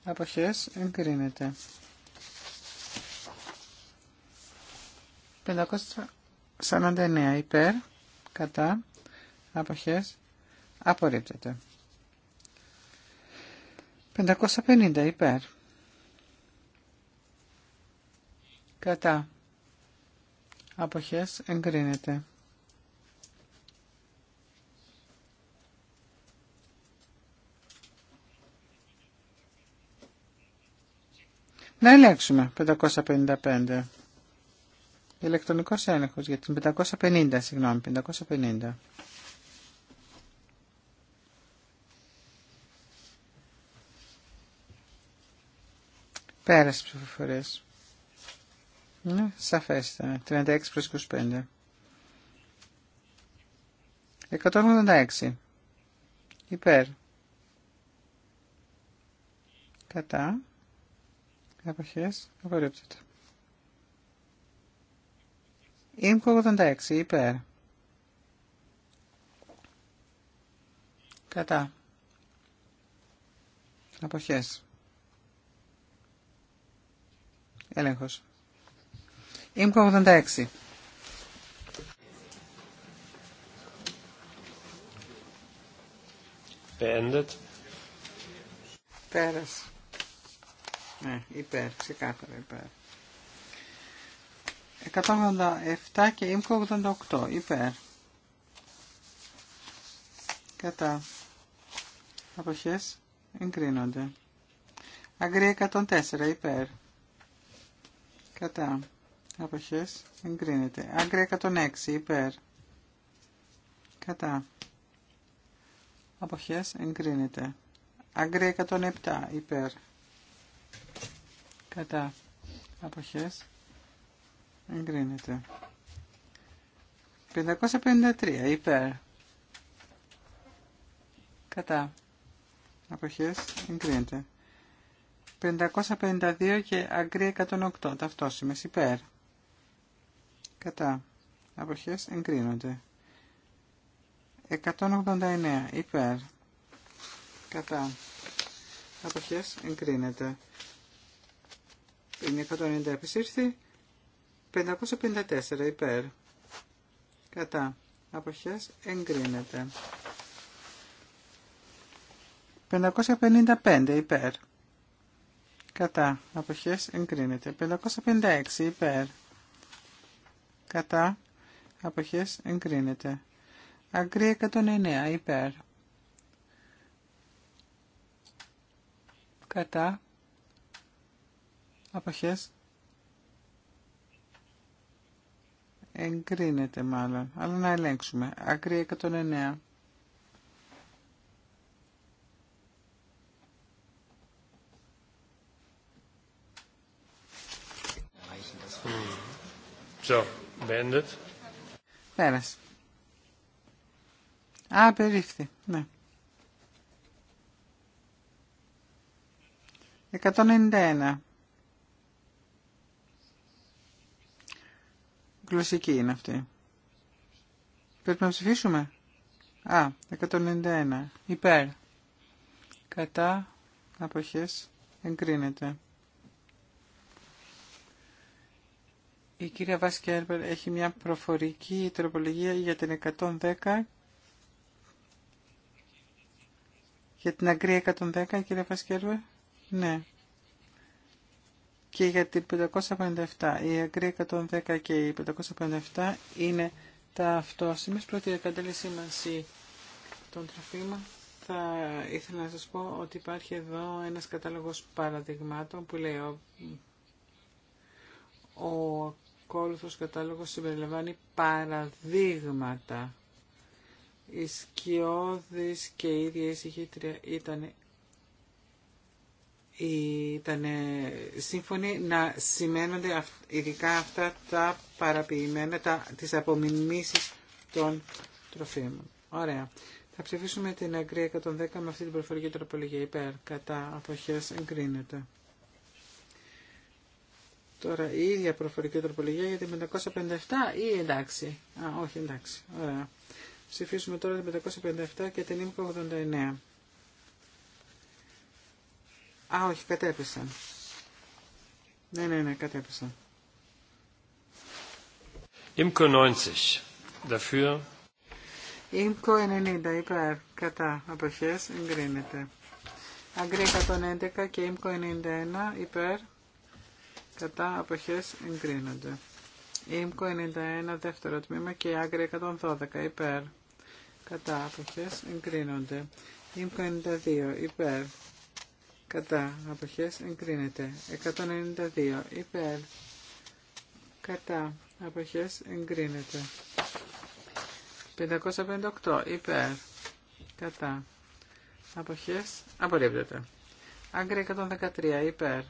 Αποχές. Εγκρίνεται. 549 υπέρ. Κατά. Αποχές. Απορρίπτεται. 550 υπέρ. Κατά αποχές εγκρίνεται. Να ελέγξουμε 555. Ηλεκτρονικός έλεγχος για την 550, συγγνώμη, 550. Πέρασε ψηφοφορίες. Ναι, σαφέστα. Ε, 36 προς 25. 186. Υπέρ. Κατά. Αποχές. Απορρίπτωτα. Ήμκο 86. Υπέρ. Κατά. Αποχές. Έλεγχος. ΥΜΚΟ 86. Beendet. Ναι, υπέρ, ξεκάθαρα υπέρ. 187 και ΥΜΚΟ 88, υπέρ. Κατά. Αποχές εγκρίνονται. Αγκρή 104, υπέρ. Κατά αποχές εγκρίνεται. Άγκρια 106 υπέρ κατά αποχές εγκρίνεται. Άγκρια 107 υπέρ κατά αποχές εγκρίνεται. 553 υπέρ κατά αποχές εγκρίνεται. 552 και αγκρία 108 Ταυτόσιμες. υπέρ κατά αποχές εγκρίνονται 189 υπέρ κατά αποχές εγκρίνεται είναι 190 επισήρθη 554 υπέρ κατά αποχές εγκρίνεται 555 υπέρ κατά αποχές εγκρίνεται 556 υπέρ κατά, αποχές, εγκρίνεται. Αγκρή 109, υπέρ. Κατά, αποχές, εγκρίνεται μάλλον, αλλά να ελέγξουμε. Αγκρή 109. So. Beendet. Πέρασε. Α, περίφθη. Ναι. 191. Γλωσσική είναι αυτή. Πρέπει να ψηφίσουμε. Α, 191. Υπέρ. Κατά αποχές εγκρίνεται. Η κυρία Έρμπερ έχει μια προφορική τροπολογία για την 110 για την Αγκρία 110, κυρία Βασκέρβερ. Ναι. Και για την 557. Η Αγκρία 110 και η 557 είναι τα αυτόσημες. Πρώτη κατάλληλη σήμανση των τροφίμων. Θα ήθελα να σας πω ότι υπάρχει εδώ ένας κατάλογος παραδειγμάτων που λέει ο, ο ακόλουθος κατάλογος συμπεριλαμβάνει παραδείγματα. Η Σκιώδης και η ίδια η ήταν σύμφωνοι να σημαίνονται ειδικά αυτά τα παραποιημένα, τα, τις απομιμήσεις των τροφίμων. Ωραία. Θα ψηφίσουμε την Αγκρία 110 με αυτή την προφορική τροπολογία υπέρ. Κατά αποχές εγκρίνεται. Τώρα η ίδια προφορική τροπολογία για την 557 ή εντάξει. Α, όχι εντάξει. Ωραία. Ψηφίσουμε τώρα την 557 και την ΙΜΚΟ 89. Α, όχι, κατέπεσαν. Ναι, ναι, ναι, κατέπεσαν. ΙΜΚΟ 90. Δαφύρ. ΙΜΚΟ 90, υπέρ, κατά, αποχές, εγκρίνεται. Αγκρή 111 και ΙΜΚΟ 91, υπέρ, κατά αποχές εγκρίνονται. ΥΜΚΟ 91 δεύτερο τμήμα και άγρια 112 υπέρ. Κατά αποχές εγκρίνονται. ΥΜΚΟ 92 υπέρ. Κατά αποχές εγκρίνεται. 192 υπέρ. Κατά αποχές εγκρίνεται. 558 υπέρ. Κατά αποχές απορρίπτεται. Άγκρη 113 υπέρ.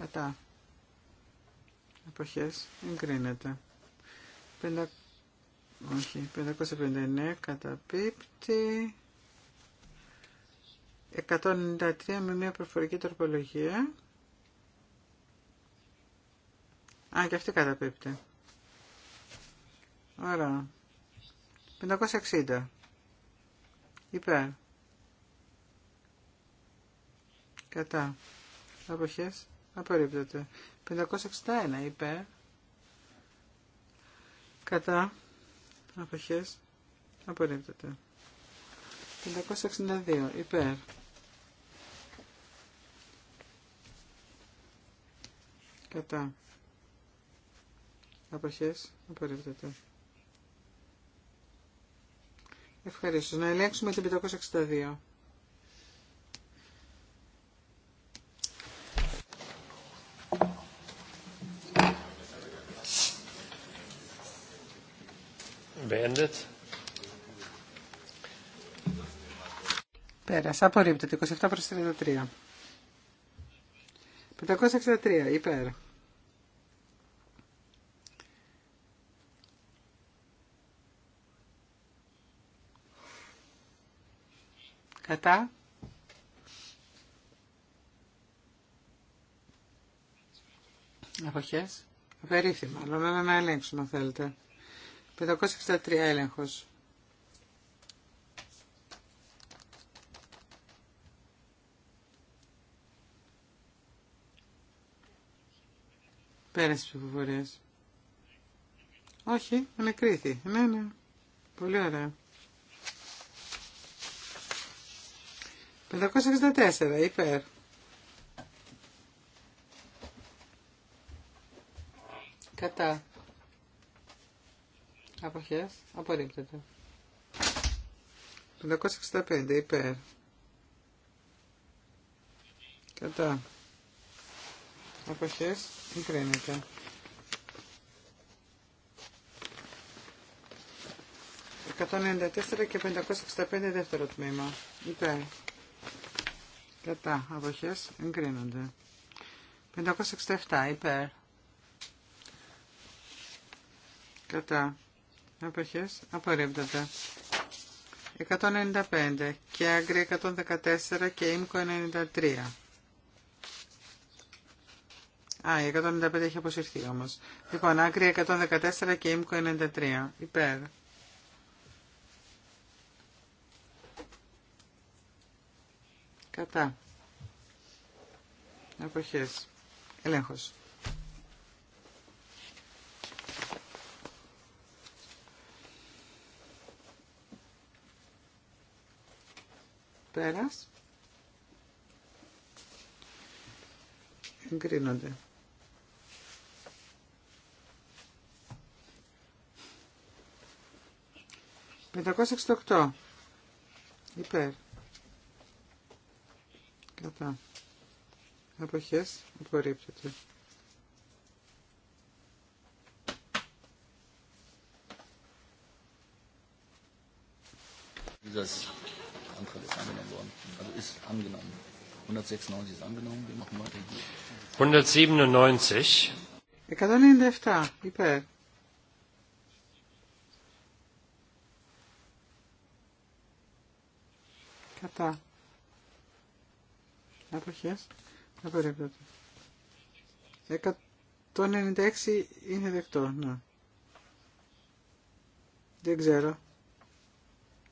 Κατά. Αποχές. Εγκρίνεται. 5... Όχι. 559 καταπίπτει. 193 με μια προφορική τροπολογία. Α, και αυτή καταπίπτει. Ωραία. 560. Υπέρ. Κατά. Αποχές. Απορρίπτεται. 561 υπέρ. Κατά. Αποχές. Απορρίπτεται. 562 υπέρ. Κατά. Αποχές. Απορρίπτεται. Ευχαριστώ. Να ελέγξουμε την 562. beendet. Πέρασε. Απορρίπτεται. 27 προς 33. 563. Υπέρ. Κατά. Αποχές. Περίφημα. Αλλά να ελέγξουμε αν θέλετε. 563 έλεγχος. Πέρασε τις ψηφοφορίες. Όχι, ανακρίθη. Ναι, ναι. Πολύ ωραία. 564, υπέρ. Κατά. Αποχές. Απορρίπτεται. 565 υπέρ. Κατά. Αποχές. Εγκρίνεται. 194 και 565 δεύτερο τμήμα. Υπέρ. Κατά. Αποχές. Εγκρίνονται. 567 υπέρ. Κατά. Αποχές. Απορρίπτονται. 195 και Άγκρη 114 και Ήμκο 93. Α, η 195 έχει αποσυρθεί όμως. Λοιπόν, Άγκρη 114 και Ήμκο 93. Υπέρ. Κατά. Αποχές. Ελέγχος. Πέρας. Εγκρίνονται. Πεντακόσια Υπέρ. Κατά. Αποχές απορρίπτεται. です。Der Antrag ist angenommen worden. Also ist angenommen. 196 ist angenommen. Wir machen weiter hier. 197. 197. Υπέρ. Κατά. Αποχές. Απορρίπτεται. 196 είναι δεκτό. Να. Δεν ξέρω.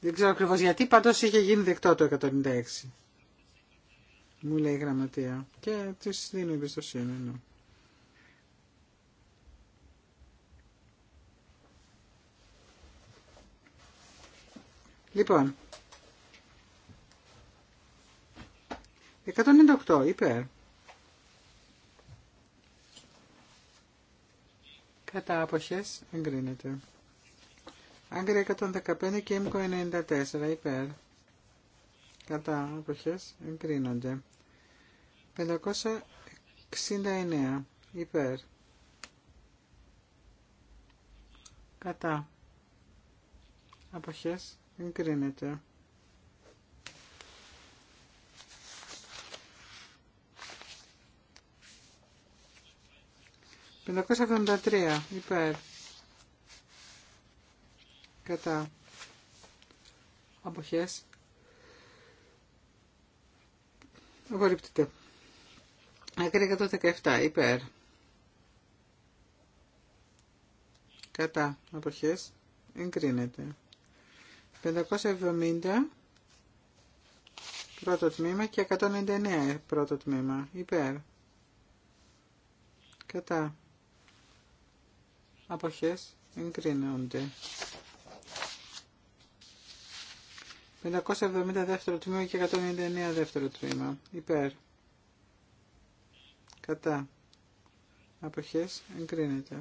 Δεν ξέρω ακριβώ γιατί, πάντως είχε γίνει δεκτό το 196. Μου λέει η γραμματεία. Και τη δίνω εμπιστοσύνη ναι. Λοιπόν, 198 υπέρ. Κατά άποχες εγκρίνεται. Άγκρα 115 και ΕΜΚΟ 94 υπέρ. Κατά αποχές εγκρίνονται. 569 υπέρ. Κατά αποχές εγκρίνεται. 573 υπέρ κατά αποχές απορρίπτεται άκρη 117 υπέρ κατά αποχές εγκρίνεται 570 πρώτο τμήμα και 199 πρώτο τμήμα υπέρ κατά αποχές εγκρίνονται 570 δεύτερο τμήμα και 199 δεύτερο τμήμα. Υπέρ. Κατά. Αποχές εγκρίνεται.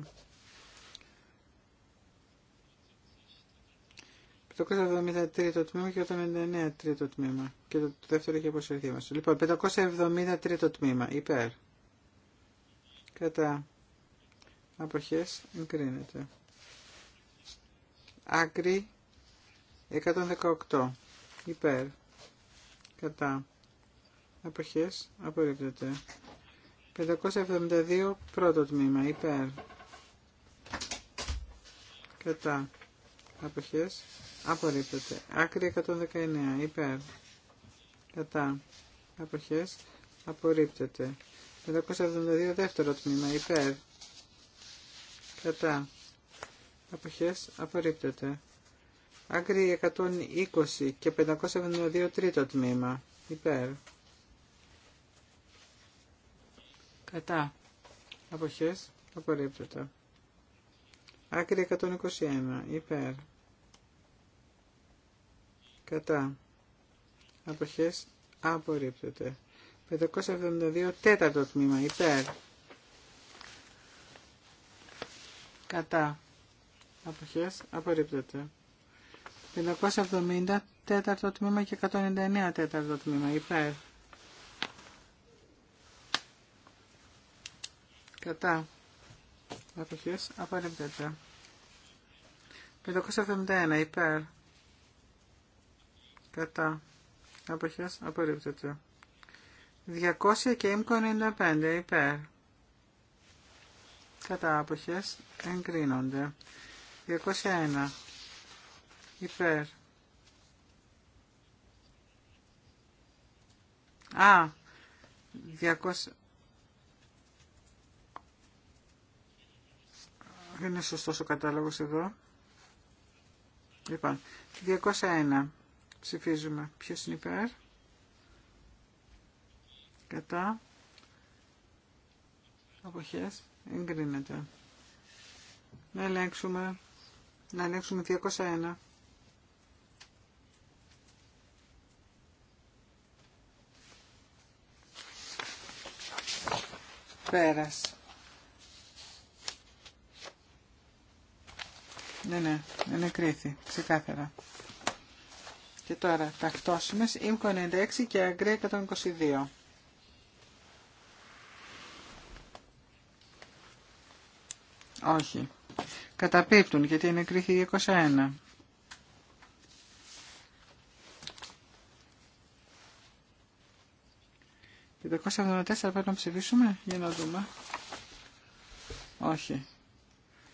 573 το τμήμα και 199 τρίτο τμήμα. Και το δεύτερο έχει αποσυρθεί μας. Λοιπόν, 573 τρίτο τμήμα. Υπέρ. Κατά. Αποχές εγκρίνεται. Άκρη 118 υπέρ κατά αποχές απορρίπτεται 572 πρώτο τμήμα υπέρ κατά αποχές απορρίπτεται άκρη 119 υπέρ κατά αποχές απορρίπτεται 572 δεύτερο τμήμα υπέρ κατά αποχές απορρίπτεται Άκρη 120 και 572 τρίτο τμήμα. Υπέρ. Κατά. Αποχές. Απορρίπτωτα. Άκρη 121. Υπέρ. Κατά. Αποχές. Απορρίπτωτα. 572 τέταρτο τμήμα. Υπέρ. Κατά. Αποχές. Απορρίπτεται. 570 τέταρτο τμήμα και 199 τέταρτο τμήμα. Υπέρ. Κατά. Αποχές. Απορρίπτεται. 571 υπέρ. Κατά. Αποχές. Απορρίπτεται. 200 και 95 υπέρ. Κατά. Αποχές. Εγκρίνονται. 201 Υπέρ. Α, 200... Δεν είναι σωστός ο κατάλογος εδώ. Λοιπόν, 201. Ψηφίζουμε. Ποιος είναι υπέρ. Κατά. Αποχές. Εγκρίνεται. Να ελέγξουμε. Να ελέγξουμε 201. Πέρας. Ναι, ναι, είναι κρίθη, ξεκάθαρα. Και τώρα, χτώσιμες ΙΜΚΟ 96 και ΑΓΡΕ 122. Όχι. Καταπίπτουν γιατί είναι κρίθη 21. 274 πρέπει να ψηφίσουμε για να δούμε. Όχι.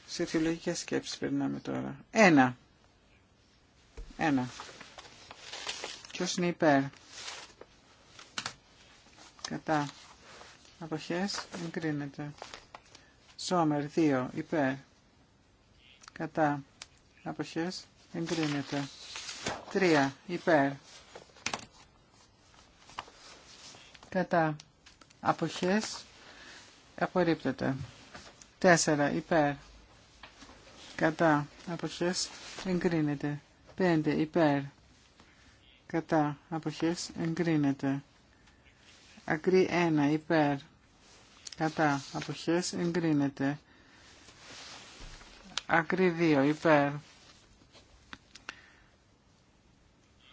Σε θεολογικέ σκέψει περνάμε τώρα. Ένα. Ένα. Ποιο είναι υπέρ. Κατά. Αποχέ. Εγκρίνεται. Σόμερ. 2. Υπέρ. Κατά. Αποχέ. Εγκρίνεται. Τρία, Υπέρ. κατά αποχές απορρίπτεται 4 υπέρ κατά αποχές εγκρίνεται 5 υπέρ κατά αποχές εγκρίνεται ακρί 1 υπέρ κατά αποχές εγκρίνεται ακρί 2 υπέρ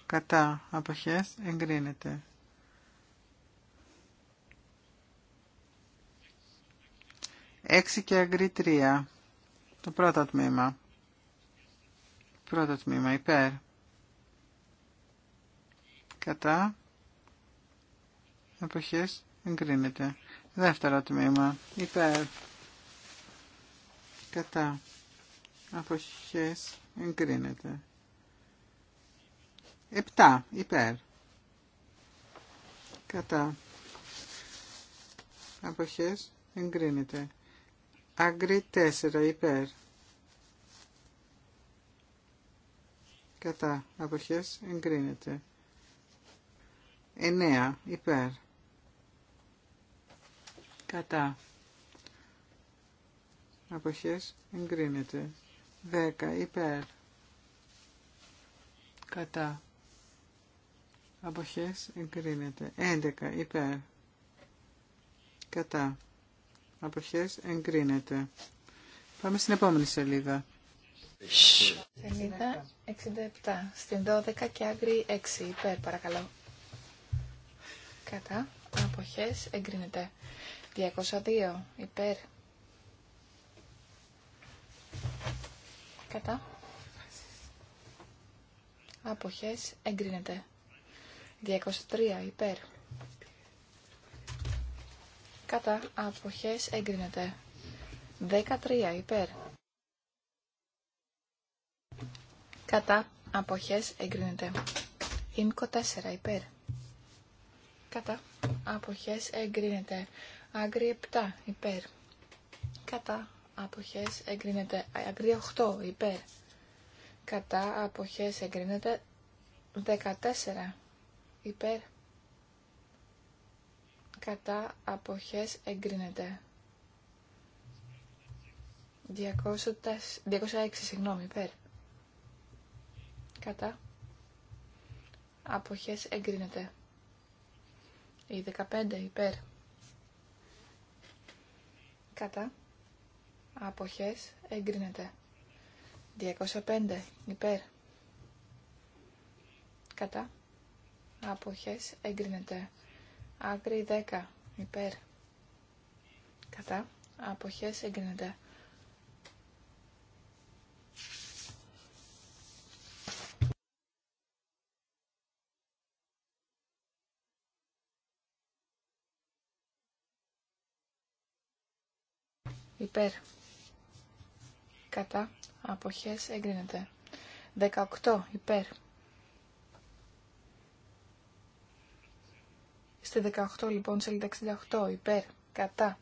κατά αποχές εγκρίνεται 6 και αγκρί 3. Το πρώτο τμήμα. Πρώτο τμήμα υπέρ. Κατά. Εποχές εγκρίνεται. Δεύτερο τμήμα υπέρ. Κατά. Αποχές εγκρίνεται. επτά υπέρ. Κατά. Αποχές εγκρίνεται άγκρη 4 υπέρ. Κατά αποχές εγκρίνεται. 9 υπέρ. Κατά αποχές εγκρίνεται. 10 υπέρ. Κατά αποχές εγκρίνεται. 11 υπέρ. Κατά αποχές εγκρίνεται. Πάμε στην επόμενη σελίδα. Σελίδα 67, στην 12 και άγρι 6, υπέρ παρακαλώ. Κατά, αποχές εγκρίνεται. 202, υπέρ. Κατά. Αποχές εγκρίνεται. 203, υπέρ κατά αποχές εγκρίνεται. 13 υπέρ. Κατά αποχές εγκρίνεται. Ήμκο 4 υπέρ. Κατά αποχές εγκρίνεται. Άγκρι 7 υπέρ. Κατά αποχές εγκρίνεται. Άγκρι 8 υπέρ. Κατά αποχές εγκρίνεται. 14 υπέρ κατά αποχές εγκρίνεται. 206, συγγνώμη, υπέρ. Κατά αποχές εγκρίνεται. Η 15 υπέρ. Κατά αποχές εγκρίνεται. 205 υπέρ. Κατά αποχές εγκρίνεται. Άγκρι 10 υπέρ κατά αποχές εγκρίνεται. Υπέρ. Κατά αποχές εγκρίνεται. 18 υπέρ. Στη 18 λοιπόν, σελίδα 68, υπέρ, κατά,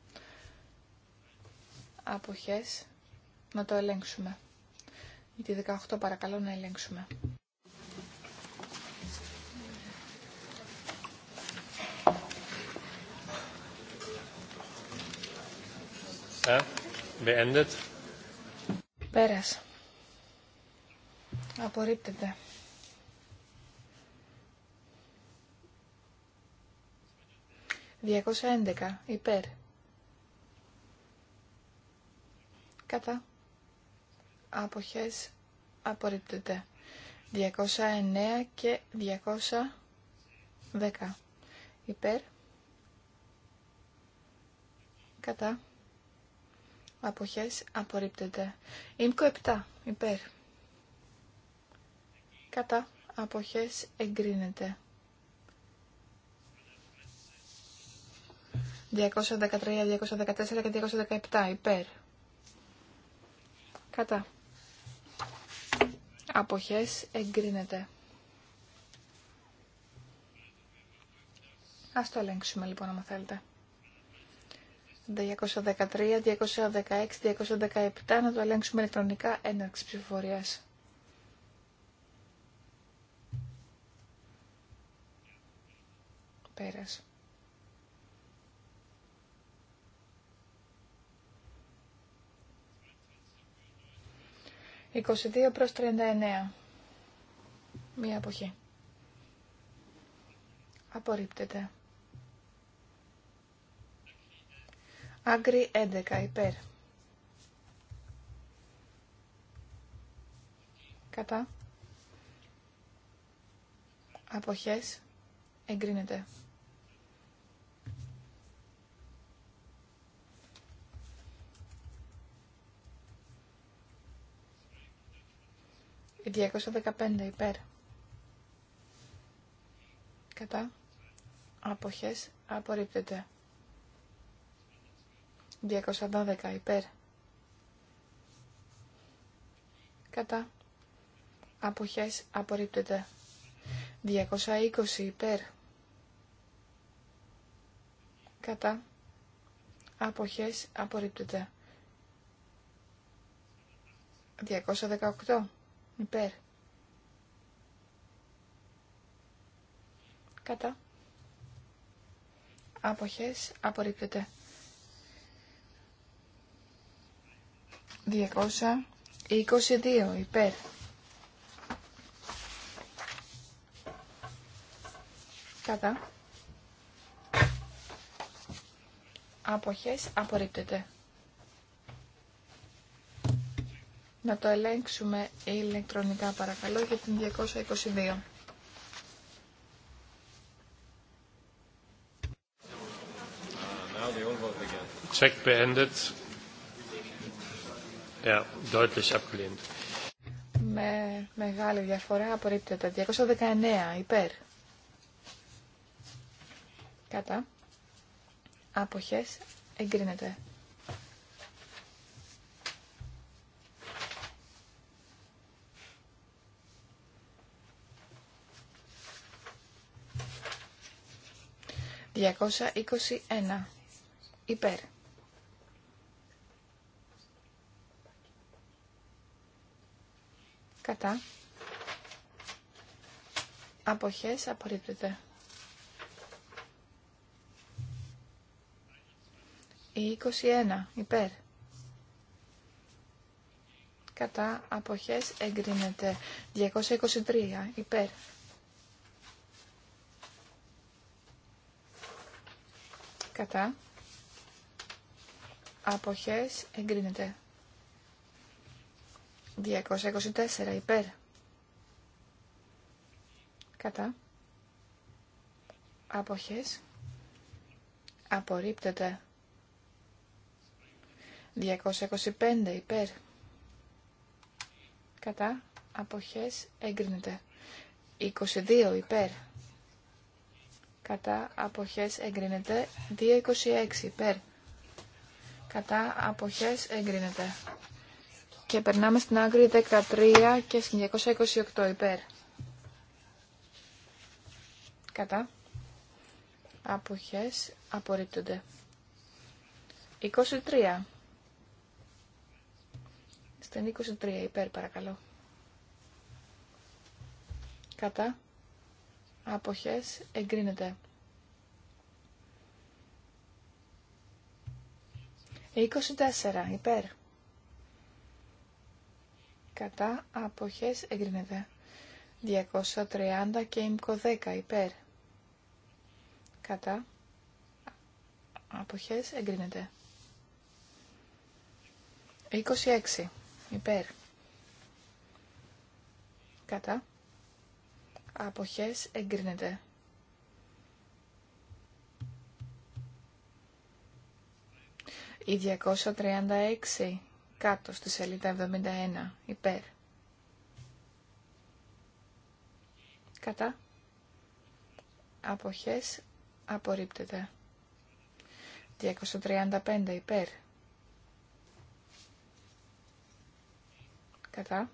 αποχές, να το ελέγξουμε. Γιατί 18 παρακαλώ να ελέγξουμε. Ε; Πέρας. Απορρίπτεται. 211 υπέρ. Κατά. Αποχές απορρίπτεται. 209 και 210 υπέρ. Κατά. Αποχές απορρίπτεται. Ήμκο 7 υπέρ. Κατά. Αποχές εγκρίνεται. 213, 214 και 217 υπέρ. Κατά. Αποχές εγκρίνεται. Ας το ελέγξουμε λοιπόν άμα θέλετε. 213, 216, 217 να το ελέγξουμε ηλεκτρονικά έναρξη ψηφοφορίας. Πέρασε. 22 προς 39. Μία αποχή. Απορρίπτεται. Άγκρι 11 υπέρ. Κατά. Αποχές εγκρίνεται. 215 υπέρ. Κατά. Αποχές απορρίπτεται. 212 υπέρ. Κατά. Αποχές απορρίπτεται. 220 υπέρ. Κατά. Αποχές απορρίπτεται. 218 Υπέρ. Κατά. Άποχες. Απορρίπτεται. 222. Υπέρ. Κατά. Άποχες. Απορρίπτεται. Να το ελέγξουμε ηλεκτρονικά παρακαλώ για την 222. Check beendet. Με μεγάλη διαφορά απορρίπτεται. 219 υπέρ. Κατά. Αποχές εγκρίνεται. 221. Υπέρ. Κατά. Αποχές απορρίπτεται. Η 21. Υπέρ. Κατά αποχές εγκρίνεται. 223. Υπέρ. κατά αποχές εγκρίνεται 224 υπέρ κατά αποχές απορρίπτεται 225 υπέρ κατά αποχές εγκρίνεται 22 υπέρ κατά αποχές εγκρίνεται 2.26 υπέρ κατά αποχές εγκρίνεται και περνάμε στην άγκρη 13 και στην 228 υπέρ κατά αποχές απορρίπτονται 23 στην 23 υπέρ παρακαλώ κατά αποχές εγκρίνεται. 24 υπέρ. Κατά αποχές εγκρίνεται. 230 και ημκο 10 υπέρ. Κατά αποχές εγκρίνεται. 26 υπέρ. Κατά αποχές εγκρίνεται. Η 236 κάτω στη σελίδα 71 υπέρ. Κατά. Αποχές απορρίπτεται. 235 υπέρ. Κατά.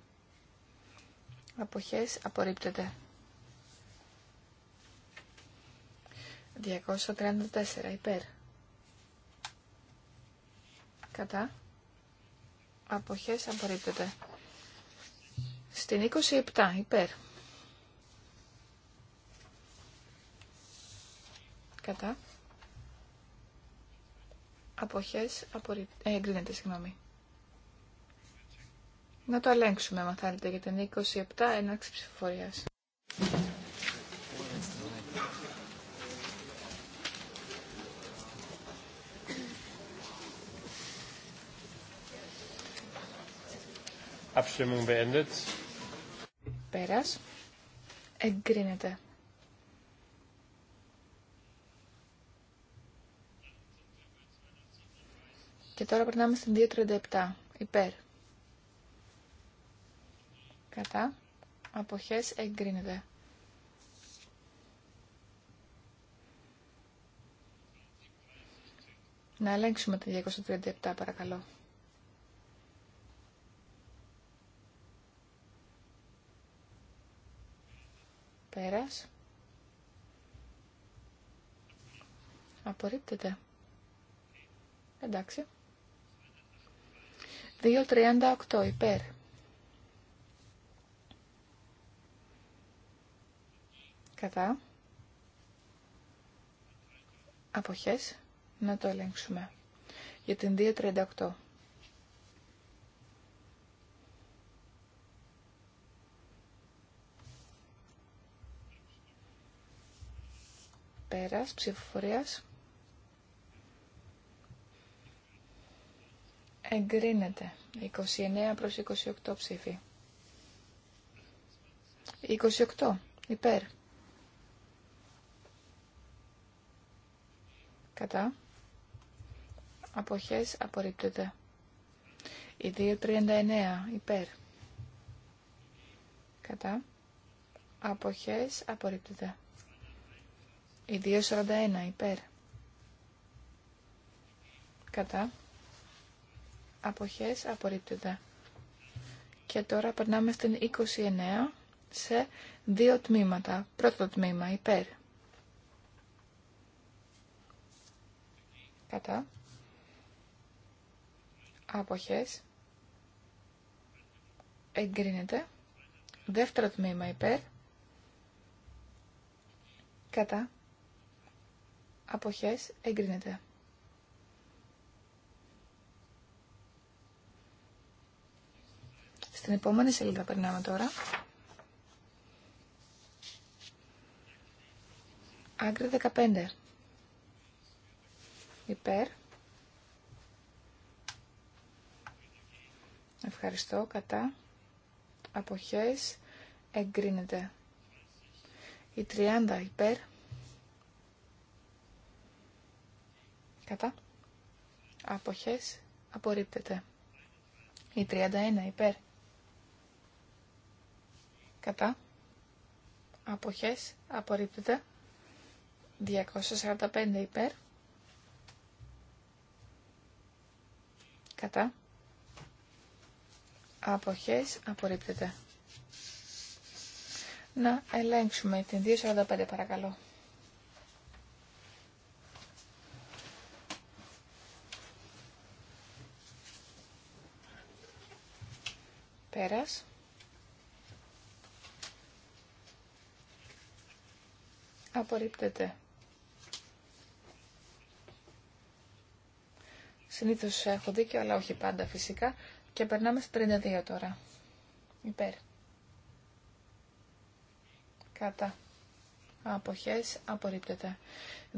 Αποχές απορρίπτεται. 234 υπέρ. Κατά. Αποχές απορρίπτεται. Στην 27 υπέρ. Κατά. Αποχές απορρίπτεται. εγκρίνεται, συγγνώμη. Να το ελέγξουμε, αν θέλετε, για την 27 έναρξη ψηφοφορίας. Abstimmung Πέρας. Εγκρίνεται. Και τώρα περνάμε στην 2.37. Υπέρ. Κατά. Αποχές εγκρίνεται. Να ελέγξουμε τη 237 παρακαλώ. Πέρας. Απορρίπτεται. Εντάξει. 2.38 υπέρ. Κατά. Αποχές. Να το ελέγξουμε. Για την 2.38. Πέρας ψηφοφορίας. Εγκρίνεται. 29 προς 28 ψήφι. 28. Υπέρ. Κατά. Αποχές απορρίπτεται. Η 2.39. Υπέρ. Κατά. Αποχές απορρίπτεται. Η 241 υπέρ. Κατά. Αποχές απορρίπτεται. Και τώρα περνάμε στην 29 σε δύο τμήματα. Πρώτο τμήμα υπέρ. Κατά. Αποχές. Εγκρίνεται. Δεύτερο τμήμα υπέρ. Κατά αποχές εγκρίνεται. Στην επόμενη σελίδα περνάμε τώρα. Άγκρι 15. Υπέρ. Ευχαριστώ. Κατά. Αποχές. Εγκρίνεται. Η 30 υπέρ. Κατά. Αποχές. Απορρίπτεται. Η 31 υπέρ. Κατά. Αποχές. Απορρίπτεται. 245 υπέρ. Κατά. Αποχές. Απορρίπτεται. Να ελέγξουμε την 245 παρακαλώ. Πέρας. Απορρίπτεται. Συνήθως έχω δίκιο, αλλά όχι πάντα φυσικά. Και περνάμε στα 32 τώρα. Υπέρ. Κατά. Αποχές απορρίπτεται.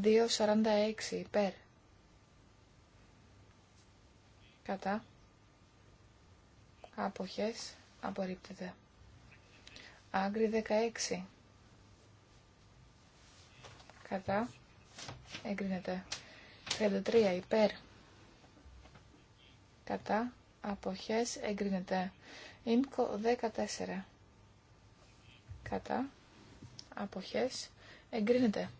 2.46 υπέρ. Κατά. Αποχές απορρίπτεται. Άγκρι 16. Κατά. Εγκρίνεται. 33. Υπέρ. Κατά. Αποχές εγκρίνεται. Ήμκο 14. Κατά. Αποχές εγκρίνεται.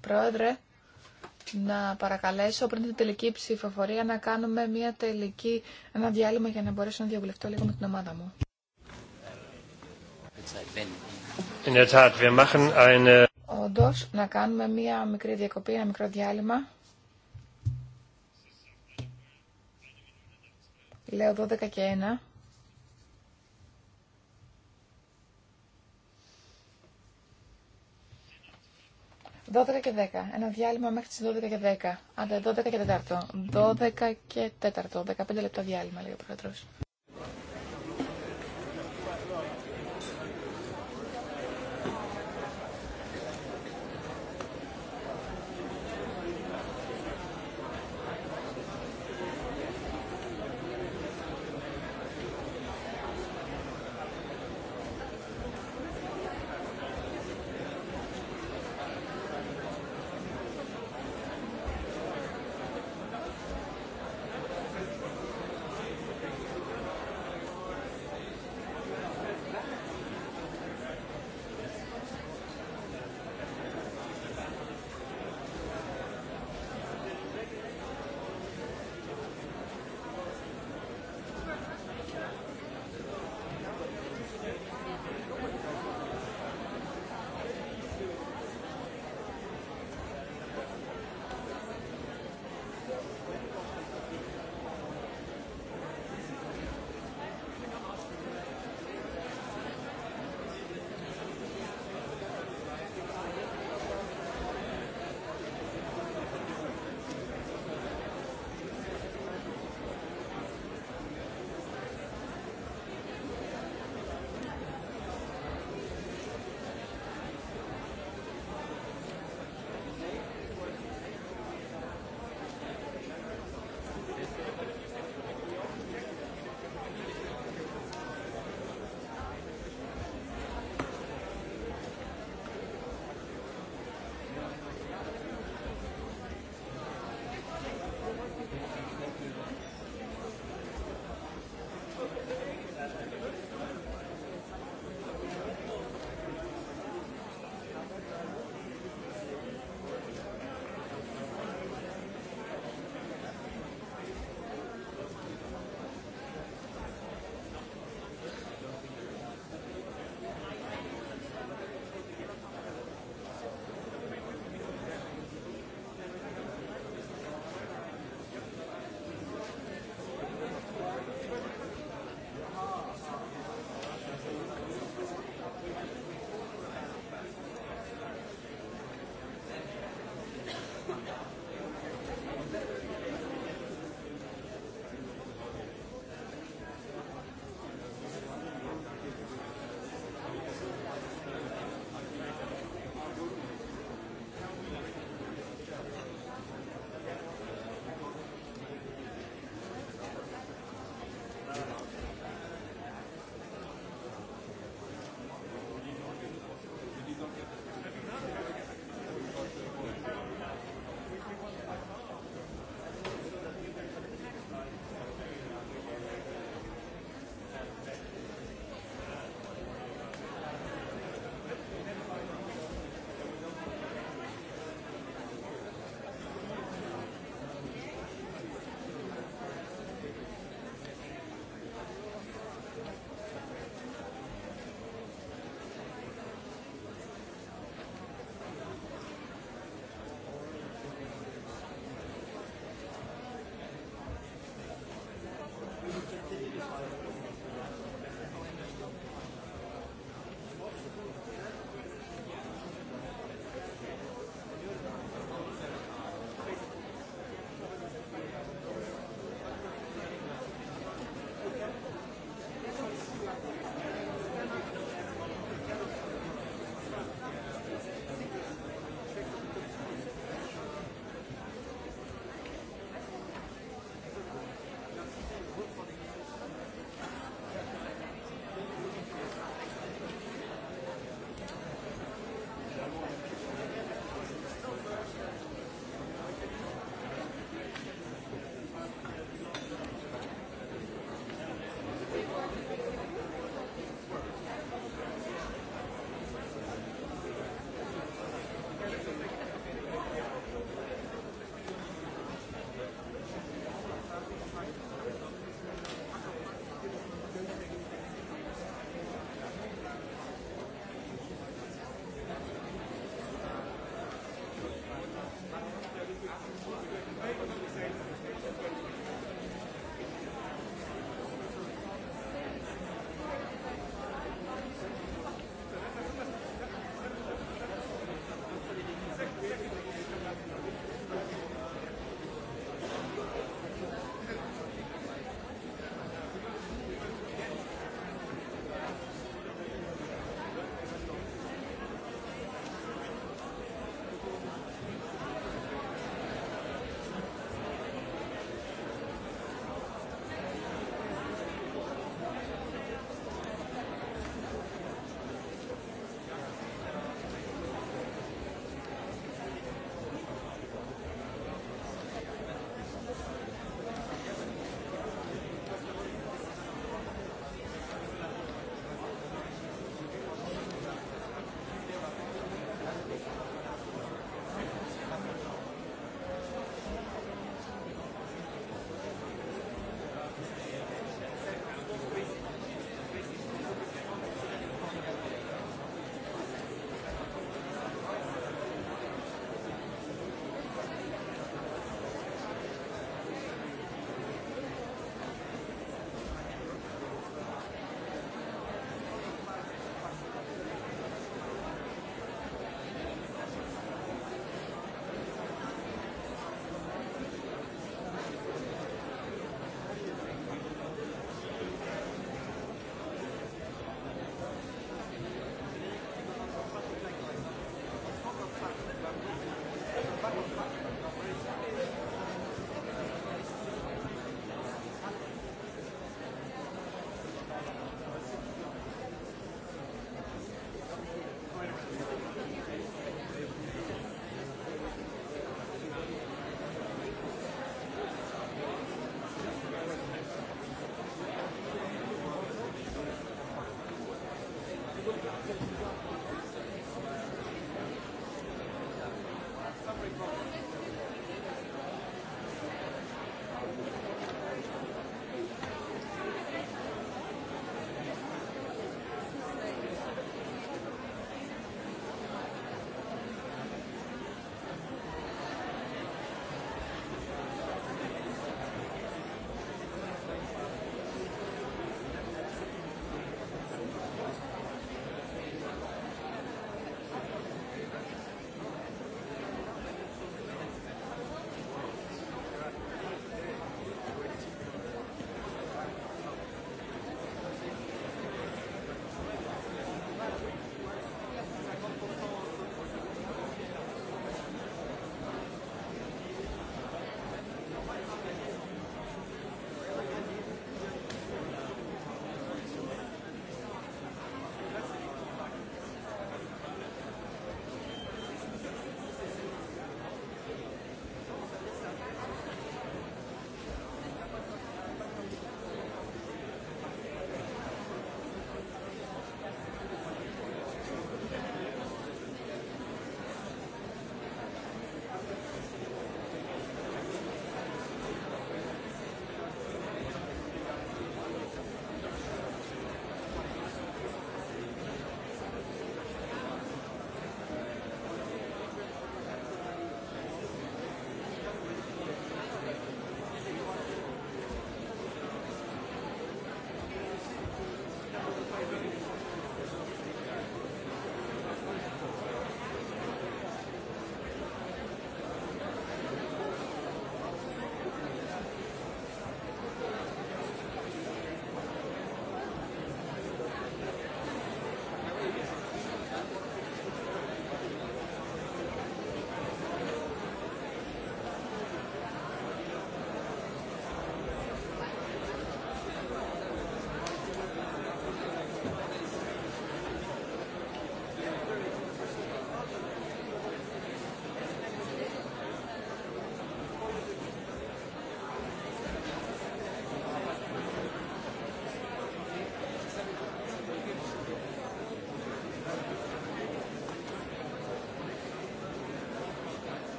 Πρόεδρε, να παρακαλέσω πριν την τελική ψηφοφορία να κάνουμε μια τελική, ένα διάλειμμα για να μπορέσω να διαβουλευτώ λίγο με την ομάδα μου. Όντω, να κάνουμε μια μικρή διακοπή, ένα μικρό διάλειμμα. Λέω 12 και 1. 12 και 10. Ένα διάλειμμα μέχρι τις 12 και 10. Άντε, 12 και 4. 12 και 4. 15 λεπτά διάλειμμα, λέει ο Πρόεδρος.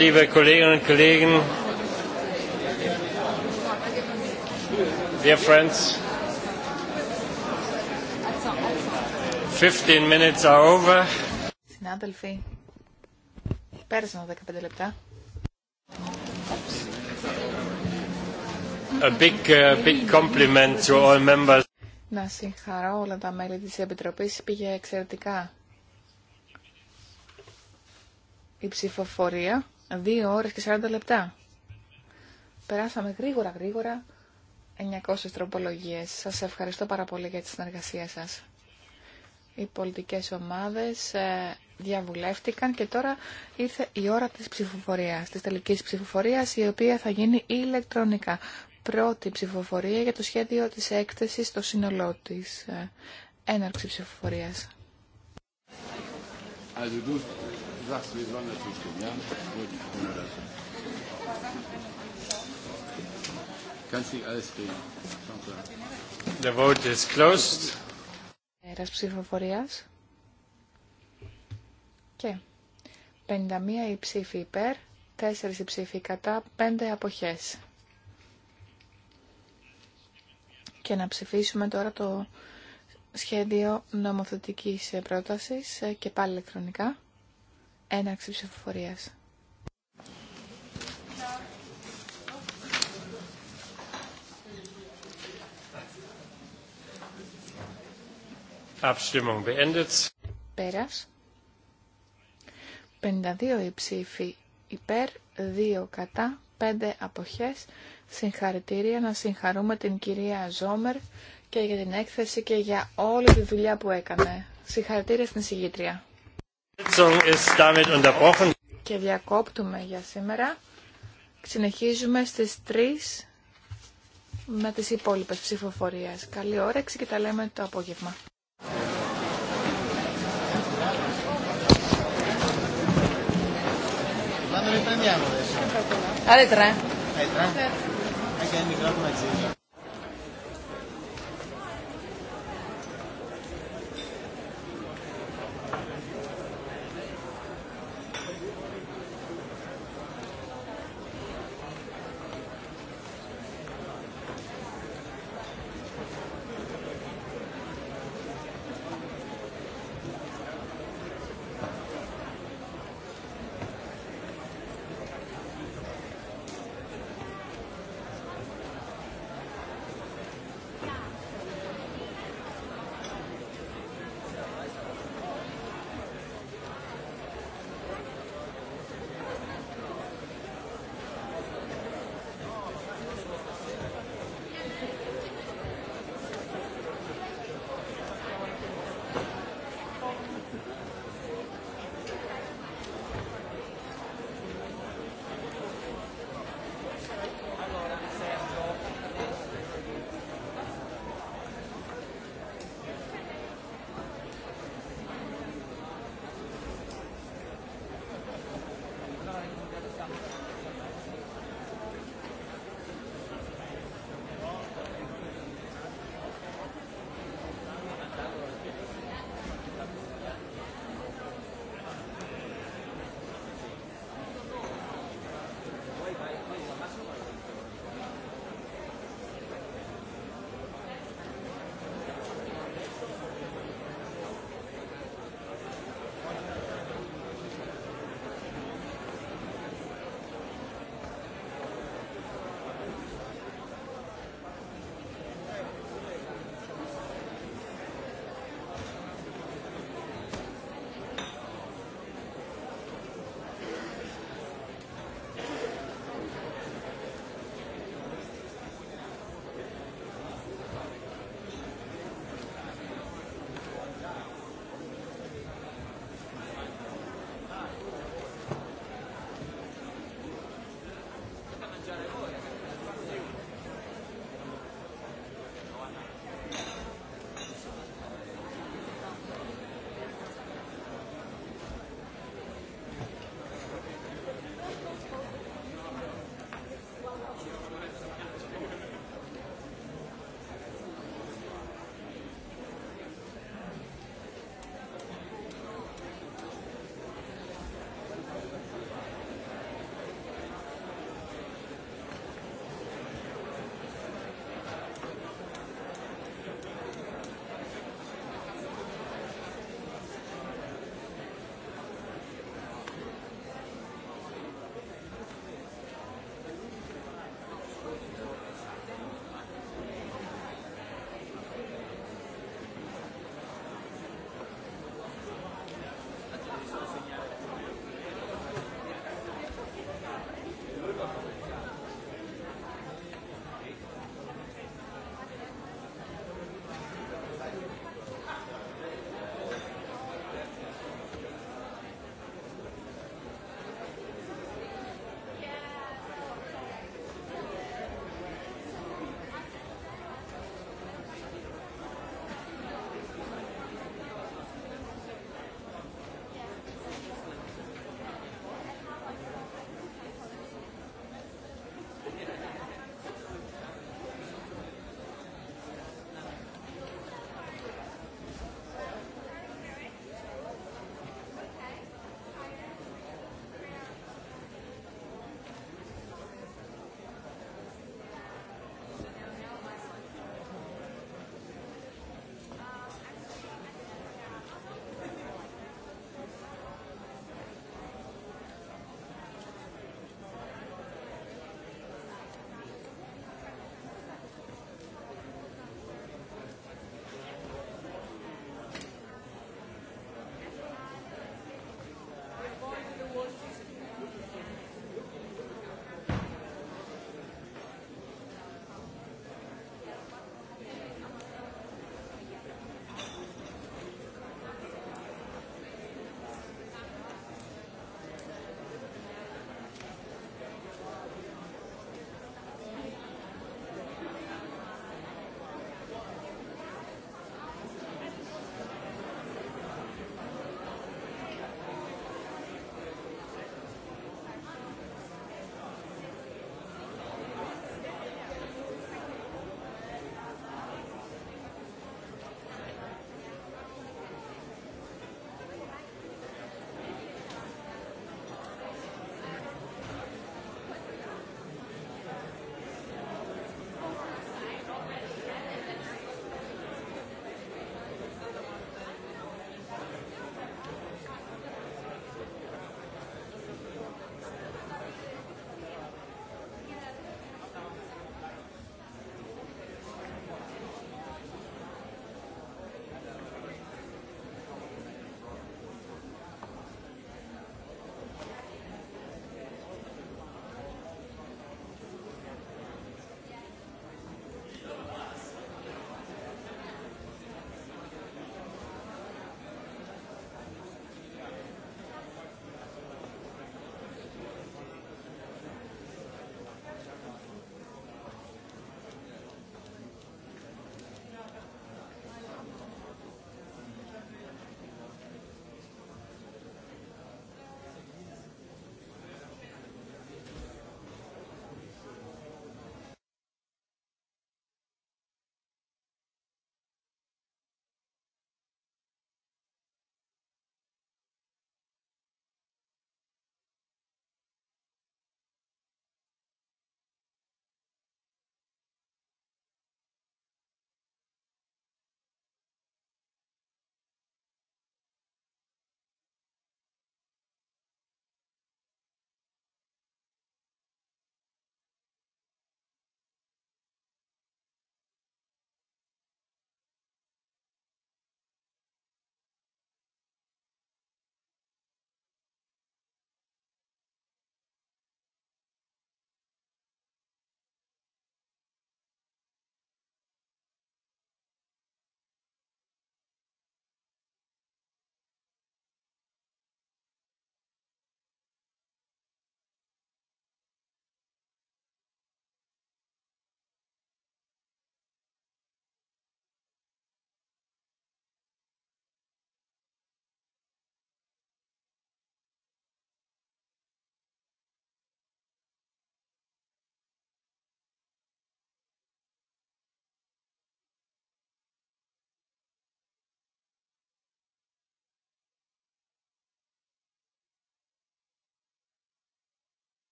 liebe Kolleginnen und Kollegen, dear friends, 15 minutes are over. Συνάδελφοι, πέρασαν 15 λεπτά. A big, uh, big compliment to all members. Να συγχαρώ όλα τα μέλη της Επιτροπής, πήγε εξαιρετικά η ψηφοφορία. Δύο ώρες και 40 λεπτά. Περάσαμε γρήγορα γρήγορα 900 τροπολογίες. Σας ευχαριστώ πάρα πολύ για τη συνεργασία σας. Οι πολιτικές ομάδες ε, διαβουλεύτηκαν και τώρα ήρθε η ώρα της ψηφοφορίας, της τελικής ψηφοφορίας, η οποία θα γίνει ηλεκτρονικά. Πρώτη ψηφοφορία για το σχέδιο της έκθεσης στο σύνολό της. Ε, έναρξη ψηφοφορίας sagst, wir sollen das The vote is closed. Ένας ψηφοφορίας. Και 51 οι ψήφοι υπέρ, 4 η ψήφοι κατά, 5 αποχές. Και να ψηφίσουμε τώρα το σχέδιο νομοθετικής πρότασης ε, και πάλι ηλεκτρονικά έναρξη ψηφοφορία. Abstimmung Πέρας. 52 οι ψήφοι υπέρ, 2 κατά, 5 αποχές. Συγχαρητήρια να συγχαρούμε την κυρία Ζόμερ και για την έκθεση και για όλη τη δουλειά που έκανε. Συγχαρητήρια στην συγγήτρια. Και διακόπτουμε για σήμερα. Συνεχίζουμε στις 3 με τις υπόλοιπες ψηφοφορίες. Καλή όρεξη και τα λέμε το απόγευμα.